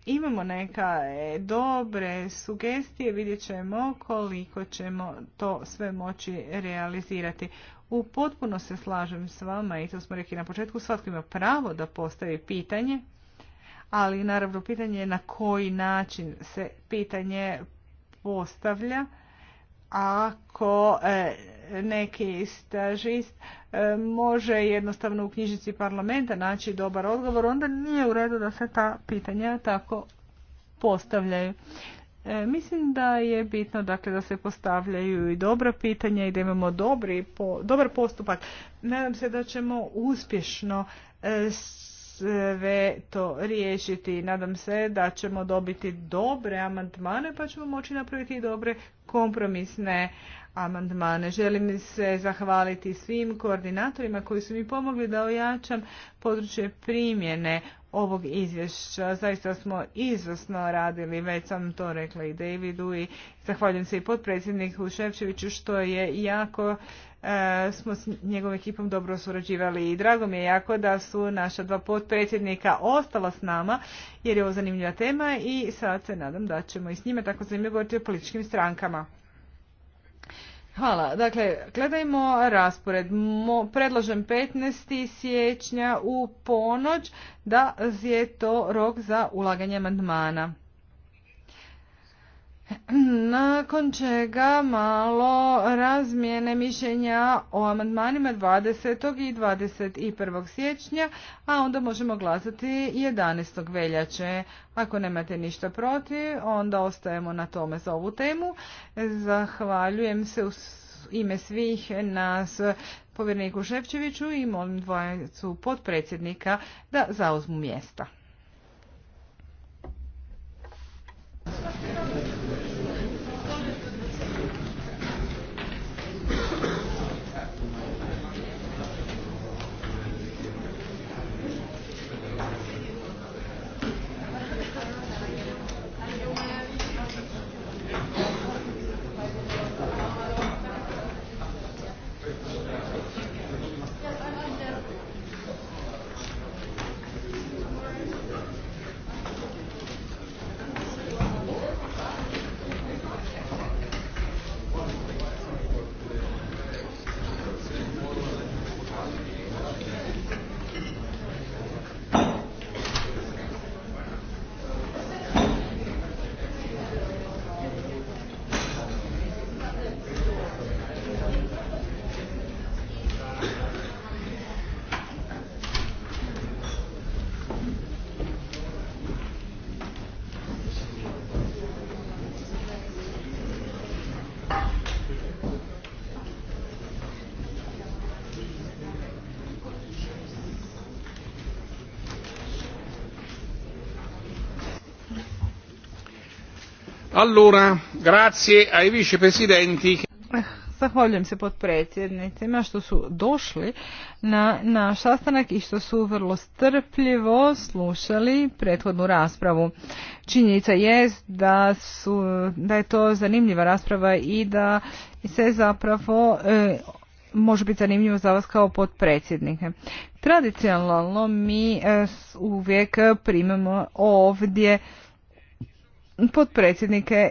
Imamo neka e, dobre sugestije, vidjet ćemo koliko ćemo to sve moći realizirati. U potpuno se slažem s vama i to smo rekli na početku, svatko ima pravo da postavi pitanje, ali naravno pitanje je na koji način se pitanje postavlja ako e, neki stažist e, može jednostavno u knjižici parlamenta naći dobar odgovor, onda nije u redu da se ta pitanja tako postavljaju. E, mislim da je bitno dakle, da se postavljaju i dobra pitanja i da imamo dobri, dobar postupak. Nadam se da ćemo uspješno sve to riješiti. Nadam se da ćemo dobiti dobre amandmane pa ćemo moći napraviti i dobre kompromisne amandmane. Želim se zahvaliti svim koordinatorima koji su mi pomogli da ojačam područje primjene ovog izvješća. Zaista smo izvrsno radili, već sam to rekla i Davidu i zahvaljujem se i potpredsjedniku Ševčeviću što je jako E, smo s njegovom ekipom dobro surađivali i drago mi je jako da su naša dva potpredsjednika ostala s nama jer je ovo zanimljiva tema i sad se nadam da ćemo i s njima tako zanimljivo govoriti o političkim strankama. Hvala. Dakle, gledajmo raspored. predložen predlažem 15. siječnja u ponoć da je to rok za ulaganje amandmana. Nakon čega malo razmjene mišljenja o amandmanima 20. i 21. siječnja, a onda možemo glasati 11. veljače. Ako nemate ništa protiv, onda ostajemo na tome za ovu temu. Zahvaljujem se u ime svih nas povjerniku Ševčeviću i molim dvojicu potpredsjednika da zauzmu mjesta. Allora, grazie ai vicepresidenti. Eh, zahvaljujem se potpredsjednicima što su došli na naš sastanak i što su vrlo strpljivo slušali prethodnu raspravu. Činjenica je da, su, da je to zanimljiva rasprava i da se zapravo eh, može biti zanimljivo za vas kao potpredsjednike. Tradicionalno mi eh, uvijek primamo ovdje potpredsjednike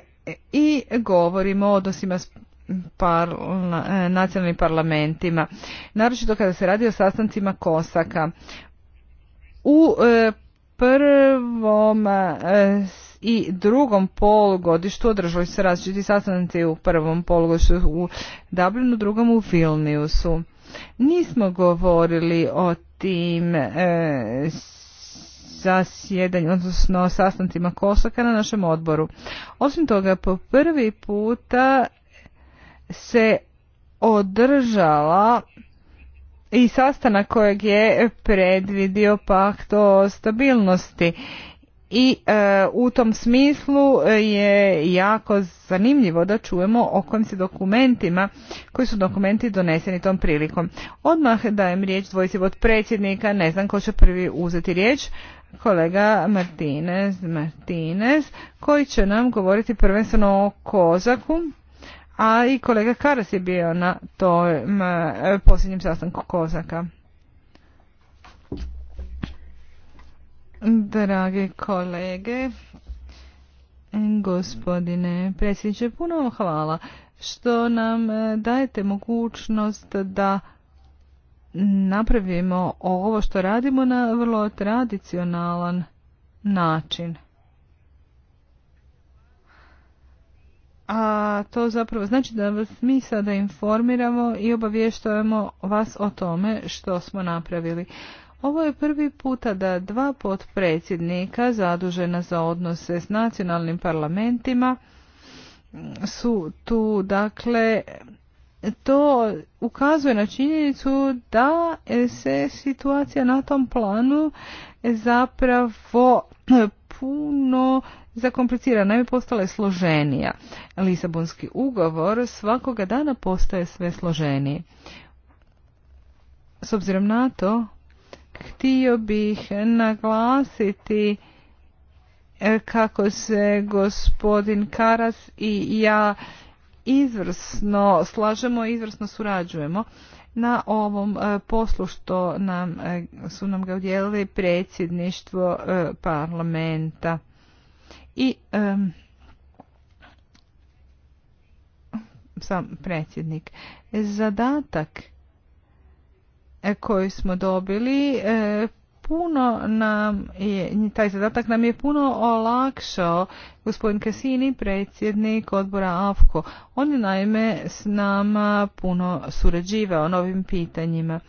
i govorimo o odnosima s e, nacionalnim parlamentima, naročito kada se radi o sastancima Kosaka. U e, prvom e, i drugom polugodištu održali se različiti sastanci u prvom polugodištu u Dublinu, drugom u Vilniusu. Nismo govorili o tim e, zasjedanju, odnosno sastancima Kosaka na našem odboru. Osim toga, po prvi puta se održala i sastanak kojeg je predvidio pakt o stabilnosti. I e, u tom smislu je jako zanimljivo da čujemo o kojim se dokumentima, koji su dokumenti doneseni tom prilikom. Odmah dajem riječ dvojci od predsjednika, ne znam ko će prvi uzeti riječ kolega Martinez Martinez koji će nam govoriti prvenstveno o Kozaku a i kolega Karas je bio na tom posljednjem sastanku Kozaka. Drage kolege, gospodine predsjedniče, puno vam hvala što nam e, dajete mogućnost da napravimo ovo što radimo na vrlo tradicionalan način. A to zapravo znači da vas mi sada informiramo i obavještavamo vas o tome što smo napravili. Ovo je prvi puta da dva potpredsjednika zadužena za odnose s nacionalnim parlamentima su tu dakle to ukazuje na činjenicu da se situacija na tom planu zapravo puno zakomplicira, naime postala je složenija. Lisabonski ugovor svakoga dana postaje sve složeniji. S obzirom na to, htio bih naglasiti e, kako se gospodin Karas i ja izvrsno slažemo i izvrsno surađujemo na ovom e, poslu što nam, e, su nam ga udjelili predsjedništvo e, parlamenta. I sam predsjednik. Zadatak koji smo dobili puno nam je, taj zadatak nam je puno olakšao gospodin Kasini, predsjednik odbora AFKO. On je naime s nama puno surađivao na ovim pitanjima.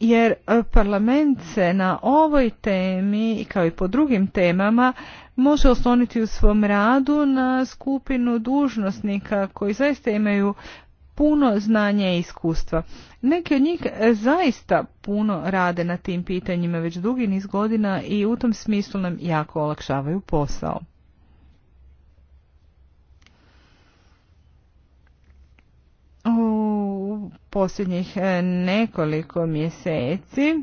Jer e, parlament se na ovoj temi, kao i po drugim temama, može osloniti u svom radu na skupinu dužnosnika koji zaista imaju puno znanja i iskustva. Neki od njih e, zaista puno rade na tim pitanjima već dugi niz godina i u tom smislu nam jako olakšavaju posao. U posljednjih e, nekoliko mjeseci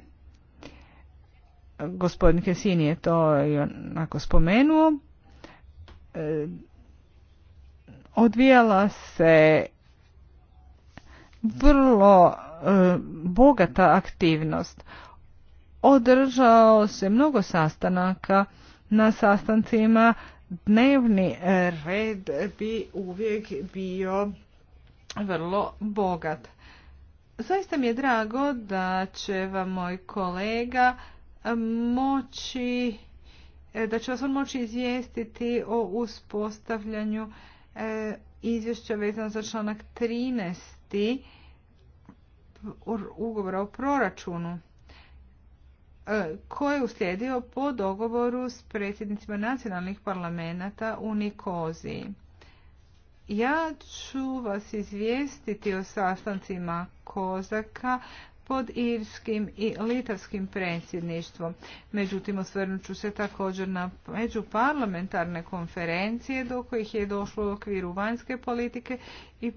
gospodin Kesini je to i onako spomenuo e, odvijala se vrlo E, bogata aktivnost. Održao se mnogo sastanaka, na sastancima dnevni red bi uvijek bio vrlo bogat. Zaista mi je drago da će vam moj kolega moći da će vas on moći izvijestiti o uspostavljanju e, izvješća vezano za članak 13 ugovora o proračunu e, koji je uslijedio po dogovoru s predsjednicima nacionalnih parlamenta u Nikoziji. Ja ću vas izvijestiti o sastancima Kozaka pod irskim i litavskim predsjedništvom. Međutim, osvrnut ću se također na međuparlamentarne konferencije do kojih je došlo u okviru vanjske politike i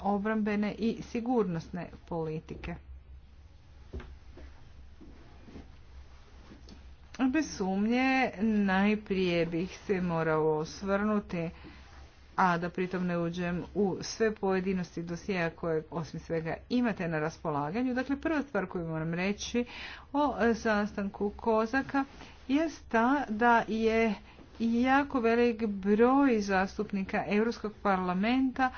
obrambene i sigurnosne politike. Bez sumnje, najprije bih se morao osvrnuti a da pritom ne uđem u sve pojedinosti dosjeja koje osim svega imate na raspolaganju. Dakle, prva stvar koju moram reći o e, sastanku Kozaka je ta da je jako velik broj zastupnika Europskog parlamenta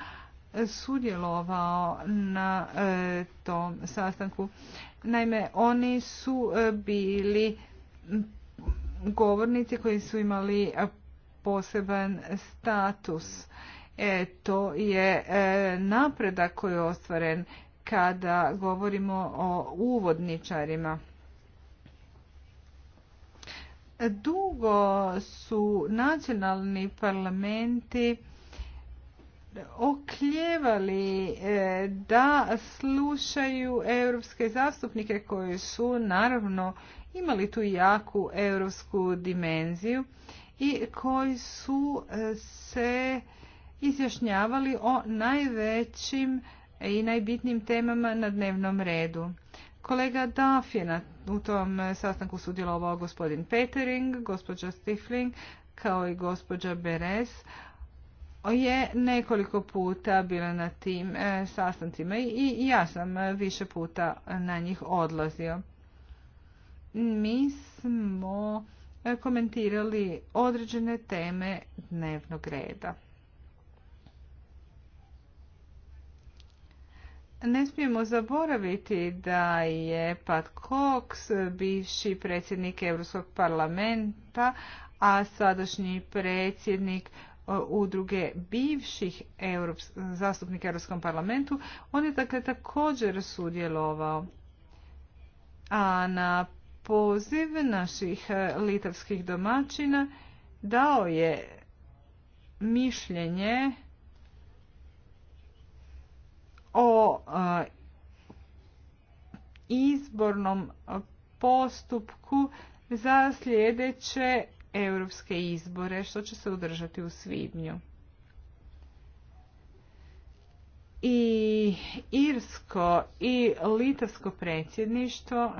sudjelovao na e, tom sastanku. Naime, oni su e, bili govornici koji su imali poseban status. E, to je e, napredak koji je ostvaren kada govorimo o uvodničarima. Dugo su nacionalni parlamenti okljevali e, da slušaju europske zastupnike koji su naravno imali tu jaku europsku dimenziju i koji su e, se izjašnjavali o najvećim i najbitnijim temama na dnevnom redu. Kolega Daf je u tom e, sastanku sudjelovao gospodin Petering, gospođa Stifling kao i gospođa Beres je nekoliko puta bila na tim e, sastancima i ja sam više puta na njih odlazio. Mi smo E, komentirali određene teme dnevnog reda. Ne smijemo zaboraviti da je Pat Cox, bivši predsjednik Europskog parlamenta, a sadašnji predsjednik e, udruge bivših zastupnika Europskom parlamentu, on je dakle također sudjelovao. A na poziv naših e, litavskih domaćina dao je mišljenje o e, izbornom postupku za sljedeće europske izbore što će se održati u svibnju. I irsko i litavsko predsjedništvo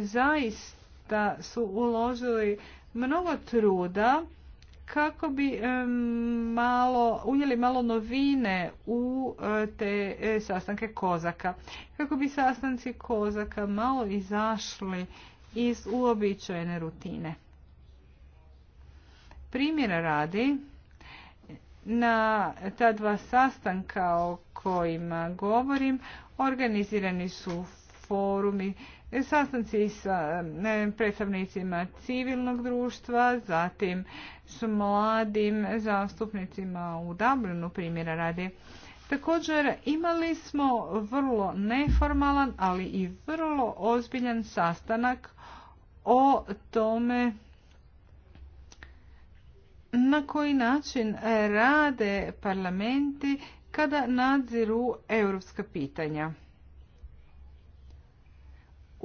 zaista su uložili mnogo truda kako bi malo, unijeli malo novine u e, te e, sastanke kozaka. Kako bi sastanci kozaka malo izašli iz uobičajene rutine. Primjera radi, na ta dva sastanka o kojima govorim organizirani su forumi sastanci sa predstavnicima civilnog društva, zatim s mladim zastupnicima u Dublinu primjera radi. Također imali smo vrlo neformalan, ali i vrlo ozbiljan sastanak o tome na koji način rade parlamenti kada nadziru europska pitanja.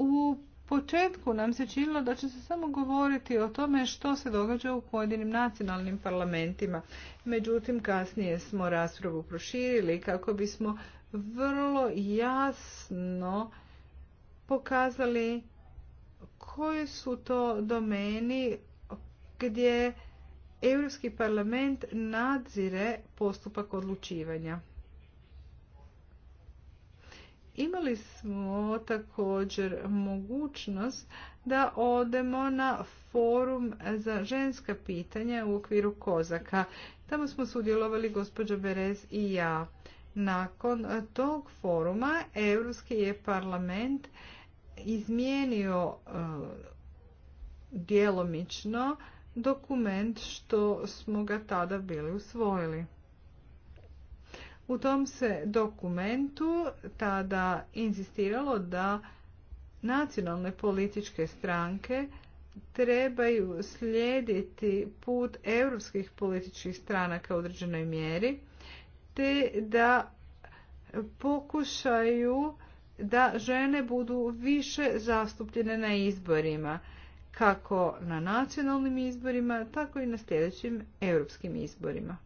U početku nam se činilo da će se samo govoriti o tome što se događa u pojedinim nacionalnim parlamentima. Međutim, kasnije smo raspravu proširili kako bismo vrlo jasno pokazali koji su to domeni gdje Europski parlament nadzire postupak odlučivanja. Imali smo također mogućnost da odemo na forum za ženska pitanja u okviru Kozaka. Tamo smo sudjelovali gospođa Berez i ja. Nakon tog foruma Europski je parlament izmijenio e, djelomično dokument što smo ga tada bili usvojili. U tom se dokumentu tada inzistiralo da nacionalne političke stranke trebaju slijediti put europskih političkih stranaka u određenoj mjeri, te da pokušaju da žene budu više zastupljene na izborima, kako na nacionalnim izborima, tako i na sljedećim europskim izborima.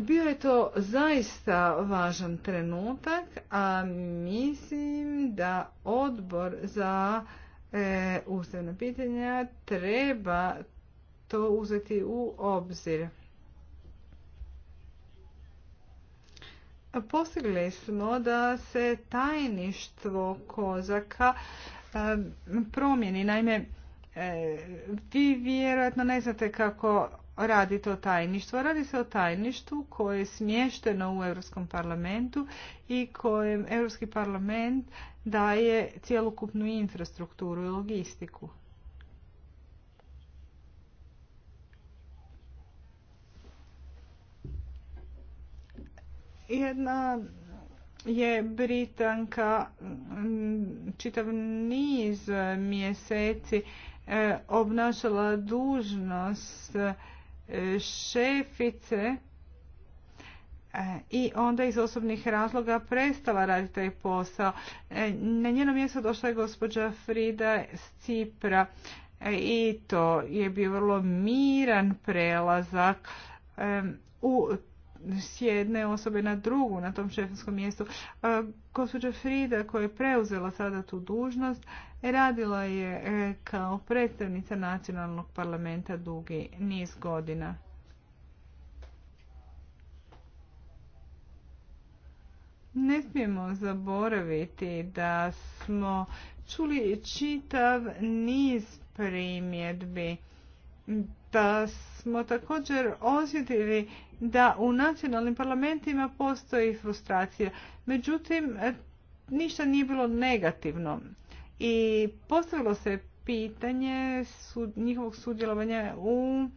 Bio je to zaista važan trenutak, a mislim da odbor za e, ustavna pitanja treba to uzeti u obzir. Postigli smo da se tajništvo kozaka e, promijeni. Naime, e, vi vjerojatno ne znate kako radi to tajništvo. Radi se o tajništvu koje je smješteno u Europskom parlamentu i kojem Europski parlament daje cjelokupnu infrastrukturu i logistiku. Jedna je Britanka mm, čitav niz mjeseci e, obnašala dužnost šefice e, i onda iz osobnih razloga prestala raditi taj posao. E, na njeno mjesto došla je gospođa Frida s Cipra e, i to je bio vrlo miran prelazak u s jedne osobe na drugu na tom šefskom mjestu. gospođa Frida koja je preuzela sada tu dužnost radila je e, kao predstavnica nacionalnog parlamenta dugi niz godina. Ne smijemo zaboraviti da smo čuli čitav niz primjedbi da smo također osjetili da u nacionalnim parlamentima postoji frustracija. Međutim, ništa nije bilo negativno i postavilo se pitanje njihovog sudjelovanja u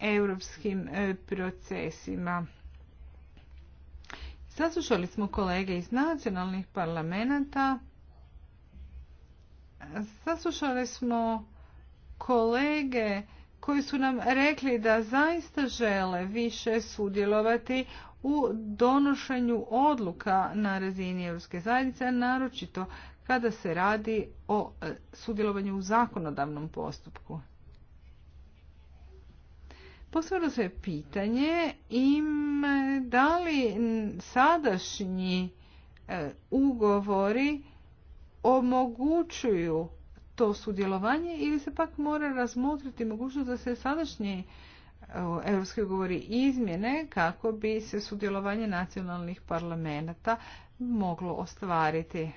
europskim e, procesima. Saslušali smo kolege iz nacionalnih parlamenta, saslušali smo kolege koji su nam rekli da zaista žele više sudjelovati u donošenju odluka na razini Europske zajednice, naročito kada se radi o e, sudjelovanju u zakonodavnom postupku. Postavilo se pitanje im e, da li sadašnji e, ugovori omogućuju to sudjelovanje ili se pak mora razmotriti mogućnost da se sadašnji e, europski govori izmjene kako bi se sudjelovanje nacionalnih parlamenta moglo ostvariti.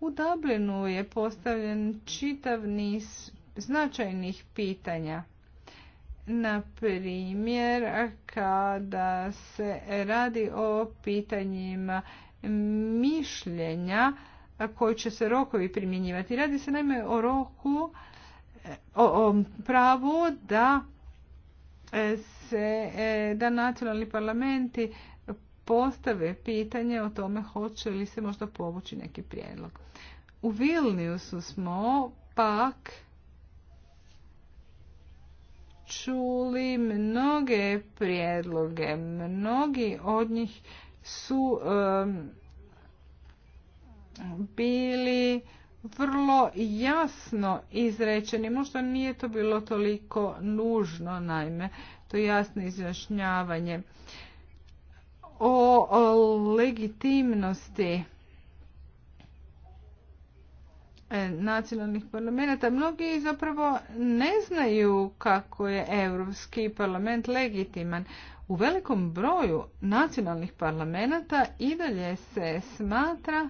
U Dublinu je postavljen čitav niz značajnih pitanja. Na primjer, kada se radi o pitanjima mišljenja koji će se rokovi primjenjivati. Radi se naime o roku, e, o, pravu da e, se, e, da nacionalni parlamenti postave pitanje o tome hoće li se možda povući neki prijedlog. U Vilniusu smo pak čuli mnoge prijedloge. Mnogi od njih su bili vrlo jasno izrečeni. Možda nije to bilo toliko nužno, naime, to jasno izjašnjavanje. O, legitimnosti e, nacionalnih parlamenta. Mnogi zapravo ne znaju kako je Europski parlament legitiman. U velikom broju nacionalnih parlamenta i dalje se smatra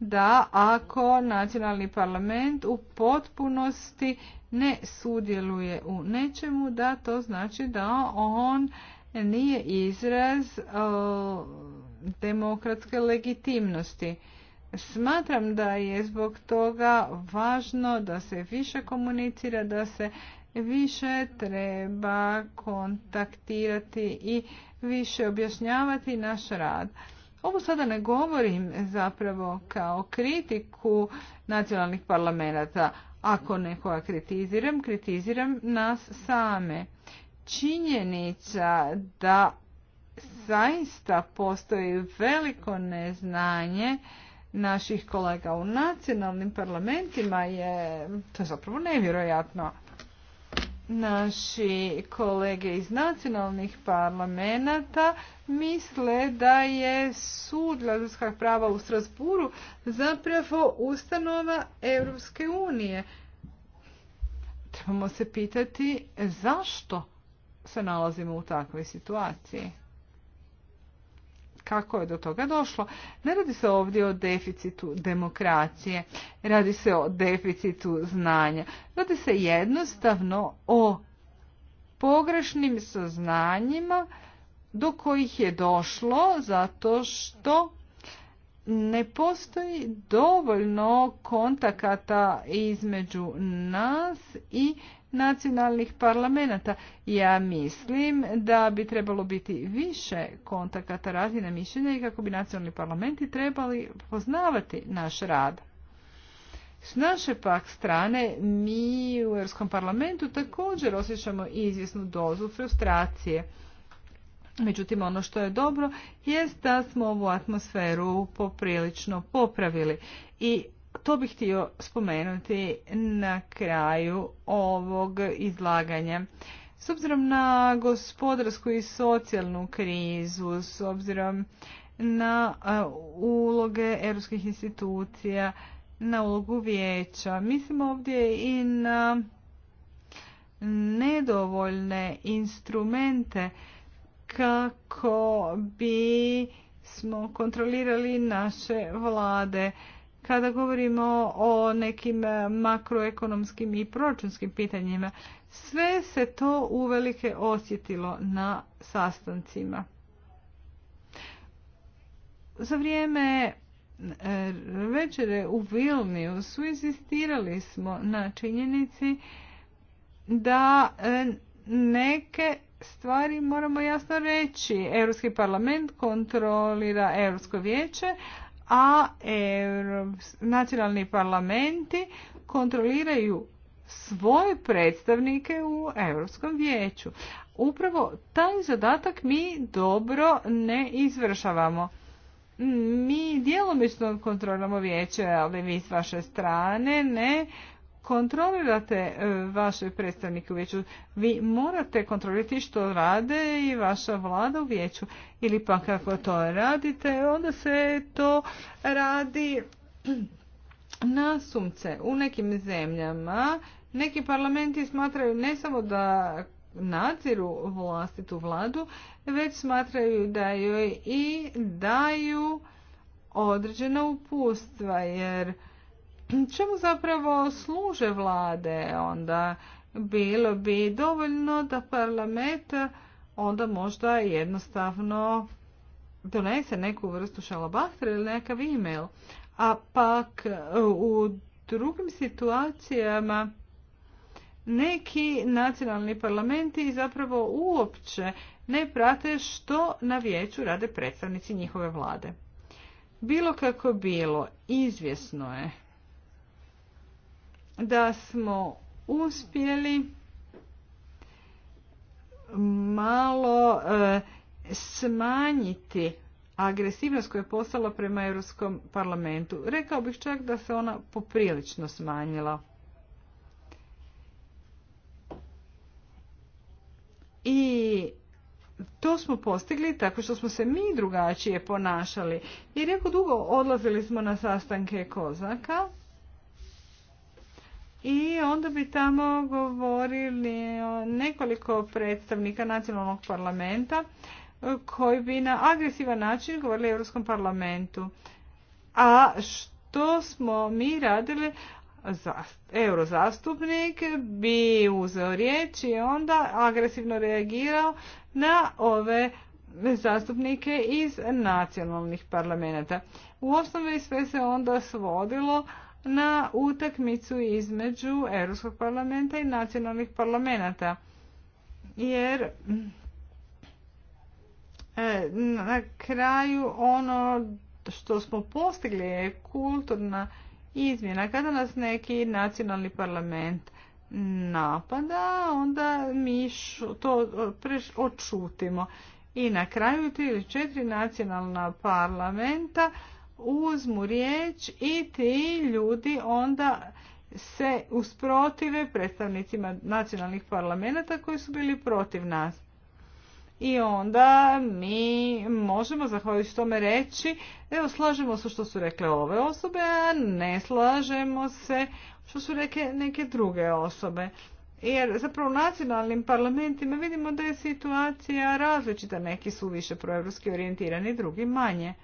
da ako nacionalni parlament u potpunosti ne sudjeluje u nečemu, da to znači da on nije izraz e, demokratske legitimnosti. Smatram da je zbog toga važno da se više komunicira, da se više treba kontaktirati i više objašnjavati naš rad. Ovo sada ne govorim zapravo kao kritiku nacionalnih parlamenta. Ako nekoga kritiziram, kritiziram nas same. Činjenica da zaista postoji veliko neznanje naših kolega u nacionalnim parlamentima je to je zapravo nevjerojatno naši kolege iz nacionalnih parlamenta misle da je sud ljudskih prava u Strasburu zapravo ustanova Europske unije. Trebamo se pitati zašto se nalazimo u takvoj situaciji kako je do toga došlo. Ne radi se ovdje o deficitu demokracije, radi se o deficitu znanja. Radi se jednostavno o pogrešnim saznanjima do kojih je došlo zato što ne postoji dovoljno kontakata između nas i nacionalnih parlamenta. Ja mislim da bi trebalo biti više kontakata razine mišljenja i kako bi nacionalni parlamenti trebali poznavati naš rad. S naše pak strane mi u Europskom parlamentu također osjećamo izvjesnu dozu frustracije. Međutim, ono što je dobro jest da smo ovu atmosferu poprilično popravili i to bih htio spomenuti na kraju ovog izlaganja. S obzirom na gospodarsku i socijalnu krizu, s obzirom na uloge europskih institucija, na ulogu vijeća, mislim ovdje i na nedovoljne instrumente kako bi smo kontrolirali naše vlade kada govorimo o nekim e, makroekonomskim i proračunskim pitanjima. Sve se to uvelike osjetilo na sastancima. Za vrijeme e, večere u su insistirali smo na činjenici da e, neke stvari moramo jasno reći. Europski parlament kontrolira Europsko vijeće, a nacionalni parlamenti kontroliraju svoje predstavnike u Europskom vijeću. Upravo taj zadatak mi dobro ne izvršavamo. Mi djelomično kontroliramo vijeće, ali mi s vaše strane ne kontrolirate e, vaše predstavnike u vijeću. Vi morate kontrolirati što rade i vaša vlada u vijeću. Ili pa kako to radite, onda se to radi na sumce. U nekim zemljama neki parlamenti smatraju ne samo da nadziru vlastitu vladu, već smatraju da joj i daju određena upustva, jer Čemu zapravo služe vlade onda? Bilo bi dovoljno da parlament onda možda jednostavno donese neku vrstu šalabahtra ili nekav e-mail. A pak u drugim situacijama neki nacionalni parlamenti zapravo uopće ne prate što na vijeću rade predstavnici njihove vlade. Bilo kako bilo, izvjesno je da smo uspjeli malo e, smanjiti agresivnost koja je postala prema Europskom parlamentu. Rekao bih čak da se ona poprilično smanjila. I to smo postigli tako što smo se mi drugačije ponašali. Jer jako dugo odlazili smo na sastanke kozaka i onda bi tamo govorili nekoliko predstavnika nacionalnog parlamenta e, koji bi na agresivan način govorili Europskom parlamentu. A što smo mi radili? Eurozastupnik bi uzeo riječ i onda agresivno reagirao na ove zastupnike iz nacionalnih parlamenta. U osnovi sve se onda svodilo na utakmicu između Europskog parlamenta i nacionalnih parlamenta. Jer e, na kraju ono što smo postigli je kulturna izmjena. Kada nas neki nacionalni parlament napada, onda mi to e, očutimo. I na kraju tri ili četiri nacionalna parlamenta uzmu riječ i ti ljudi onda se usprotive predstavnicima nacionalnih parlamenta koji su bili protiv nas. I onda mi možemo zahvaljujući tome reći, evo slažemo se što su rekle ove osobe, a ne slažemo se što su rekle neke druge osobe. Jer zapravo u nacionalnim parlamentima vidimo da je situacija različita, neki su više proevropski orijentirani, drugi manje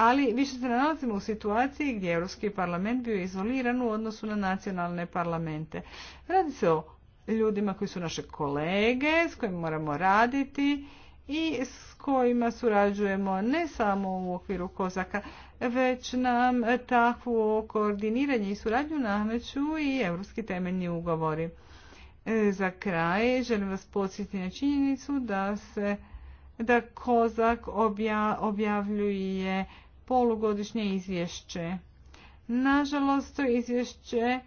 ali više se nalazimo u situaciji gdje Europski parlament bio izoliran u odnosu na nacionalne parlamente. Radi se o ljudima koji su naše kolege, s kojima moramo raditi i s kojima surađujemo ne samo u okviru Kozaka, već nam takvo koordiniranje i suradnju nameću i europski temeljni ugovori. E, za kraj želim vas podsjetiti na činjenicu da se da Kozak objavljuje polugodišnje izvješće. Nažalost, to izvješće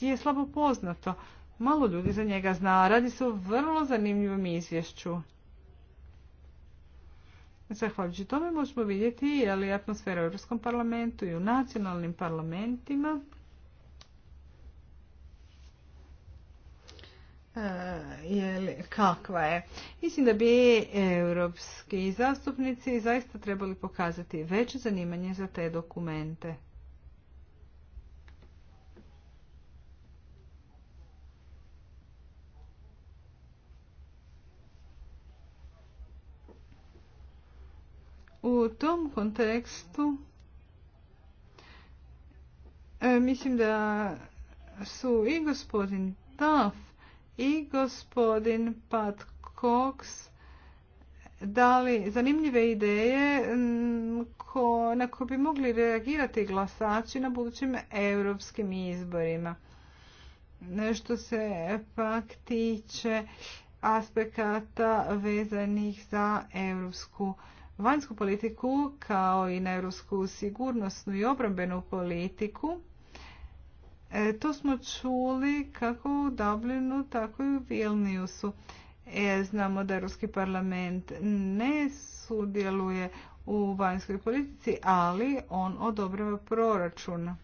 je slabo poznato. Malo ljudi za njega zna, radi se o vrlo zanimljivom izvješću. Zahvaljujući tome možemo vidjeti je li atmosfera u Europskom parlamentu i u nacionalnim parlamentima kakva je. Mislim da bi europski zastupnici zaista trebali pokazati veće zanimanje za te dokumente. U tom kontekstu e, mislim da su i gospodin Taf i gospodin Pat Cox dali zanimljive ideje ko, na koje bi mogli reagirati glasači na budućim europskim izborima. Nešto se pak tiče aspekata vezanih za europsku vanjsku politiku kao i na europsku sigurnosnu i obrambenu politiku. E, to smo čuli kako u Dublinu, tako i u Vilniusu. E, znamo da Ruski parlament ne sudjeluje u vanjskoj politici, ali on odobrava proračun.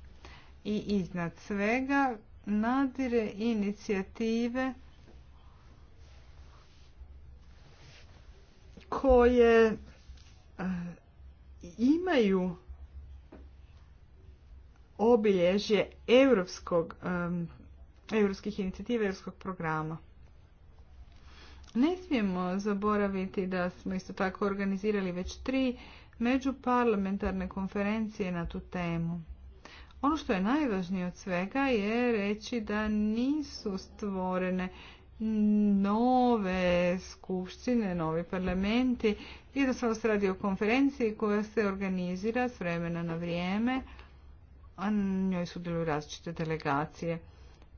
I iznad svega nadire inicijative koje e, imaju obilježje europskog, europskih inicijativa, europskog programa. Ne smijemo zaboraviti da smo isto tako organizirali već tri međuparlamentarne konferencije na tu temu. Ono što je najvažnije od svega je reći da nisu stvorene nove skupštine, novi parlamenti i da se radi o konferenciji koja se organizira s vremena na vrijeme a njoj sudjeluju različite delegacije.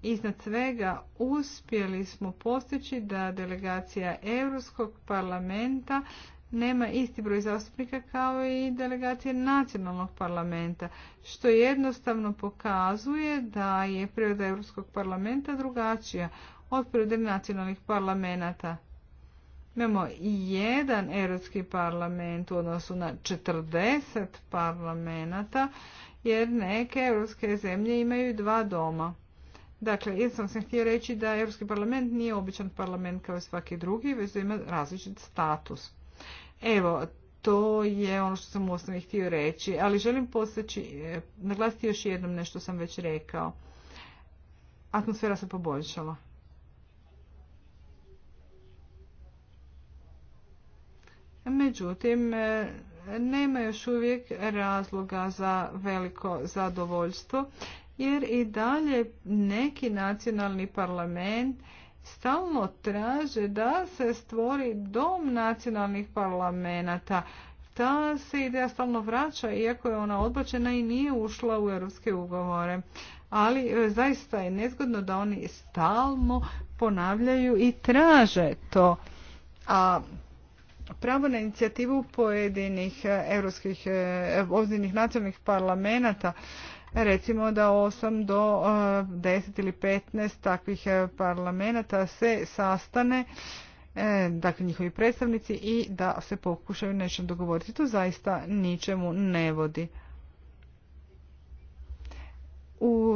Iznad svega uspjeli smo postići da delegacija Europskog parlamenta nema isti broj zastupnika kao i delegacije nacionalnog parlamenta, što jednostavno pokazuje da je priroda Europskog parlamenta drugačija od prirode nacionalnih parlamenta. Imamo jedan Europski parlament u odnosu na 40 parlamenta, jer neke europske zemlje imaju dva doma. Dakle, jednostavno sam htio reći da Europski parlament nije običan parlament kao svaki drugi, već da ima različit status. Evo, to je ono što sam u osnovi htio reći, ali želim postaći, e, naglasiti još jednom nešto sam već rekao. Atmosfera se poboljšala. Međutim, e, nema još uvijek razloga za veliko zadovoljstvo jer i dalje neki nacionalni parlament stalno traže da se stvori dom nacionalnih parlamenta. Ta se ideja stalno vraća iako je ona odbačena i nije ušla u europske ugovore. Ali e, zaista je nezgodno da oni stalno ponavljaju i traže to. A pravo na inicijativu pojedinih e, europskih e, ozbiljnih nacionalnih parlamenata recimo da 8 do 10 e, ili 15 takvih parlamenata se sastane dakle njihovi predstavnici i da se pokušaju nešto dogovoriti. To zaista ničemu ne vodi. U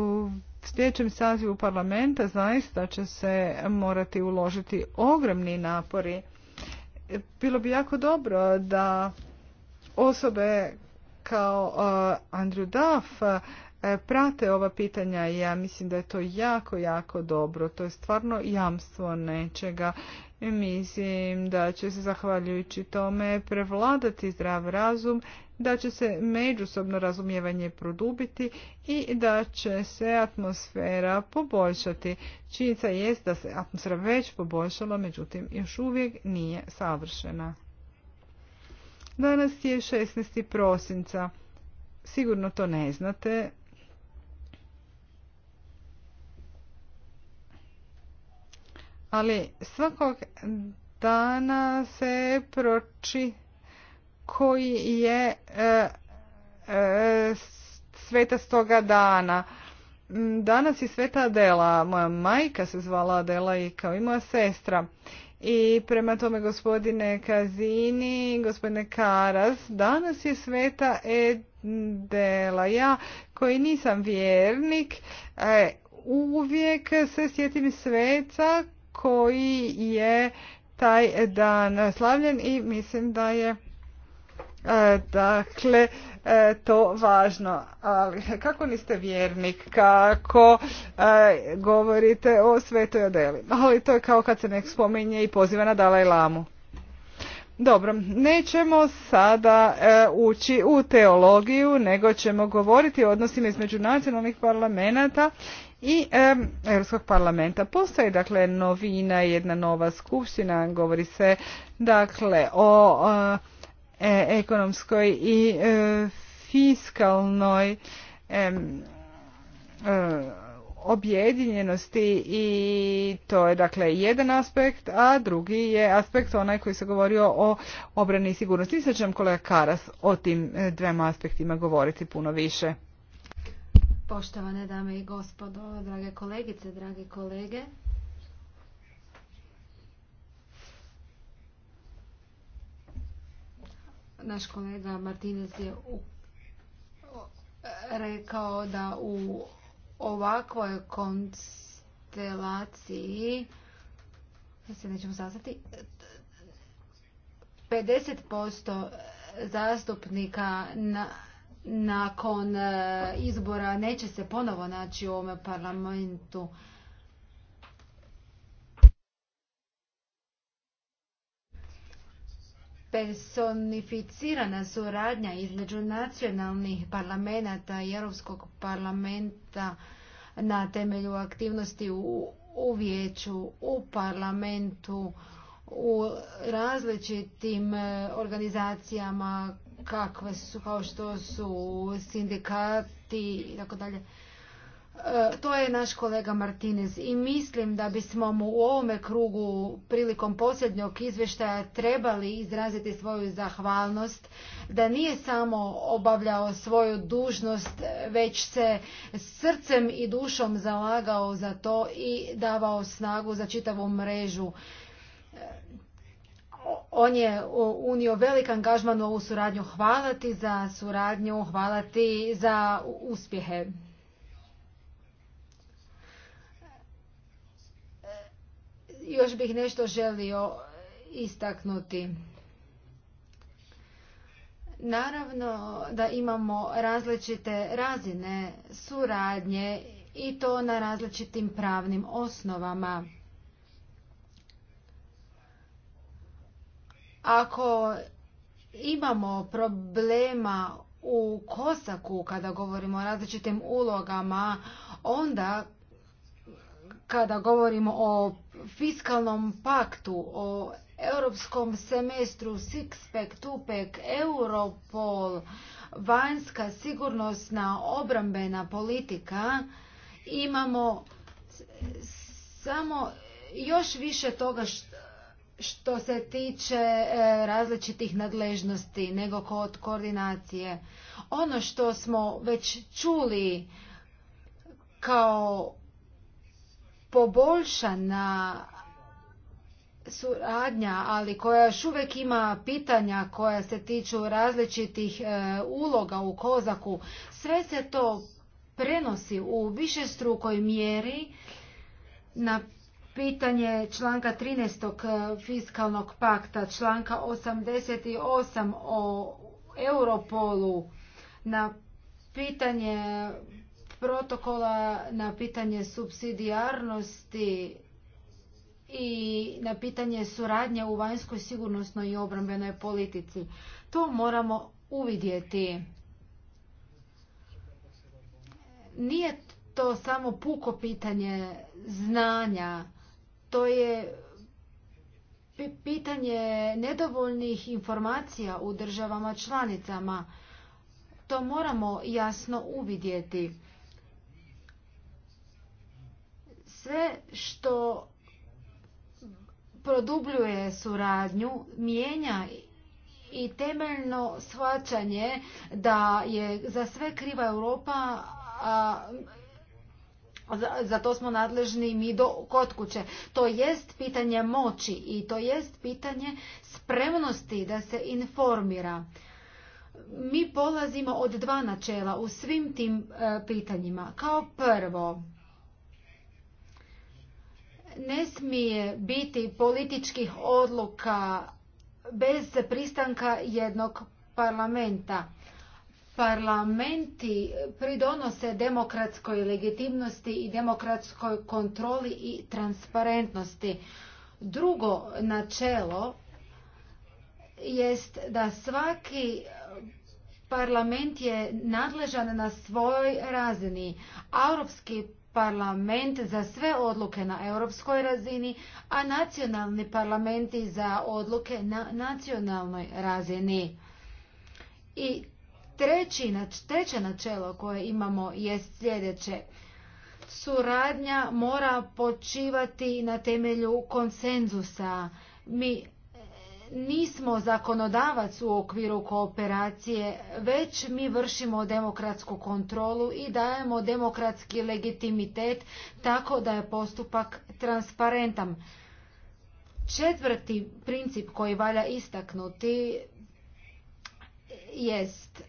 sljedećem sazivu parlamenta zaista će se morati uložiti ogromni napori bilo bi jako dobro da osobe kao e, Andrew Duff e, prate ova pitanja i ja mislim da je to jako, jako dobro. To je stvarno jamstvo nečega. Mislim da će se zahvaljujući tome prevladati zdrav razum da će se međusobno razumijevanje produbiti i da će se atmosfera poboljšati. Činjenica jest da se atmosfera već poboljšala, međutim još uvijek nije savršena. Danas je 16. prosinca. Sigurno to ne znate. Ali svakog dana se proči koji je e, e, sveta stoga dana. Mm, danas je sveta Adela, moja majka se zvala Adela i kao i moja sestra. I prema tome gospodine Kazini, gospodine Karas, danas je sveta Edela. Ja koji nisam vjernik, e, uvijek se sjetim sveca koji je taj dan slavljen i mislim da je E, dakle e, to važno ali kako niste vjernik kako e, govorite o svetoj Adeli ali to je kao kad se nek spominje i poziva na Dalaj Lamu dobro, nećemo sada ući u teologiju, nego ćemo govoriti o odnosima između nacionalnih parlamenta i Europskog parlamenta. Postoji dakle novina, jedna nova skupština, govori se dakle o E, ekonomskoj i e, fiskalnoj e, objedinjenosti i to je dakle jedan aspekt, a drugi je aspekt onaj koji se govorio o obrani i sigurnosti. Sad će vam kolega Karas o tim dvema aspektima govoriti puno više. Poštovane dame i gospodo, drage kolegice, dragi kolege, naš kolega Martinez je rekao da u ovakvoj konstelaciji se nećemo sastati 50% zastupnika nakon e, izbora neće se ponovo naći u ovome parlamentu personificirana suradnja između nacionalnih parlamenta i Europskog parlamenta na temelju aktivnosti u, u vijeću, u parlamentu, u različitim e, organizacijama kakve su, kao što su sindikati i tako dalje. E, to je naš kolega Martinez i mislim da bismo mu u ovome krugu prilikom posljednjog izvještaja trebali izraziti svoju zahvalnost da nije samo obavljao svoju dužnost već se srcem i dušom zalagao za to i davao snagu za čitavu mrežu e, on je unio velik angažman u ovu suradnju. Hvala ti za suradnju, hvala ti za uspjehe. Još bih nešto želio istaknuti. Naravno da imamo različite razine suradnje i to na različitim pravnim osnovama. Ako imamo problema u kosaku kada govorimo o različitim ulogama, onda kada govorimo o fiskalnom paktu, o europskom semestru, six-pack, Europol, vanjska sigurnosna obrambena politika, imamo samo još više toga što se tiče e, različitih nadležnosti nego kod koordinacije. Ono što smo već čuli kao poboljšana suradnja, ali koja još uvijek ima pitanja koja se tiču različitih e, uloga u Kozaku, sve se to prenosi u višestrukoj mjeri na pitanje članka 13. E, fiskalnog pakta, članka 88 o Europolu, na pitanje protokola na pitanje subsidijarnosti i na pitanje suradnje u vanjskoj sigurnosnoj i obrambenoj politici. To moramo uvidjeti. Nije to samo puko pitanje znanja, to je pitanje nedovoljnih informacija u državama članicama. To moramo jasno uvidjeti. Sve što produbljuje suradnju, mijenja i temeljno shvaćanje da je za sve kriva Europa, a za to smo nadležni mi do, kod kuće. To jest pitanje moći i to jest pitanje spremnosti da se informira. Mi polazimo od dva načela u svim tim e, pitanjima. Kao prvo, ne smije biti političkih odluka bez pristanka jednog parlamenta. Parlamenti pridonose demokratskoj legitimnosti i demokratskoj kontroli i transparentnosti. Drugo načelo jest da svaki parlament je nadležan na svojoj razini. Europski parlament za sve odluke na europskoj razini, a nacionalni parlamenti za odluke na nacionalnoj razini. I treći, treće načelo koje imamo je sljedeće. Suradnja mora počivati na temelju konsenzusa. Mi nismo zakonodavac u okviru kooperacije, već mi vršimo demokratsku kontrolu i dajemo demokratski legitimitet tako da je postupak transparentan. Četvrti princip koji valja istaknuti jest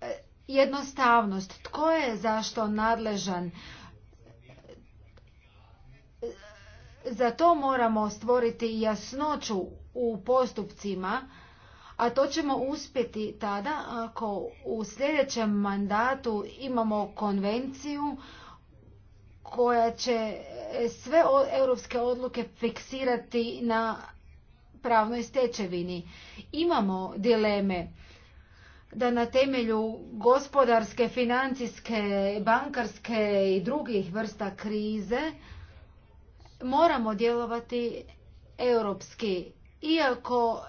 e, jednostavnost. Tko je zašto nadležan? E, za to moramo stvoriti jasnoću u postupcima, a to ćemo uspjeti tada ako u sljedećem mandatu imamo konvenciju koja će sve europske odluke fiksirati na pravnoj stečevini. Imamo dileme da na temelju gospodarske, financijske, bankarske i drugih vrsta krize moramo djelovati europski iako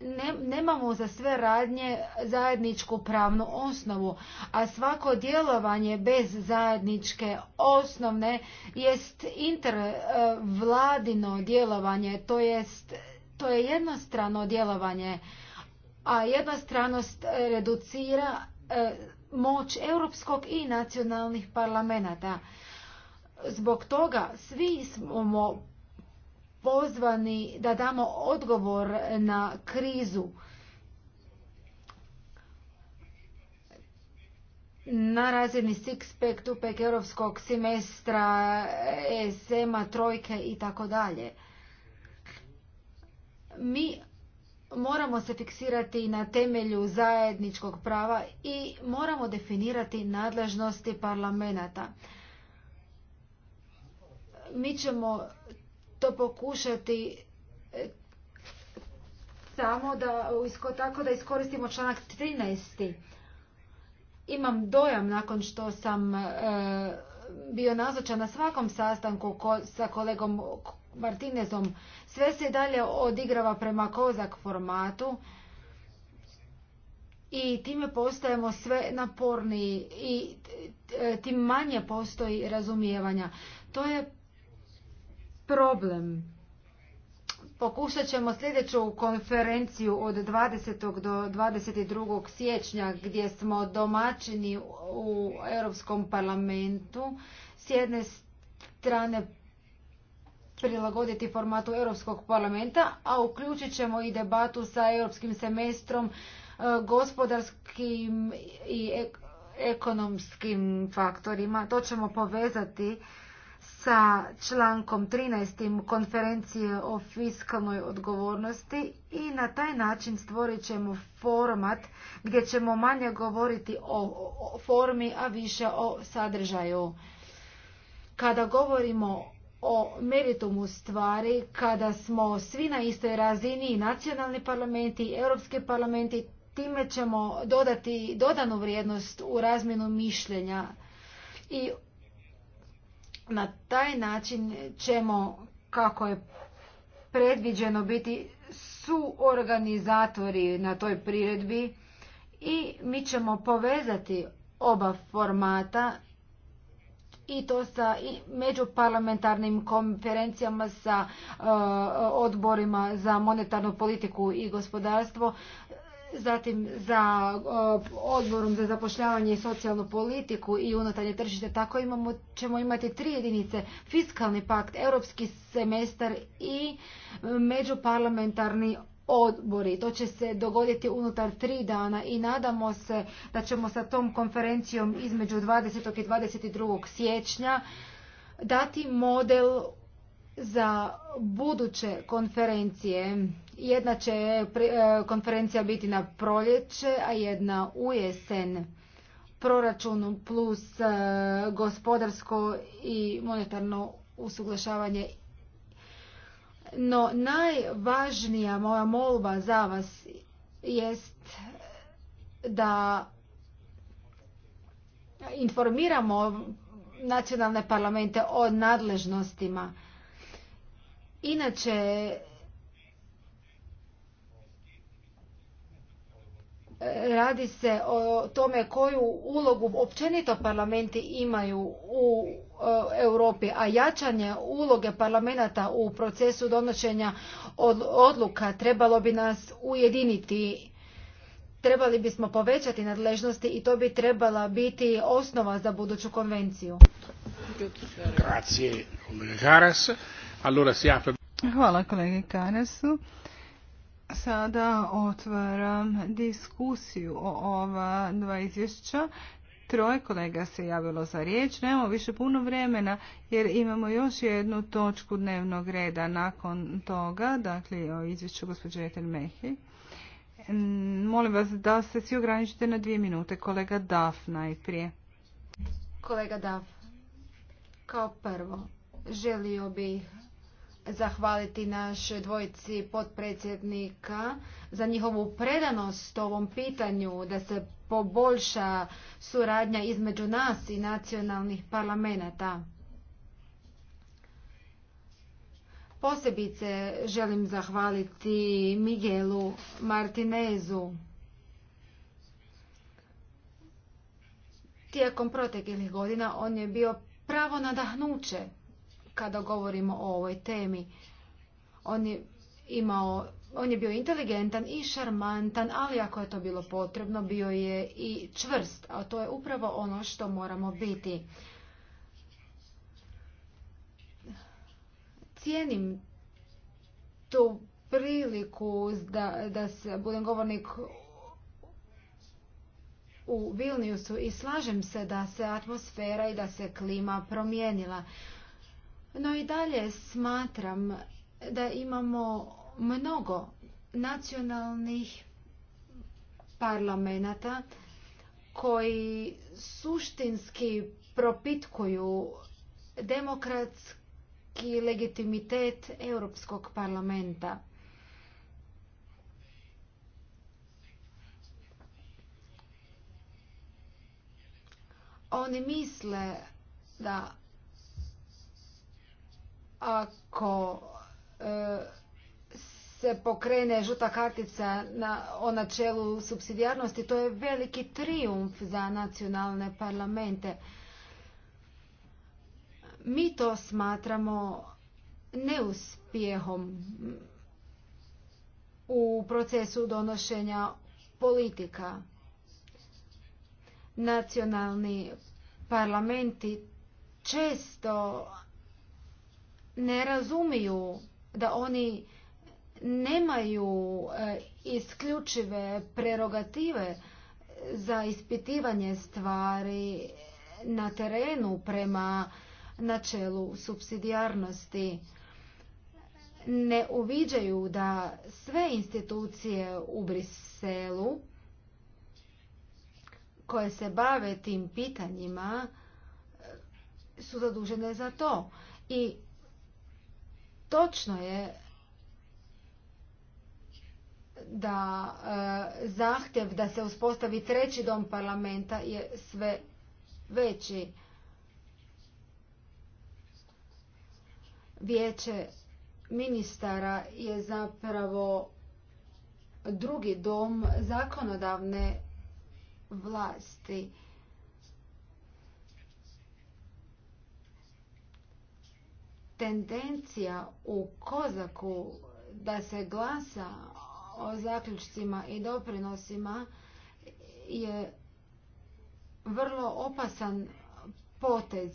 ne, nemamo za sve radnje zajedničku pravnu osnovu, a svako djelovanje bez zajedničke osnovne jest intervladino djelovanje, to jest to je jednostrano djelovanje, a jednostranost reducira e, moć europskog i nacionalnih parlamenta. Zbog toga svi smo pozvani da damo odgovor na krizu. Na razini six-pack, two-pack europskog semestra, esm trojke i tako dalje. Mi moramo se fiksirati na temelju zajedničkog prava i moramo definirati nadležnosti parlamenta. Mi ćemo to pokušati e, samo da, tako da iskoristimo članak 13. Imam dojam nakon što sam e, bio nazočan na svakom sastanku sa kolegom Martinezom. Sve se dalje odigrava prema kozak formatu i time postajemo sve naporniji i e, tim manje postoji razumijevanja. To je problem. Pokušat ćemo sljedeću konferenciju od 20. do 22. siječnja gdje smo domaćini u Europskom parlamentu s jedne strane prilagoditi formatu Europskog parlamenta, a uključit ćemo i debatu sa europskim semestrom, e, gospodarskim i e-, ekonomskim faktorima. To ćemo povezati sa člankom 13. konferencije o fiskalnoj odgovornosti i na taj način stvorit ćemo format gdje ćemo manje govoriti o formi, a više o sadržaju. Kada govorimo o meritumu stvari, kada smo svi na istoj razini i nacionalni parlamenti i europski parlamenti, time ćemo dodati dodanu vrijednost u razmjenu mišljenja i na taj način ćemo, kako je predviđeno, biti su organizatori na toj priredbi i mi ćemo povezati oba formata i to sa međuparlamentarnim konferencijama sa e, odborima za monetarnu politiku i gospodarstvo zatim za odborom za zapošljavanje i socijalnu politiku i unutarnje tržište. Tako imamo, ćemo imati tri jedinice, fiskalni pakt, europski semestar i međuparlamentarni odbori. To će se dogoditi unutar tri dana i nadamo se da ćemo sa tom konferencijom između 20. i 22. siječnja dati model za buduće konferencije. Jedna će e, konferencija biti na proljeće, a jedna u jesen. Proračun plus e, gospodarsko i monetarno usuglašavanje. No najvažnija moja molba za vas jest da informiramo nacionalne parlamente o nadležnostima Inače, radi se o tome koju ulogu općenito parlamenti imaju u e, Europi, a jačanje uloge parlamenta u procesu donošenja odluka trebalo bi nas ujediniti. Trebali bismo povećati nadležnosti i to bi trebala biti osnova za buduću konvenciju. Hvala kolegi Karasu. Sada otvaram diskusiju o ova dva izvješća. Troje kolega se javilo za riječ. Nemamo više puno vremena jer imamo još jednu točku dnevnog reda nakon toga, dakle o izvješću gospođe mehi. Mm, molim vas da se svi ograničite na dvije minute. Kolega Daf najprije. Kolega Daf, kao prvo, želio bih zahvaliti našoj dvojici potpredsjednika za njihovu predanost ovom pitanju da se poboljša suradnja između nas i nacionalnih parlamenta. Posebice želim zahvaliti Miguelu Martinezu. Tijekom proteklih godina on je bio pravo nadahnuće kada govorimo o ovoj temi. On je imao on je bio inteligentan i šarmantan, ali ako je to bilo potrebno, bio je i čvrst, a to je upravo ono što moramo biti. Cijenim tu priliku da, da se budem govornik u Vilniusu i slažem se da se atmosfera i da se klima promijenila. No i dalje smatram da imamo mnogo nacionalnih parlamenta koji suštinski propitkuju demokratski legitimitet Europskog parlamenta. Oni misle da ako e, se pokrene žuta kartica o načelu subsidijarnosti, to je veliki triumf za nacionalne parlamente. Mi to smatramo neuspjehom u procesu donošenja politika. Nacionalni parlamenti često ne razumiju da oni nemaju e, isključive prerogative za ispitivanje stvari na terenu prema načelu subsidijarnosti ne uviđaju da sve institucije u Briselu koje se bave tim pitanjima su zadužene za to i Točno je da e, zahtjev da se uspostavi treći dom parlamenta je sve veći. Vijeće ministara je zapravo drugi dom zakonodavne vlasti. tendencija u Kozaku da se glasa o zaključcima i doprinosima je vrlo opasan potez.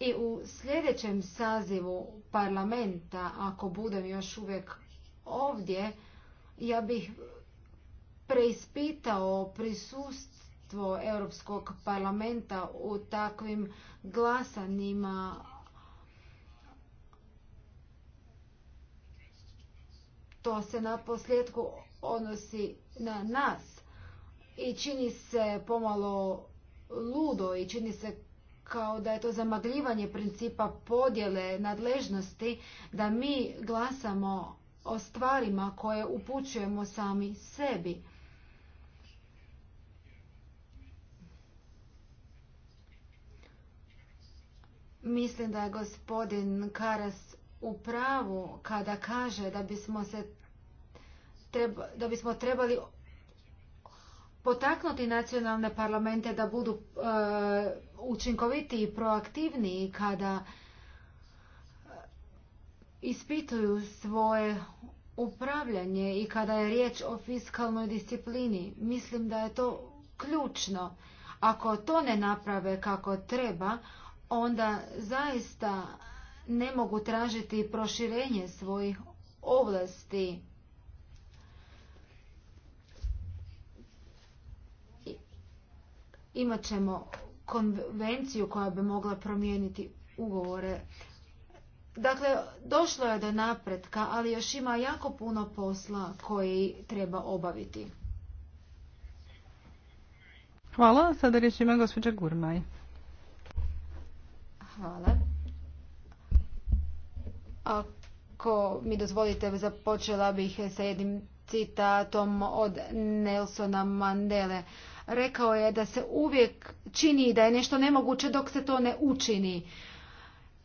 I u sljedećem sazivu parlamenta, ako budem još uvijek ovdje, ja bih preispitao prisust Europskog parlamenta u takvim glasanjima to se na posljedku odnosi na nas i čini se pomalo ludo i čini se kao da je to zamagljivanje principa podjele nadležnosti da mi glasamo o stvarima koje upućujemo sami sebi. Mislim da je gospodin Karas u pravu kada kaže da bismo se treba, da bismo trebali potaknuti nacionalne parlamente da budu e, učinkovitiji i proaktivniji kada e, ispituju svoje upravljanje i kada je riječ o fiskalnoj disciplini. Mislim da je to ključno. Ako to ne naprave kako treba, onda zaista ne mogu tražiti proširenje svojih ovlasti. Imaćemo ćemo konvenciju koja bi mogla promijeniti ugovore. Dakle, došlo je do napretka, ali još ima jako puno posla koji treba obaviti. Hvala. Sada riječ ima gospođa Gurmaj. Hvala. Ako mi dozvolite, započela bih sa jednim citatom od Nelsona Mandele. Rekao je da se uvijek čini da je nešto nemoguće dok se to ne učini.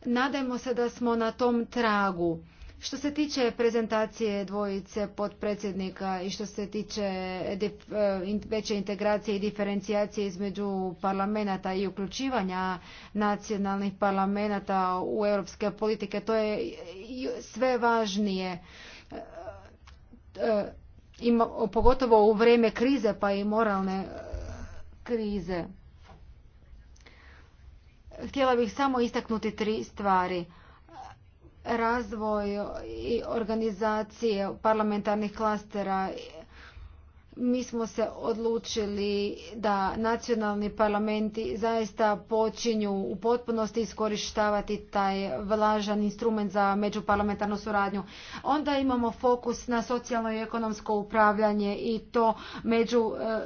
Nadajmo se da smo na tom tragu. Što se tiče prezentacije dvojice podpredsjednika i što se tiče eh, eh, veće integracije i diferencijacije između parlamenta i uključivanja nacionalnih parlamenta u europske politike, to je sve važnije eh, pogotovo u vrijeme krize pa i moralne krize. Htjela bih samo istaknuti tri stvari razvoj i organizacije parlamentarnih klastera mi smo se odlučili da nacionalni parlamenti zaista počinju u potpunosti iskorištavati taj vlažan instrument za međuparlamentarnu suradnju. Onda imamo fokus na socijalno i ekonomsko upravljanje i to među, eh,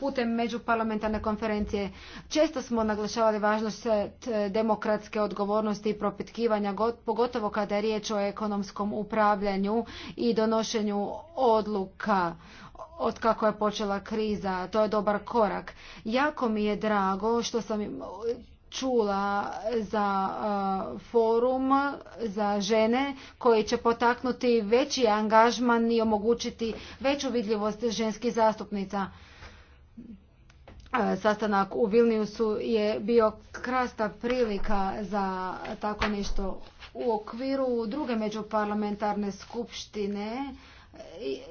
putem međuparlamentarne konferencije. Često smo naglašavali važnost demokratske odgovornosti i propitkivanja, pogotovo kada je riječ o ekonomskom upravljanju i donošenju odluka od kako je počela kriza. To je dobar korak. Jako mi je drago što sam čula za uh, forum za žene koji će potaknuti veći angažman i omogućiti veću vidljivost ženskih zastupnica. Uh, sastanak u Vilniusu je bio krasta prilika za tako nešto u okviru druge međuparlamentarne skupštine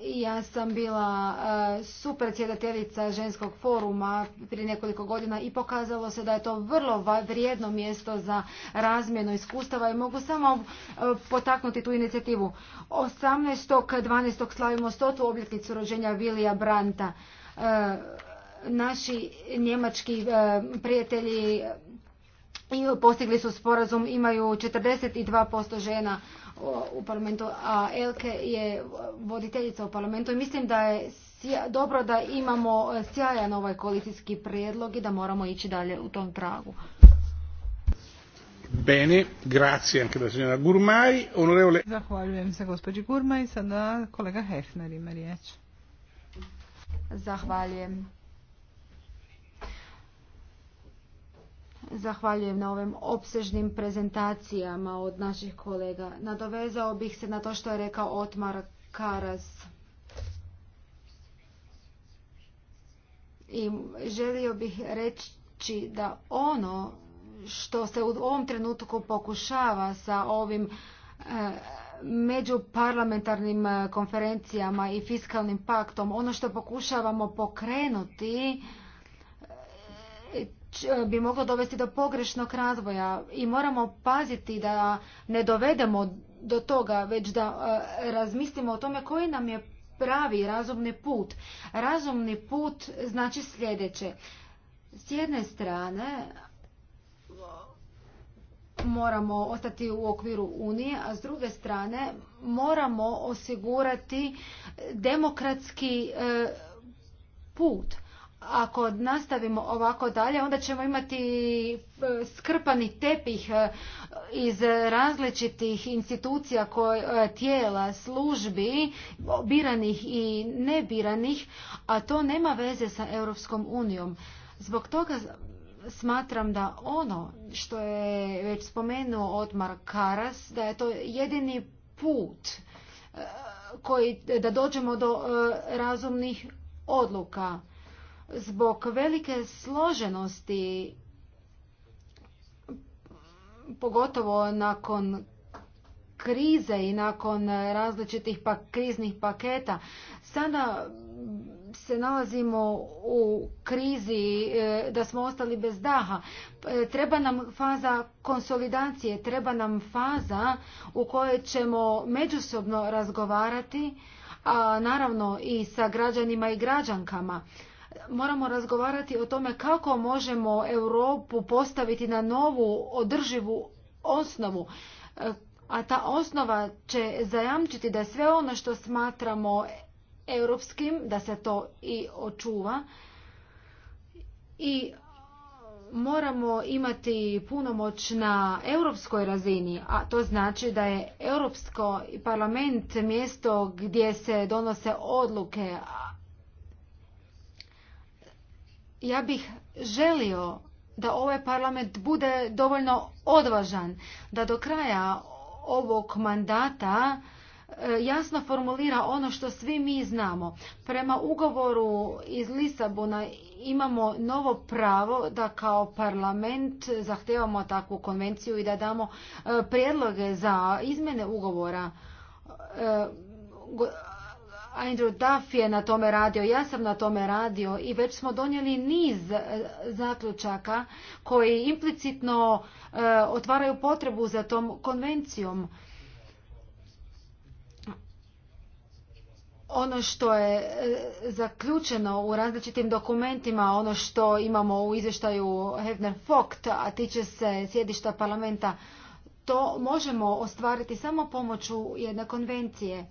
ja sam bila e, supredsjedateljica ženskog foruma prije nekoliko godina i pokazalo se da je to vrlo vrijedno mjesto za razmjenu iskustava i mogu samo e, potaknuti tu inicijativu. 18.12. slavimo stotu obljetnicu rođenja Vilija Branta. E, naši njemački prijatelji i postigli su sporazum, imaju 42% žena u parlamentu, a Elke je voditeljica u parlamentu i mislim da je dobro da imamo sjajan ovaj koalicijski prijedlog i da moramo ići dalje u tom tragu. Bene, grazie anche la signora Gurmai. Onorevole... Zahvaljujem se gospođi Gurmaj, sada kolega Hefner ima riječ. Zahvaljujem. Zahvaljujem na ovim opsežnim prezentacijama od naših kolega. Nadovezao bih se na to što je rekao Otmar Karas. I želio bih reći da ono što se u ovom trenutku pokušava sa ovim e, međuparlamentarnim e, konferencijama i fiskalnim paktom, ono što pokušavamo pokrenuti e, Eh, bi moglo dovesti do pogrešnog razvoja i moramo paziti da ne dovedemo do toga, već da eh, razmislimo o tome koji nam je pravi razumni put. Razumni put znači sljedeće. S jedne strane moramo ostati u okviru Unije, a s druge strane moramo osigurati demokratski eh, put ako nastavimo ovako dalje, onda ćemo imati e, skrpani tepih e, iz različitih institucija, e, tijela, službi, biranih i nebiranih, a to nema veze sa Europskom unijom. Zbog toga smatram da ono što je već spomenuo Otmar Karas, da je to jedini put koji, da dođemo do razumnih odluka Zbog velike složenosti, pogotovo nakon krize i nakon različitih pa, kriznih paketa, sada se nalazimo u krizi e, da smo ostali bez daha. E, treba nam faza konsolidacije, treba nam faza u kojoj ćemo međusobno razgovarati, a naravno i sa građanima i građankama moramo razgovarati o tome kako možemo Europu postaviti na novu održivu osnovu a ta osnova će zajamčiti da sve ono što smatramo europskim da se to i očuva i moramo imati punomoć na europskoj razini, a to znači da je Europsko parlament mjesto gdje se donose odluke, ja bih želio da ovaj parlament bude dovoljno odvažan, da do kraja ovog mandata e, jasno formulira ono što svi mi znamo. Prema ugovoru iz Lisabona imamo novo pravo da kao parlament zahtevamo takvu konvenciju i da damo e, prijedloge za izmjene ugovora e, Andrew Duff je na tome radio, ja sam na tome radio i već smo donijeli niz e, zaključaka koji implicitno e, otvaraju potrebu za tom konvencijom. ono što je e, zaključeno u različitim dokumentima, ono što imamo u izvještaju Hefner focht a tiče se sjedišta parlamenta, to možemo ostvariti samo pomoću jedne konvencije.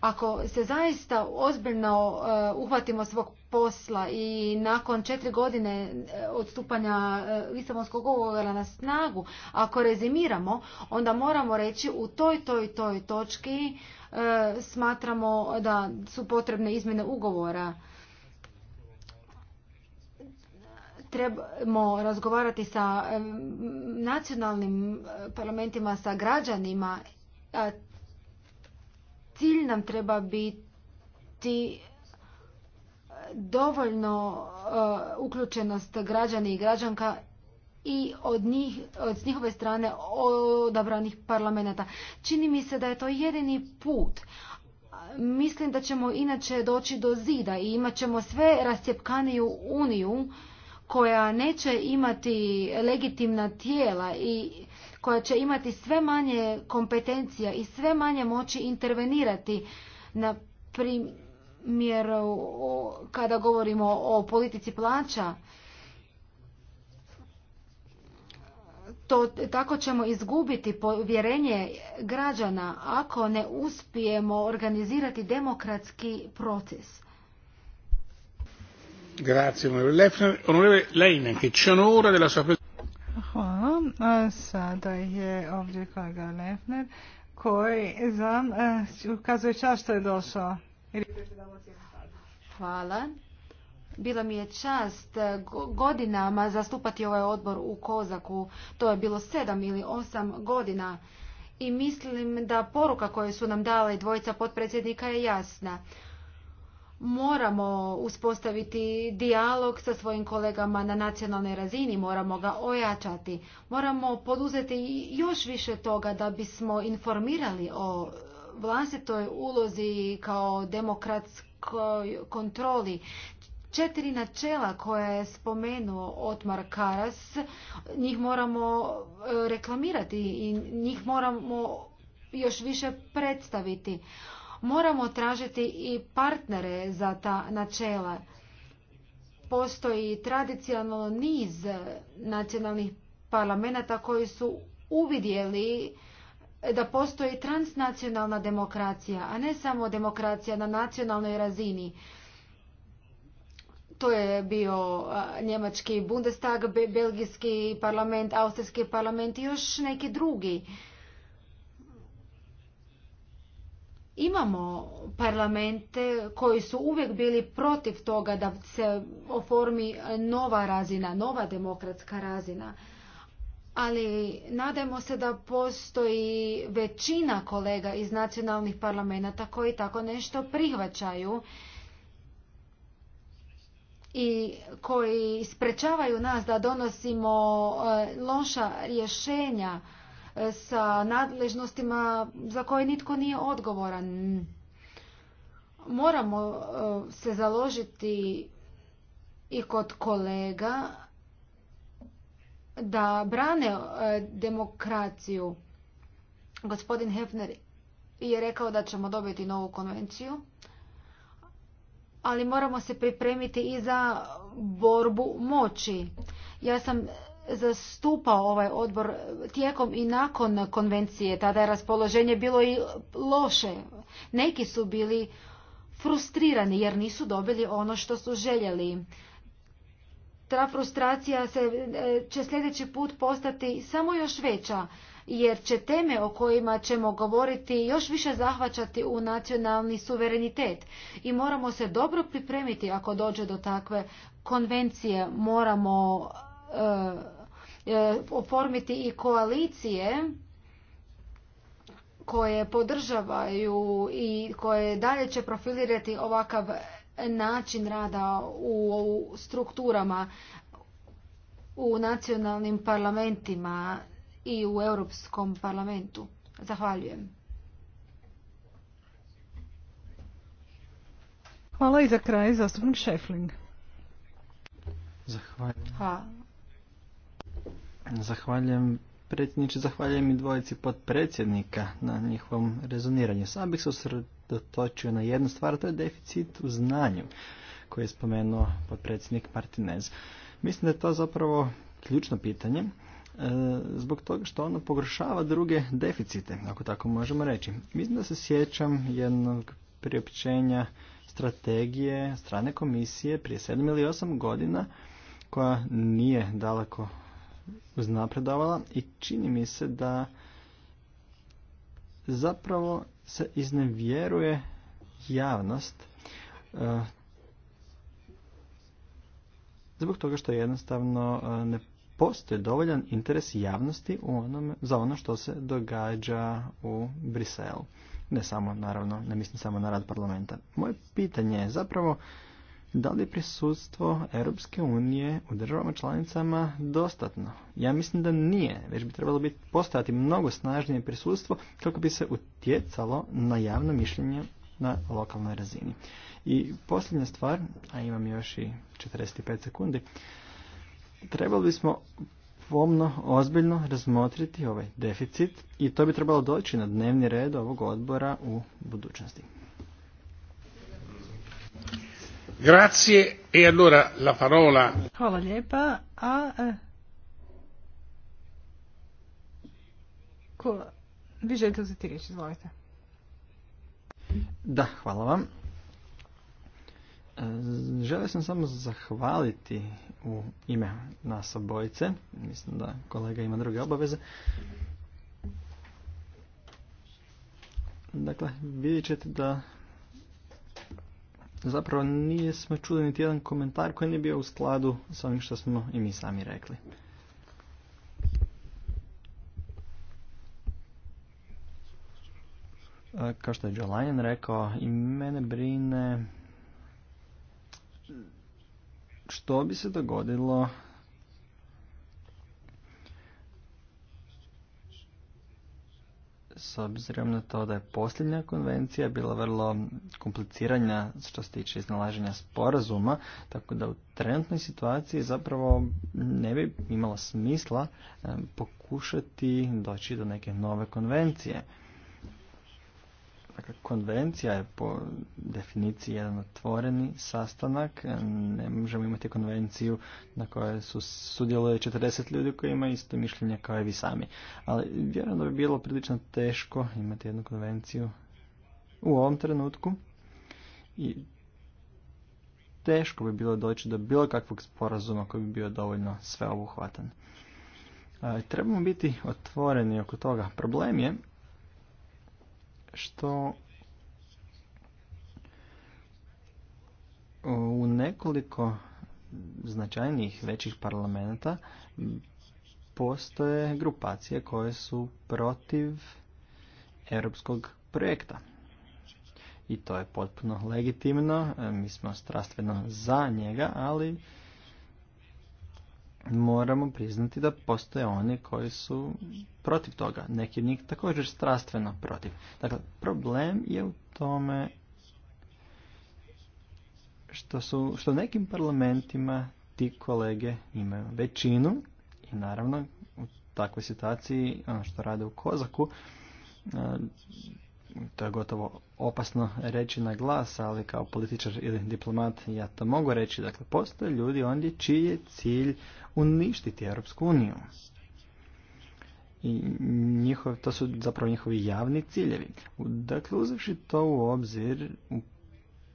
Ako se zaista ozbiljno e, uhvatimo svog posla i nakon četiri godine e, odstupanja e, Lisabonskog ugovora na snagu, ako rezimiramo, onda moramo reći u toj, toj, toj točki smatramo da su potrebne izmjene ugovora trebamo razgovarati sa nacionalnim eh, parlamentima, sa građanima. Cilj nam treba biti eh, dovoljno eh, uključenost građani i građanka i od njih, od njihove strane odabranih parlamenta. Čini mi se da je to jedini put. Mislim da ćemo inače doći do zida i imat ćemo sve u uniju koja neće imati legitimna tijela i koja će imati sve manje kompetencija i sve manje moći intervenirati na primjer kada govorimo o politici plaća to tako ćemo izgubiti povjerenje građana ako ne uspijemo organizirati demokratski proces Hvala. sada je ovdje kolega Lefner koji e, ukazuje čast što je došao. Hvala. Bila mi je čast e, godinama zastupati ovaj odbor u Kozaku. To je bilo sedam ili osam godina. I mislim da poruka koju su nam dala i dvojica potpredsjednika je jasna moramo uspostaviti dijalog sa svojim kolegama na nacionalnoj razini, moramo ga ojačati, moramo poduzeti još više toga da bismo informirali o vlastitoj ulozi kao demokratskoj kontroli. Četiri načela koje je spomenuo Otmar Karas, njih moramo e, reklamirati i njih moramo još više predstaviti moramo tražiti i partnere za ta načela. Postoji tradicionalno niz nacionalnih parlamenta koji su uvidjeli da postoji transnacionalna demokracija, a ne samo demokracija na nacionalnoj razini. To je bio njemački Bundestag, belgijski parlament, austrijski parlament i još neki drugi. Imamo parlamente koji su uvijek bili protiv toga da se oformi nova razina, nova demokratska razina. Ali nadajmo se da postoji većina kolega iz nacionalnih parlamenta koji tako nešto prihvaćaju i koji sprečavaju nas da donosimo e, loša rješenja E, sa nadležnostima za koje nitko nije odgovoran. Moramo e, se založiti i kod kolega da brane e, demokraciju. Gospodin Hefner je rekao da ćemo dobiti novu konvenciju, ali moramo se pripremiti i za borbu moći. Ja sam zastupao ovaj odbor tijekom i nakon konvencije. Tada je raspoloženje bilo i loše. Neki su bili frustrirani jer nisu dobili ono što su željeli. Ta frustracija se, e, će sljedeći put postati samo još veća jer će teme o kojima ćemo govoriti još više zahvaćati u nacionalni suverenitet i moramo se dobro pripremiti ako dođe do takve konvencije moramo E, e, oformiti i koalicije koje podržavaju i koje dalje će profilirati ovakav način rada u strukturama u nacionalnim parlamentima i u Europskom parlamentu. Zahvaljujem. Hvala i za kraj zastupnik Šefling. Zahvaljujem. Zahvaljujem predsjedniče, zahvaljujem i dvojici potpredsjednika na njihovom rezoniranju. Sam bih se usredotočio na jednu stvar, to je deficit u znanju koji je spomenuo potpredsjednik Martinez. Mislim da je to zapravo ključno pitanje e, zbog toga što ono pogoršava druge deficite, ako tako možemo reći. Mislim da se sjećam jednog priopćenja strategije strane komisije prije 7 ili 8 godina koja nije daleko uznapredovala i čini mi se da zapravo se iznevjeruje javnost e, zbog toga što jednostavno e, ne postoji dovoljan interes javnosti u za ono što se događa u Briselu. Ne samo, naravno, ne mislim samo na rad parlamenta. Moje pitanje je zapravo da li je prisustvo Europske unije u državama članicama dostatno? Ja mislim da nije, već bi trebalo biti postojati mnogo snažnije prisustvo kako bi se utjecalo na javno mišljenje na lokalnoj razini. I posljednja stvar, a imam još i 45 sekundi, trebali bismo pomno, ozbiljno razmotriti ovaj deficit i to bi trebalo doći na dnevni red ovog odbora u budućnosti. Grazie e allora la parola. Hvala lijepa. A e, vi želite uzeti riječ, Da, hvala vam. E, želio sam samo zahvaliti u ime nas obojice. Mislim da kolega ima druge obaveze. Dakle, vidjet ćete da zapravo nismo čuli niti jedan komentar koji nije bio u skladu s onim što smo i mi sami rekli. Kao što je Lyon rekao, i mene brine što bi se dogodilo s obzirom na to da je posljednja konvencija bila vrlo kompliciranja što se tiče iznalaženja sporazuma, tako da u trenutnoj situaciji zapravo ne bi imalo smisla pokušati doći do neke nove konvencije. Dakle, konvencija je po definiciji jedan otvoreni sastanak. Ne možemo imati konvenciju na kojoj su sudjeluje 40 ljudi koji imaju isto mišljenje kao i vi sami. Ali vjerujem da bi bilo prilično teško imati jednu konvenciju u ovom trenutku. I teško bi bilo doći do bilo kakvog sporazuma koji bi bio dovoljno sveobuhvatan. trebamo biti otvoreni oko toga. Problem je što u nekoliko značajnijih većih parlamenta postoje grupacije koje su protiv europskog projekta. I to je potpuno legitimno, e, mi smo strastveno za njega, ali moramo priznati da postoje oni koji su protiv toga. Neki njih također strastveno protiv. Dakle, problem je u tome što, su, što u nekim parlamentima ti kolege imaju većinu i naravno u takvoj situaciji ono što rade u Kozaku e, to je gotovo opasno reći na glas, ali kao političar ili diplomat ja to mogu reći. Dakle, postoje ljudi ondje čiji je cilj uništiti Europsku uniju. I njihov, to su zapravo njihovi javni ciljevi. Dakle, uzevši to u obzir, u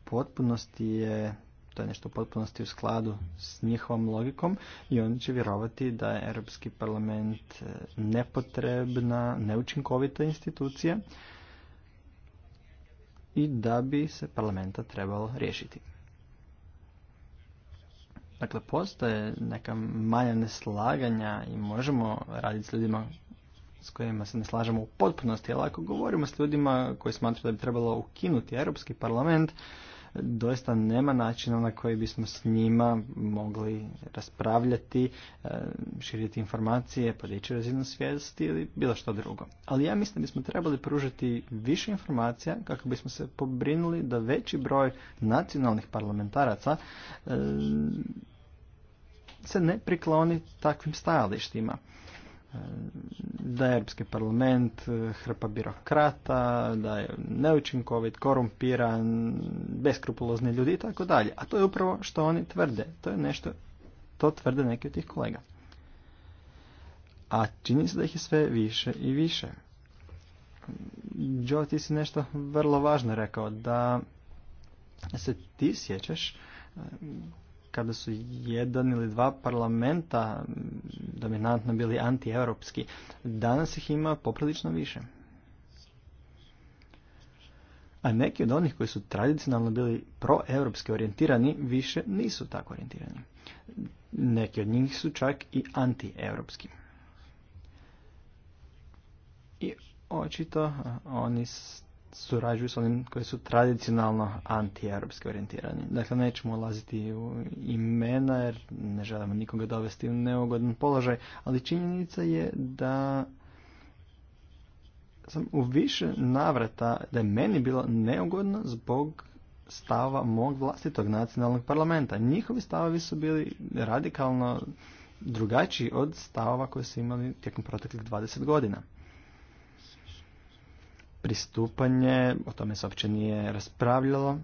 potpunosti je, to je nešto u potpunosti u skladu s njihovom logikom i oni će vjerovati da je Europski parlament e, nepotrebna, neučinkovita institucija i da bi se parlamenta trebalo riješiti. Dakle, postoje neka manja neslaganja i možemo raditi s ljudima s kojima se ne slažemo u potpunosti, ali ako govorimo s ljudima koji smatraju da bi trebalo ukinuti Europski parlament, doista nema načina na koji bismo s njima mogli raspravljati, e, širiti informacije, podići razinu svijesti ili bilo što drugo. Ali ja mislim da bismo trebali pružiti više informacija kako bismo se pobrinuli da veći broj nacionalnih parlamentaraca e, se ne prikloni takvim stajalištima da je Europski parlament eh, hrpa birokrata, da je neučinkovit, korumpiran, beskrupulozni ljudi i tako dalje. A to je upravo što oni tvrde. To je nešto, to tvrde neki od tih kolega. A čini se da ih je sve više i više. Joe, ti si nešto vrlo važno rekao, da se ti sjećaš eh, kada su jedan ili dva parlamenta mm, dominantno bili antieuropski. Danas ih ima poprilično više. A neki od onih koji su tradicionalno bili proeuropski orijentirani više nisu tako orijentirani. Neki od njih su čak i antieuropski. I očito oni surađuju s onim koji su tradicionalno anti-europski orijentirani. Dakle, nećemo ulaziti u imena jer ne želimo nikoga dovesti u neugodan položaj, ali činjenica je da sam u više navrata da je meni bilo neugodno zbog stava mog vlastitog nacionalnog parlamenta. Njihovi stavovi su bili radikalno drugačiji od stavova koje su imali tijekom proteklih 20 godina pristupanje, o tome se uopće nije raspravljalo.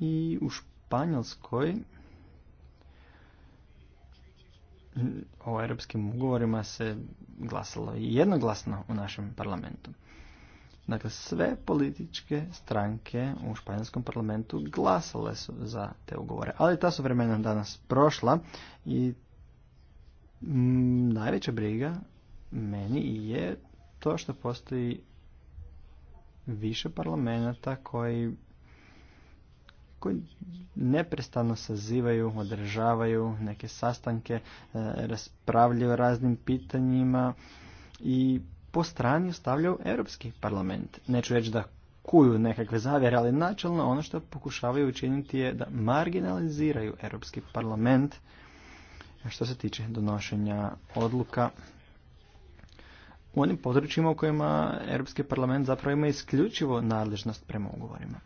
I u Španjolskoj o europskim ugovorima se glasalo jednoglasno u našem parlamentu. Dakle, sve političke stranke u španjolskom parlamentu glasale su za te ugovore. Ali ta su vremena danas prošla i najveća briga meni je to što postoji više parlamenta koji koji neprestano sazivaju, održavaju neke sastanke, e, raspravljaju o raznim pitanjima i po strani ostavljaju Europski parlament. Neću reći da kuju nekakve zavjere, ali načelno ono što pokušavaju učiniti je da marginaliziraju Europski parlament što se tiče donošenja odluka u onim područjima u kojima Europski parlament zapravo ima isključivo nadležnost prema ugovorima.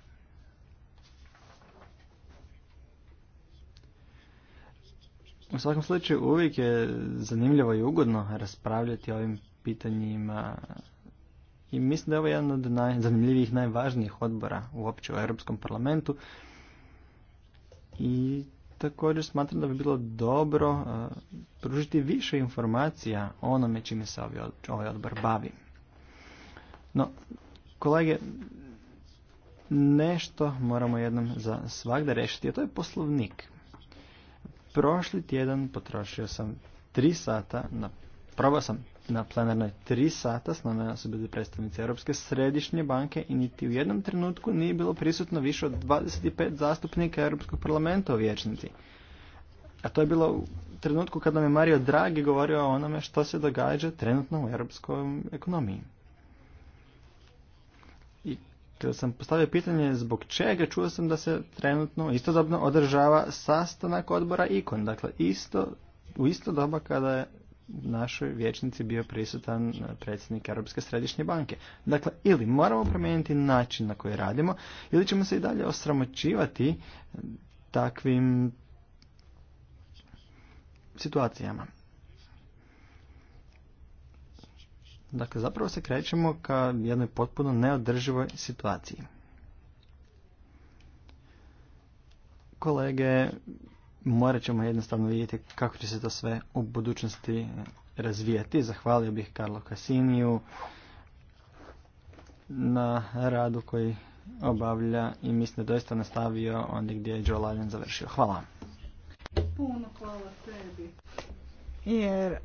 U svakom slučaju uvijek je zanimljivo i ugodno raspravljati o ovim pitanjima i mislim da je ovo jedan od najzanimljivijih, najvažnijih odbora uopće u Europskom parlamentu i Također smatram da bi bilo dobro e, pružiti više informacija o onome čime se ovaj odbor bavi. No, kolege, nešto moramo jednom za svakda rešiti, a to je poslovnik. Prošli tjedan potrošio sam tri sata, na, probao sam na plenarnoj tri sata s nama su bili predstavnici Europske središnje banke i niti u jednom trenutku nije bilo prisutno više od 25 zastupnika Europskog parlamenta u vječnici. A to je bilo u trenutku kada nam je Mario Draghi govorio o onome što se događa trenutno u europskoj ekonomiji. I kada sam postavio pitanje zbog čega, čuo sam da se trenutno istodobno održava sastanak odbora ikon. Dakle, isto, u isto doba kada je našoj vječnici bio prisutan predsjednik Europske središnje banke. Dakle, ili moramo promijeniti način na koji radimo, ili ćemo se i dalje osramoćivati takvim situacijama. Dakle, zapravo se krećemo ka jednoj potpuno neodrživoj situaciji. Kolege, morat ćemo jednostavno vidjeti kako će se to sve u budućnosti razvijati. Zahvalio bih Karlo Kasiniju na radu koji obavlja i mislim da doista nastavio ondje gdje je Joe Lallion završio. Hvala. Puno hvala tebi. Jer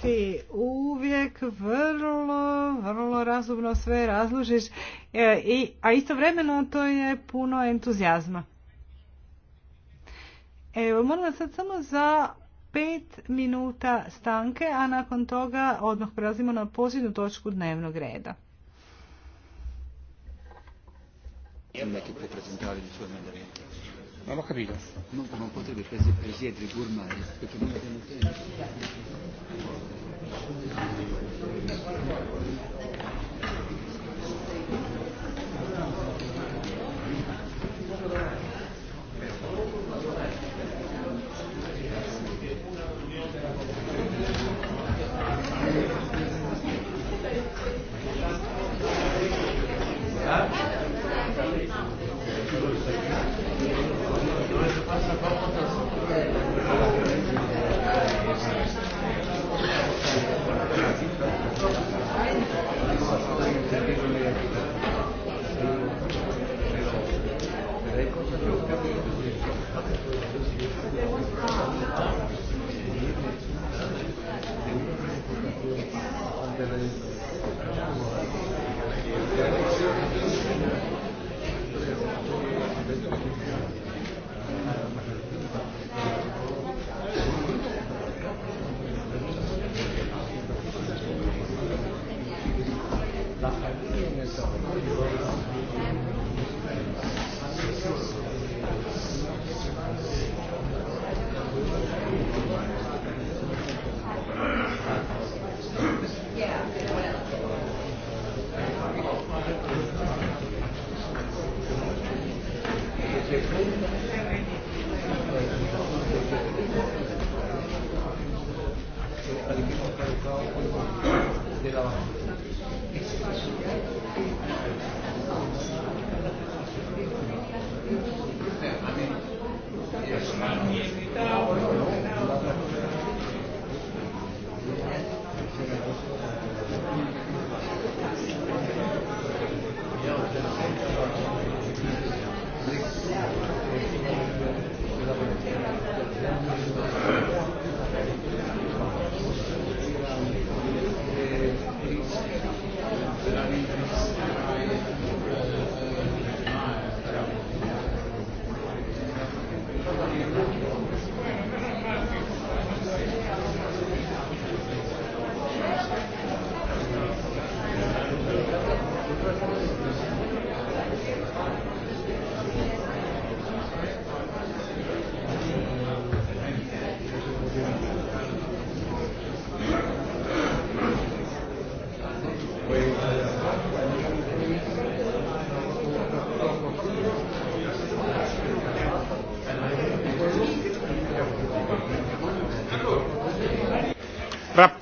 ti uvijek vrlo, vrlo razumno sve razložiš, A e, i, a istovremeno to je puno entuzijazma. Evo, moramo sad samo za pet minuta stanke, a nakon toga odmah prelazimo na posljednju točku dnevnog reda. Non ho capito. Non, non perché non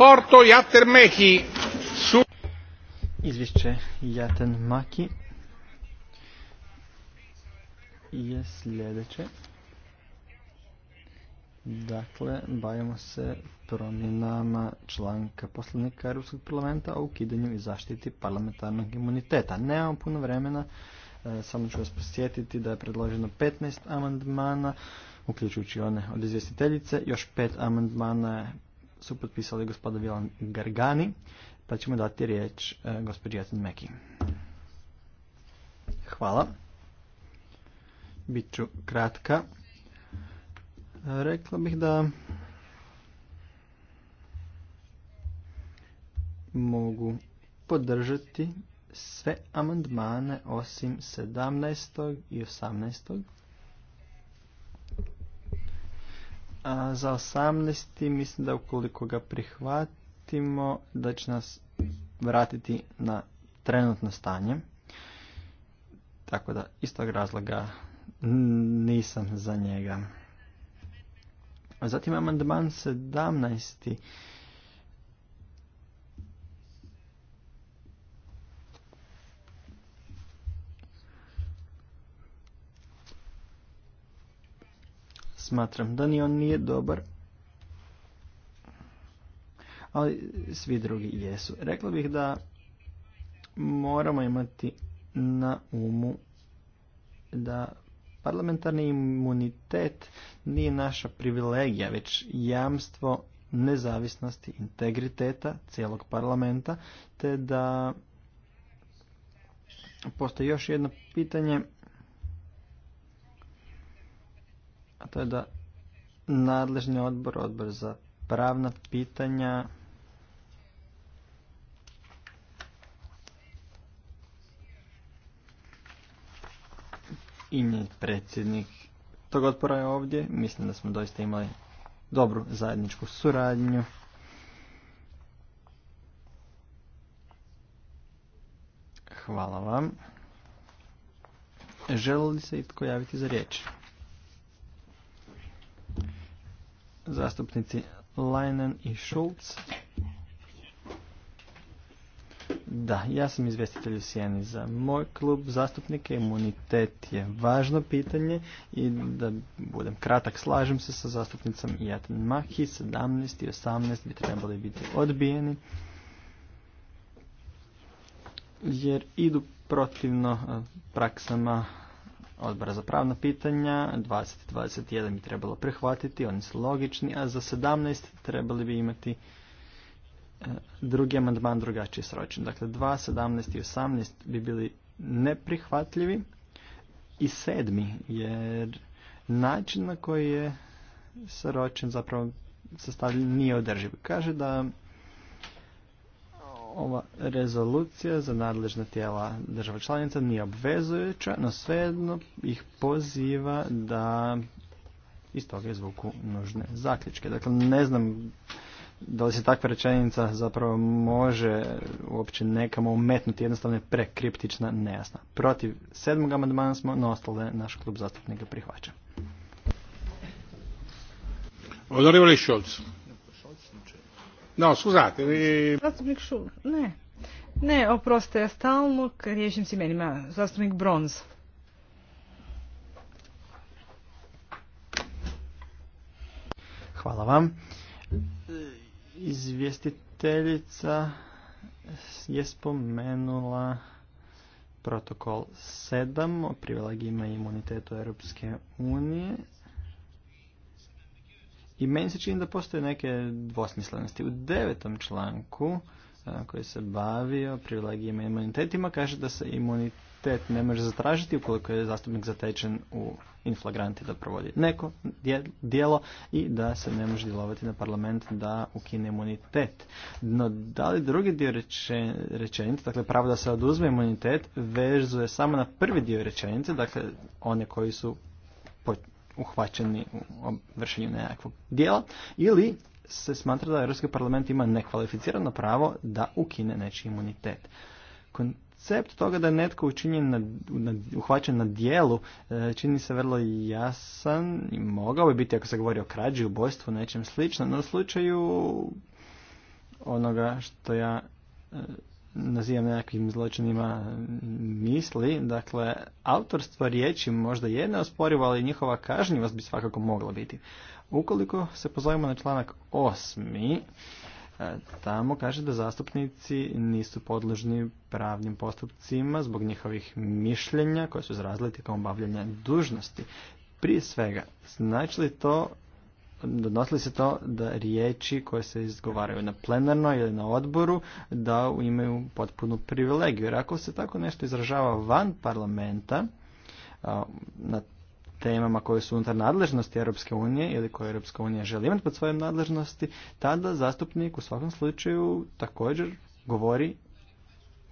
Raporto Jater Su... Izvješće Jaten Maki je sljedeće. Dakle, bavimo se promjenama članka poslovnika Europskog parlamenta o ukidanju i zaštiti parlamentarnog imuniteta. Nemamo puno vremena, e, samo ću vas posjetiti da je predloženo 15 amandmana, uključujući one od izvjestiteljice, još pet amandmana je su potpisali gospoda Vilan Gargani, pa ćemo dati riječ e, gospođi Jatin Meki. Hvala. Biću kratka. Rekla bih da mogu podržati sve amandmane osim 17. i 18. A za 18. mislim da ukoliko ga prihvatimo, da će nas vratiti na trenutno stanje. Tako da iz tog razloga nisam za njega. Zatim amandman 17. Smatram da ni on nije dobar. Ali svi drugi jesu. Rekla bih da moramo imati na umu da parlamentarni imunitet nije naša privilegija, već jamstvo nezavisnosti, integriteta cijelog parlamenta, te da postoji još jedno pitanje a to je da nadležni odbor, odbor za pravna pitanja i njih predsjednik tog odbora je ovdje. Mislim da smo doista imali dobru zajedničku suradnju. Hvala vam. Želi li se itko javiti za riječ? zastupnici Leinen i Schulz. Da, ja sam izvestitelj u Sijeni za moj klub zastupnike. Imunitet je važno pitanje i da budem kratak, slažem se sa zastupnicom Jatin Mahi. 17 i 18 bi trebali biti odbijeni jer idu protivno praksama odbora za pravna pitanja, 20 i 21 bi trebalo prihvatiti, oni su logični, a za 17 trebali bi imati e, drugi amandman drugačije sročen. Dakle, 2, 17 i 18 bi bili neprihvatljivi i sedmi, jer način na koji je sročen zapravo sastavljen nije održiv. Kaže da ova rezolucija za nadležna tijela država članica nije obvezujuća, no svejedno ih poziva da iz toga izvuku nužne zaključke. Dakle, ne znam da li se takva rečenica zapravo može uopće nekamo umetnuti, jednostavno je prekriptična, nejasna. Protiv sedmog amandmana smo, no ostale naš klub zastupnika prihvaća. Odarivali Šolcu. No, scusate. Vi... Zastupnik Šul, ne. Ne, oproste, ja stalno riješim s imenima. Zastupnik Bronz. Hvala vam. Izvjestiteljica je spomenula protokol 7 o privilegijima i imunitetu Europske unije i meni se čini da postoje neke dvosmislenosti. U devetom članku e, koji se bavio privilegijima i imunitetima kaže da se imunitet ne može zatražiti ukoliko je zastupnik zatečen u inflagranti da provodi neko dijelo i da se ne može djelovati na parlament da ukine imunitet. No, da li drugi dio rečenice, dakle pravo da se oduzme imunitet, vezuje samo na prvi dio rečenice, dakle one koji su uhvaćeni u vršenju nekakvog dijela ili se smatra da Europski parlament ima nekvalificirano pravo da ukine nečiji imunitet. Koncept toga da je netko učinjen na, na, uhvaćen na dijelu e, čini se vrlo jasan i mogao bi biti ako se govori o krađi, ubojstvu, nečem slično, no u slučaju onoga što ja e, nazivam nekakvim zločinima misli. Dakle, autorstvo riječi možda je neosporivo, ali njihova kažnjivost bi svakako mogla biti. Ukoliko se pozovemo na članak osmi, e, tamo kaže da zastupnici nisu podložni pravnim postupcima zbog njihovih mišljenja koje su izrazili tijekom obavljanja dužnosti. Prije svega, znači li to odnosili se to da riječi koje se izgovaraju na plenarnoj ili na odboru da imaju potpunu privilegiju. Jer ako se tako nešto izražava van parlamenta, na temama koje su unutar nadležnosti Europske unije ili koje Europska unija želi imati pod svojom nadležnosti, tada zastupnik u svakom slučaju također govori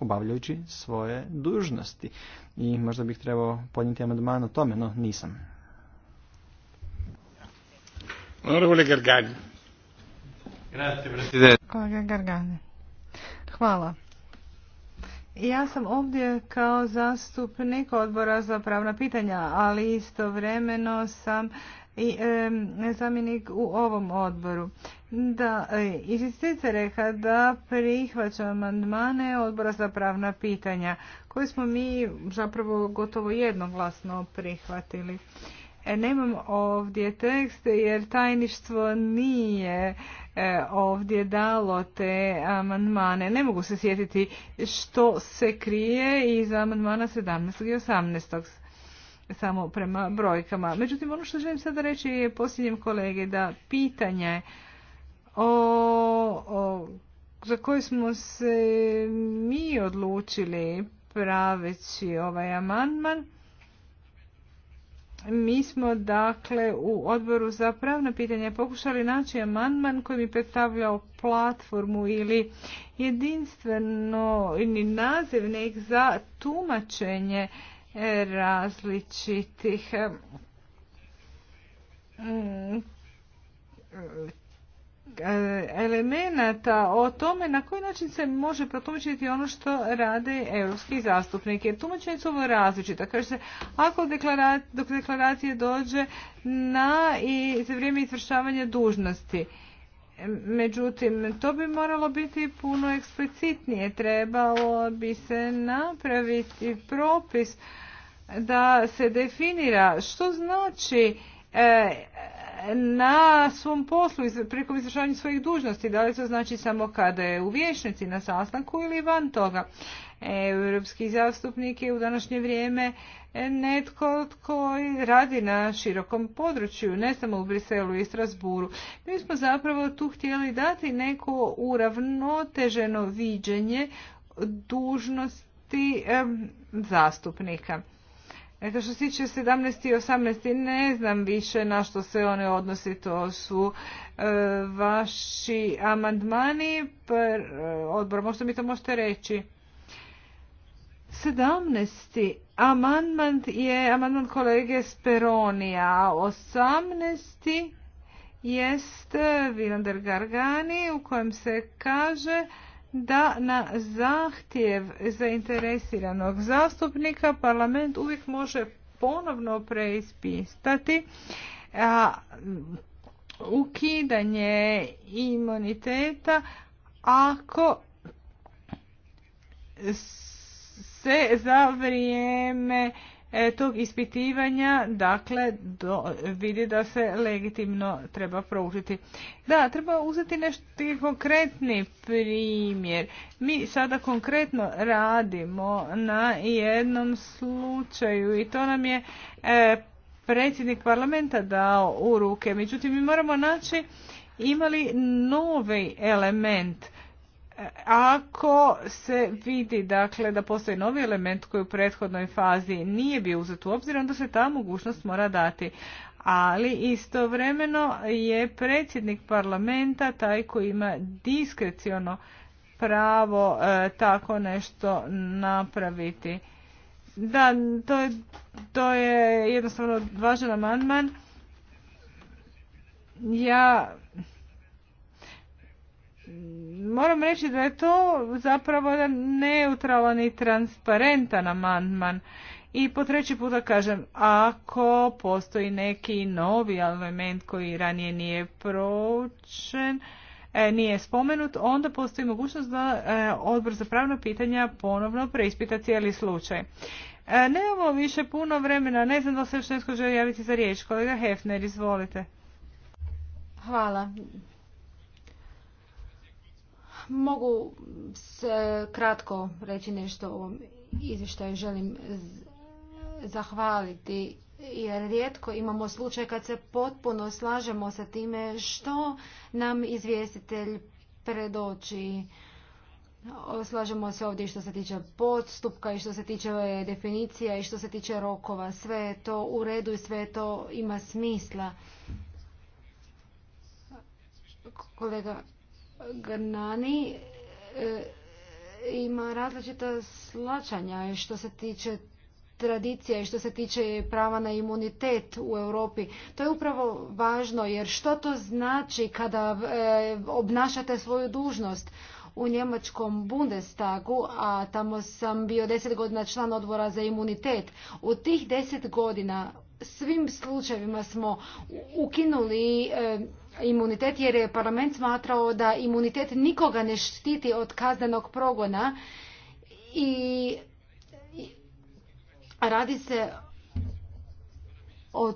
obavljajući svoje dužnosti. I možda bih trebao podnijeti amandman o tome, no nisam. Kolega Gargani. Hvala. Ja sam ovdje kao zastupnik odbora za pravna pitanja, ali istovremeno sam i zamjenik u ovom odboru. Da, e, reka da prihvaća amandmane odbora za pravna pitanja, koje smo mi zapravo gotovo jednoglasno prihvatili. E, nemam ovdje tekst jer tajništvo nije e, ovdje dalo te amandmane. Ne mogu se sjetiti što se krije iz amandmana 17. i 18. samo prema brojkama. Međutim, ono što želim sada reći je posljednjem kolege da pitanje o, za koje smo se mi odlučili praveći ovaj amandman mi smo dakle u odboru za pravna pitanja pokušali naći amandman koji bi predstavljao platformu ili jedinstveno ili nazivnik za tumačenje e, različitih e, Eh, elemenata o tome na koji način se može protumačiti ono što rade europski zastupnik. Jer tumačenje su ovo različita. Kaže se, ako dok deklaracije dođe na i za vrijeme izvršavanja dužnosti. Međutim, to bi moralo biti puno eksplicitnije. Trebalo bi se napraviti propis da se definira što znači eh, na svom poslu preko izvršavanja svojih dužnosti, da li to znači samo kada je u vijećnici na sastanku ili van toga. Europski zastupnik je u današnje vrijeme netko tko radi na širokom području, ne samo u Briselu i Strasburu. Mi smo zapravo tu htjeli dati neko uravnoteženo viđenje dužnosti zastupnika. Eto što se tiče 17. i 18. ne znam više na što se one odnosi, to su e, vaši amandmani odbor, možda mi to možete reći. 17. amandman je amandman kolege Speronija, 18. jest Vilander Gargani u kojem se kaže da na zahtjev zainteresiranog zastupnika parlament uvijek može ponovno preispistati a, ukidanje imuniteta ako se za vrijeme E, tog ispitivanja, dakle, vidi da se legitimno treba proučiti. Da, treba uzeti nešto konkretni primjer. Mi sada konkretno radimo na jednom slučaju i to nam je e, predsjednik parlamenta dao u ruke. Međutim, mi moramo naći imali novi element ako se vidi dakle, da postoji novi element koji u prethodnoj fazi nije bio uzet u obzir, onda se ta mogućnost mora dati. Ali istovremeno je predsjednik parlamenta taj koji ima diskreciono pravo e, tako nešto napraviti. Da, to je, to je jednostavno važan amandman. Ja moram reći da je to zapravo jedan neutralan i transparentan amandman. I po treći puta kažem, ako postoji neki novi element koji ranije nije pročen, e, nije spomenut, onda postoji mogućnost da e, odbor za pravna pitanja ponovno preispita cijeli slučaj. E, nemamo više puno vremena, ne znam da se još netko želi javiti za riječ. Kolega Hefner, izvolite. Hvala. Mogu se kratko reći nešto o ovom izvještaju. Želim zahvaliti jer rijetko imamo slučaj kad se potpuno slažemo sa time što nam izvjestitelj predoči. Slažemo se ovdje što se tiče podstupka i što se tiče definicija i što se tiče rokova. Sve je to u redu i sve to ima smisla. Kolega Gnani e, ima različita slačanja što se tiče tradicija i što se tiče prava na imunitet u Europi. To je upravo važno jer što to znači kada e, obnašate svoju dužnost? u njemačkom Bundestagu, a tamo sam bio deset godina član odbora za imunitet. U tih deset godina svim slučajevima smo ukinuli e, imunitet jer je parlament smatrao da imunitet nikoga ne štiti od kaznenog progona i radi se o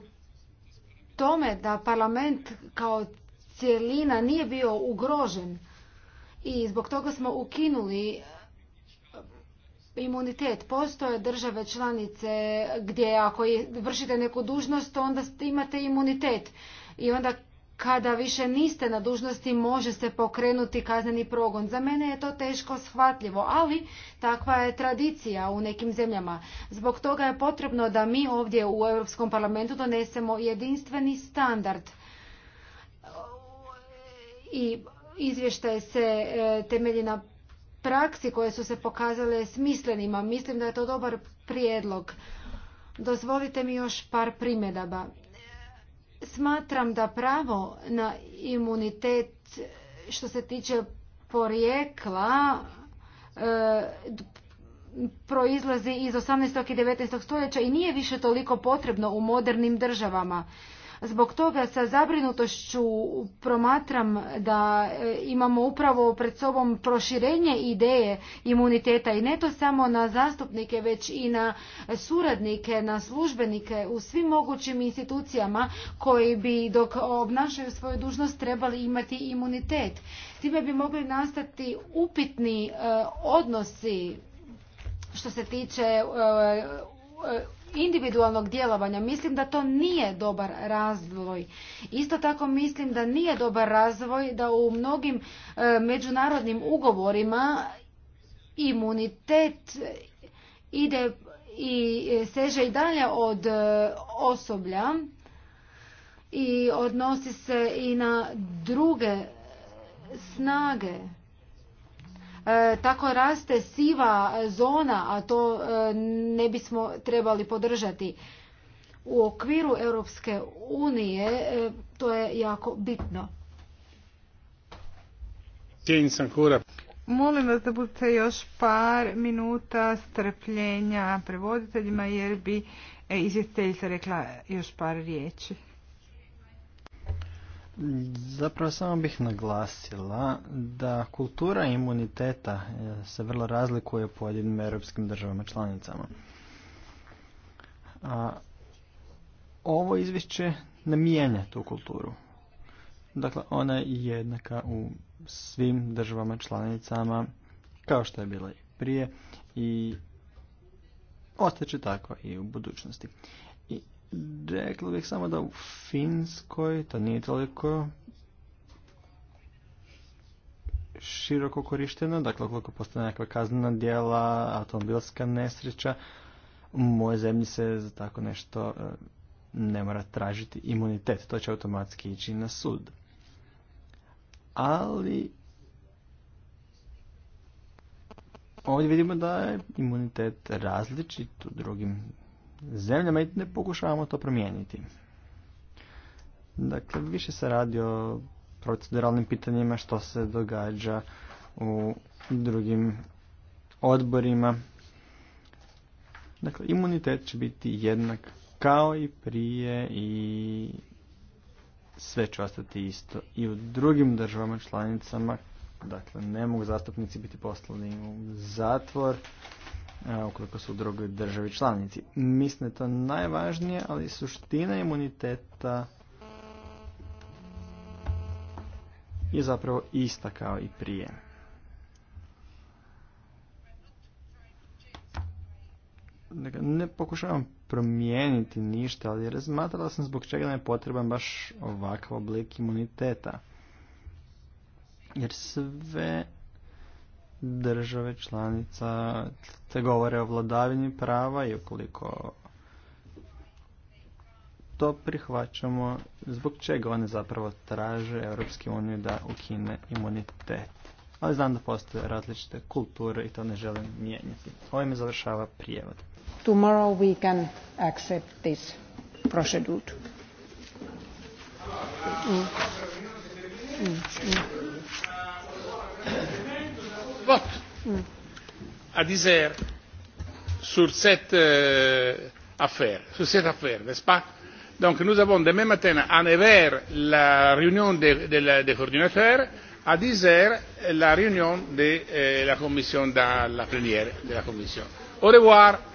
tome da parlament kao cjelina nije bio ugrožen i zbog toga smo ukinuli e, imunitet. Postoje države članice gdje ako vršite neku dužnost onda imate imunitet i onda kada više niste na dužnosti može se pokrenuti kazneni progon. Za mene je to teško shvatljivo, ali takva je tradicija u nekim zemljama. Zbog toga je potrebno da mi ovdje u Europskom parlamentu donesemo jedinstveni standard. I izvještaj se e, temelji na praksi koje su se pokazale smislenima. Mislim da je to dobar prijedlog. Dozvolite mi još par primjedaba. Smatram da pravo na imunitet što se tiče porijekla e, proizlazi iz 18. i 19. stoljeća i nije više toliko potrebno u modernim državama. Zbog toga sa zabrinutošću promatram da e, imamo upravo pred sobom proširenje ideje imuniteta i ne to samo na zastupnike već i na suradnike, na službenike u svim mogućim institucijama koji bi dok obnašaju svoju dužnost trebali imati imunitet. Time bi mogli nastati upitni e, odnosi što se tiče e, individualnog djelovanja. Mislim da to nije dobar razvoj. Isto tako mislim da nije dobar razvoj da u mnogim e, međunarodnim ugovorima imunitet ide i seže i dalje od e, osoblja i odnosi se i na druge snage E, tako raste siva zona, a to e, ne bismo trebali podržati. U okviru Europske unije e, to je jako bitno. Molim vas da budete još par minuta strpljenja prevoditeljima jer bi izvjestiteljica rekla još par riječi. Zapravo samo bih naglasila da kultura imuniteta e, se vrlo razlikuje po pojedinim europskim državama članicama. A ovo izvješće ne mijenja tu kulturu. Dakle, ona je jednaka u svim državama članicama kao što je bila i prije i ostaće takva i u budućnosti. Rekla bih samo da u Finskoj to nije toliko široko korišteno, dakle koliko postane nekakva kaznena djela, automobilska nesreća, u moje zemlji se za tako nešto e, ne mora tražiti imunitet, to će automatski ići na sud. Ali ovdje vidimo da je imunitet različit u drugim zemljama i ne pokušavamo to promijeniti. Dakle, više se radi o proceduralnim pitanjima što se događa u drugim odborima. Dakle, imunitet će biti jednak kao i prije i sve će ostati isto. I u drugim državama članicama, dakle, ne mogu zastupnici biti poslani u zatvor ukoliko su u drugoj državi članici. Mislim da je to najvažnije, ali suština imuniteta je zapravo ista kao i prije. Dakle, ne pokušavam promijeniti ništa, ali razmatrala sam zbog čega ne potreban baš ovakav oblik imuniteta. Jer sve države članica te govore o vladavini prava i ukoliko to prihvaćamo, zbog čega one zapravo traže Europske unije da ukine imunitet. Ali znam da postoje različite kulture i to ne želim mijenjati. me završava prijevod. Tomorrow we can accept this procedure. Mm, mm, mm, à dix heures sur cette eh, affaire, sur cette affaire, n'est-ce pas Donc nous avons demain matin à nevers la réunion des de, coordinateurs, à dix la réunion de eh, la commission dans la plénière de la commission. Au revoir.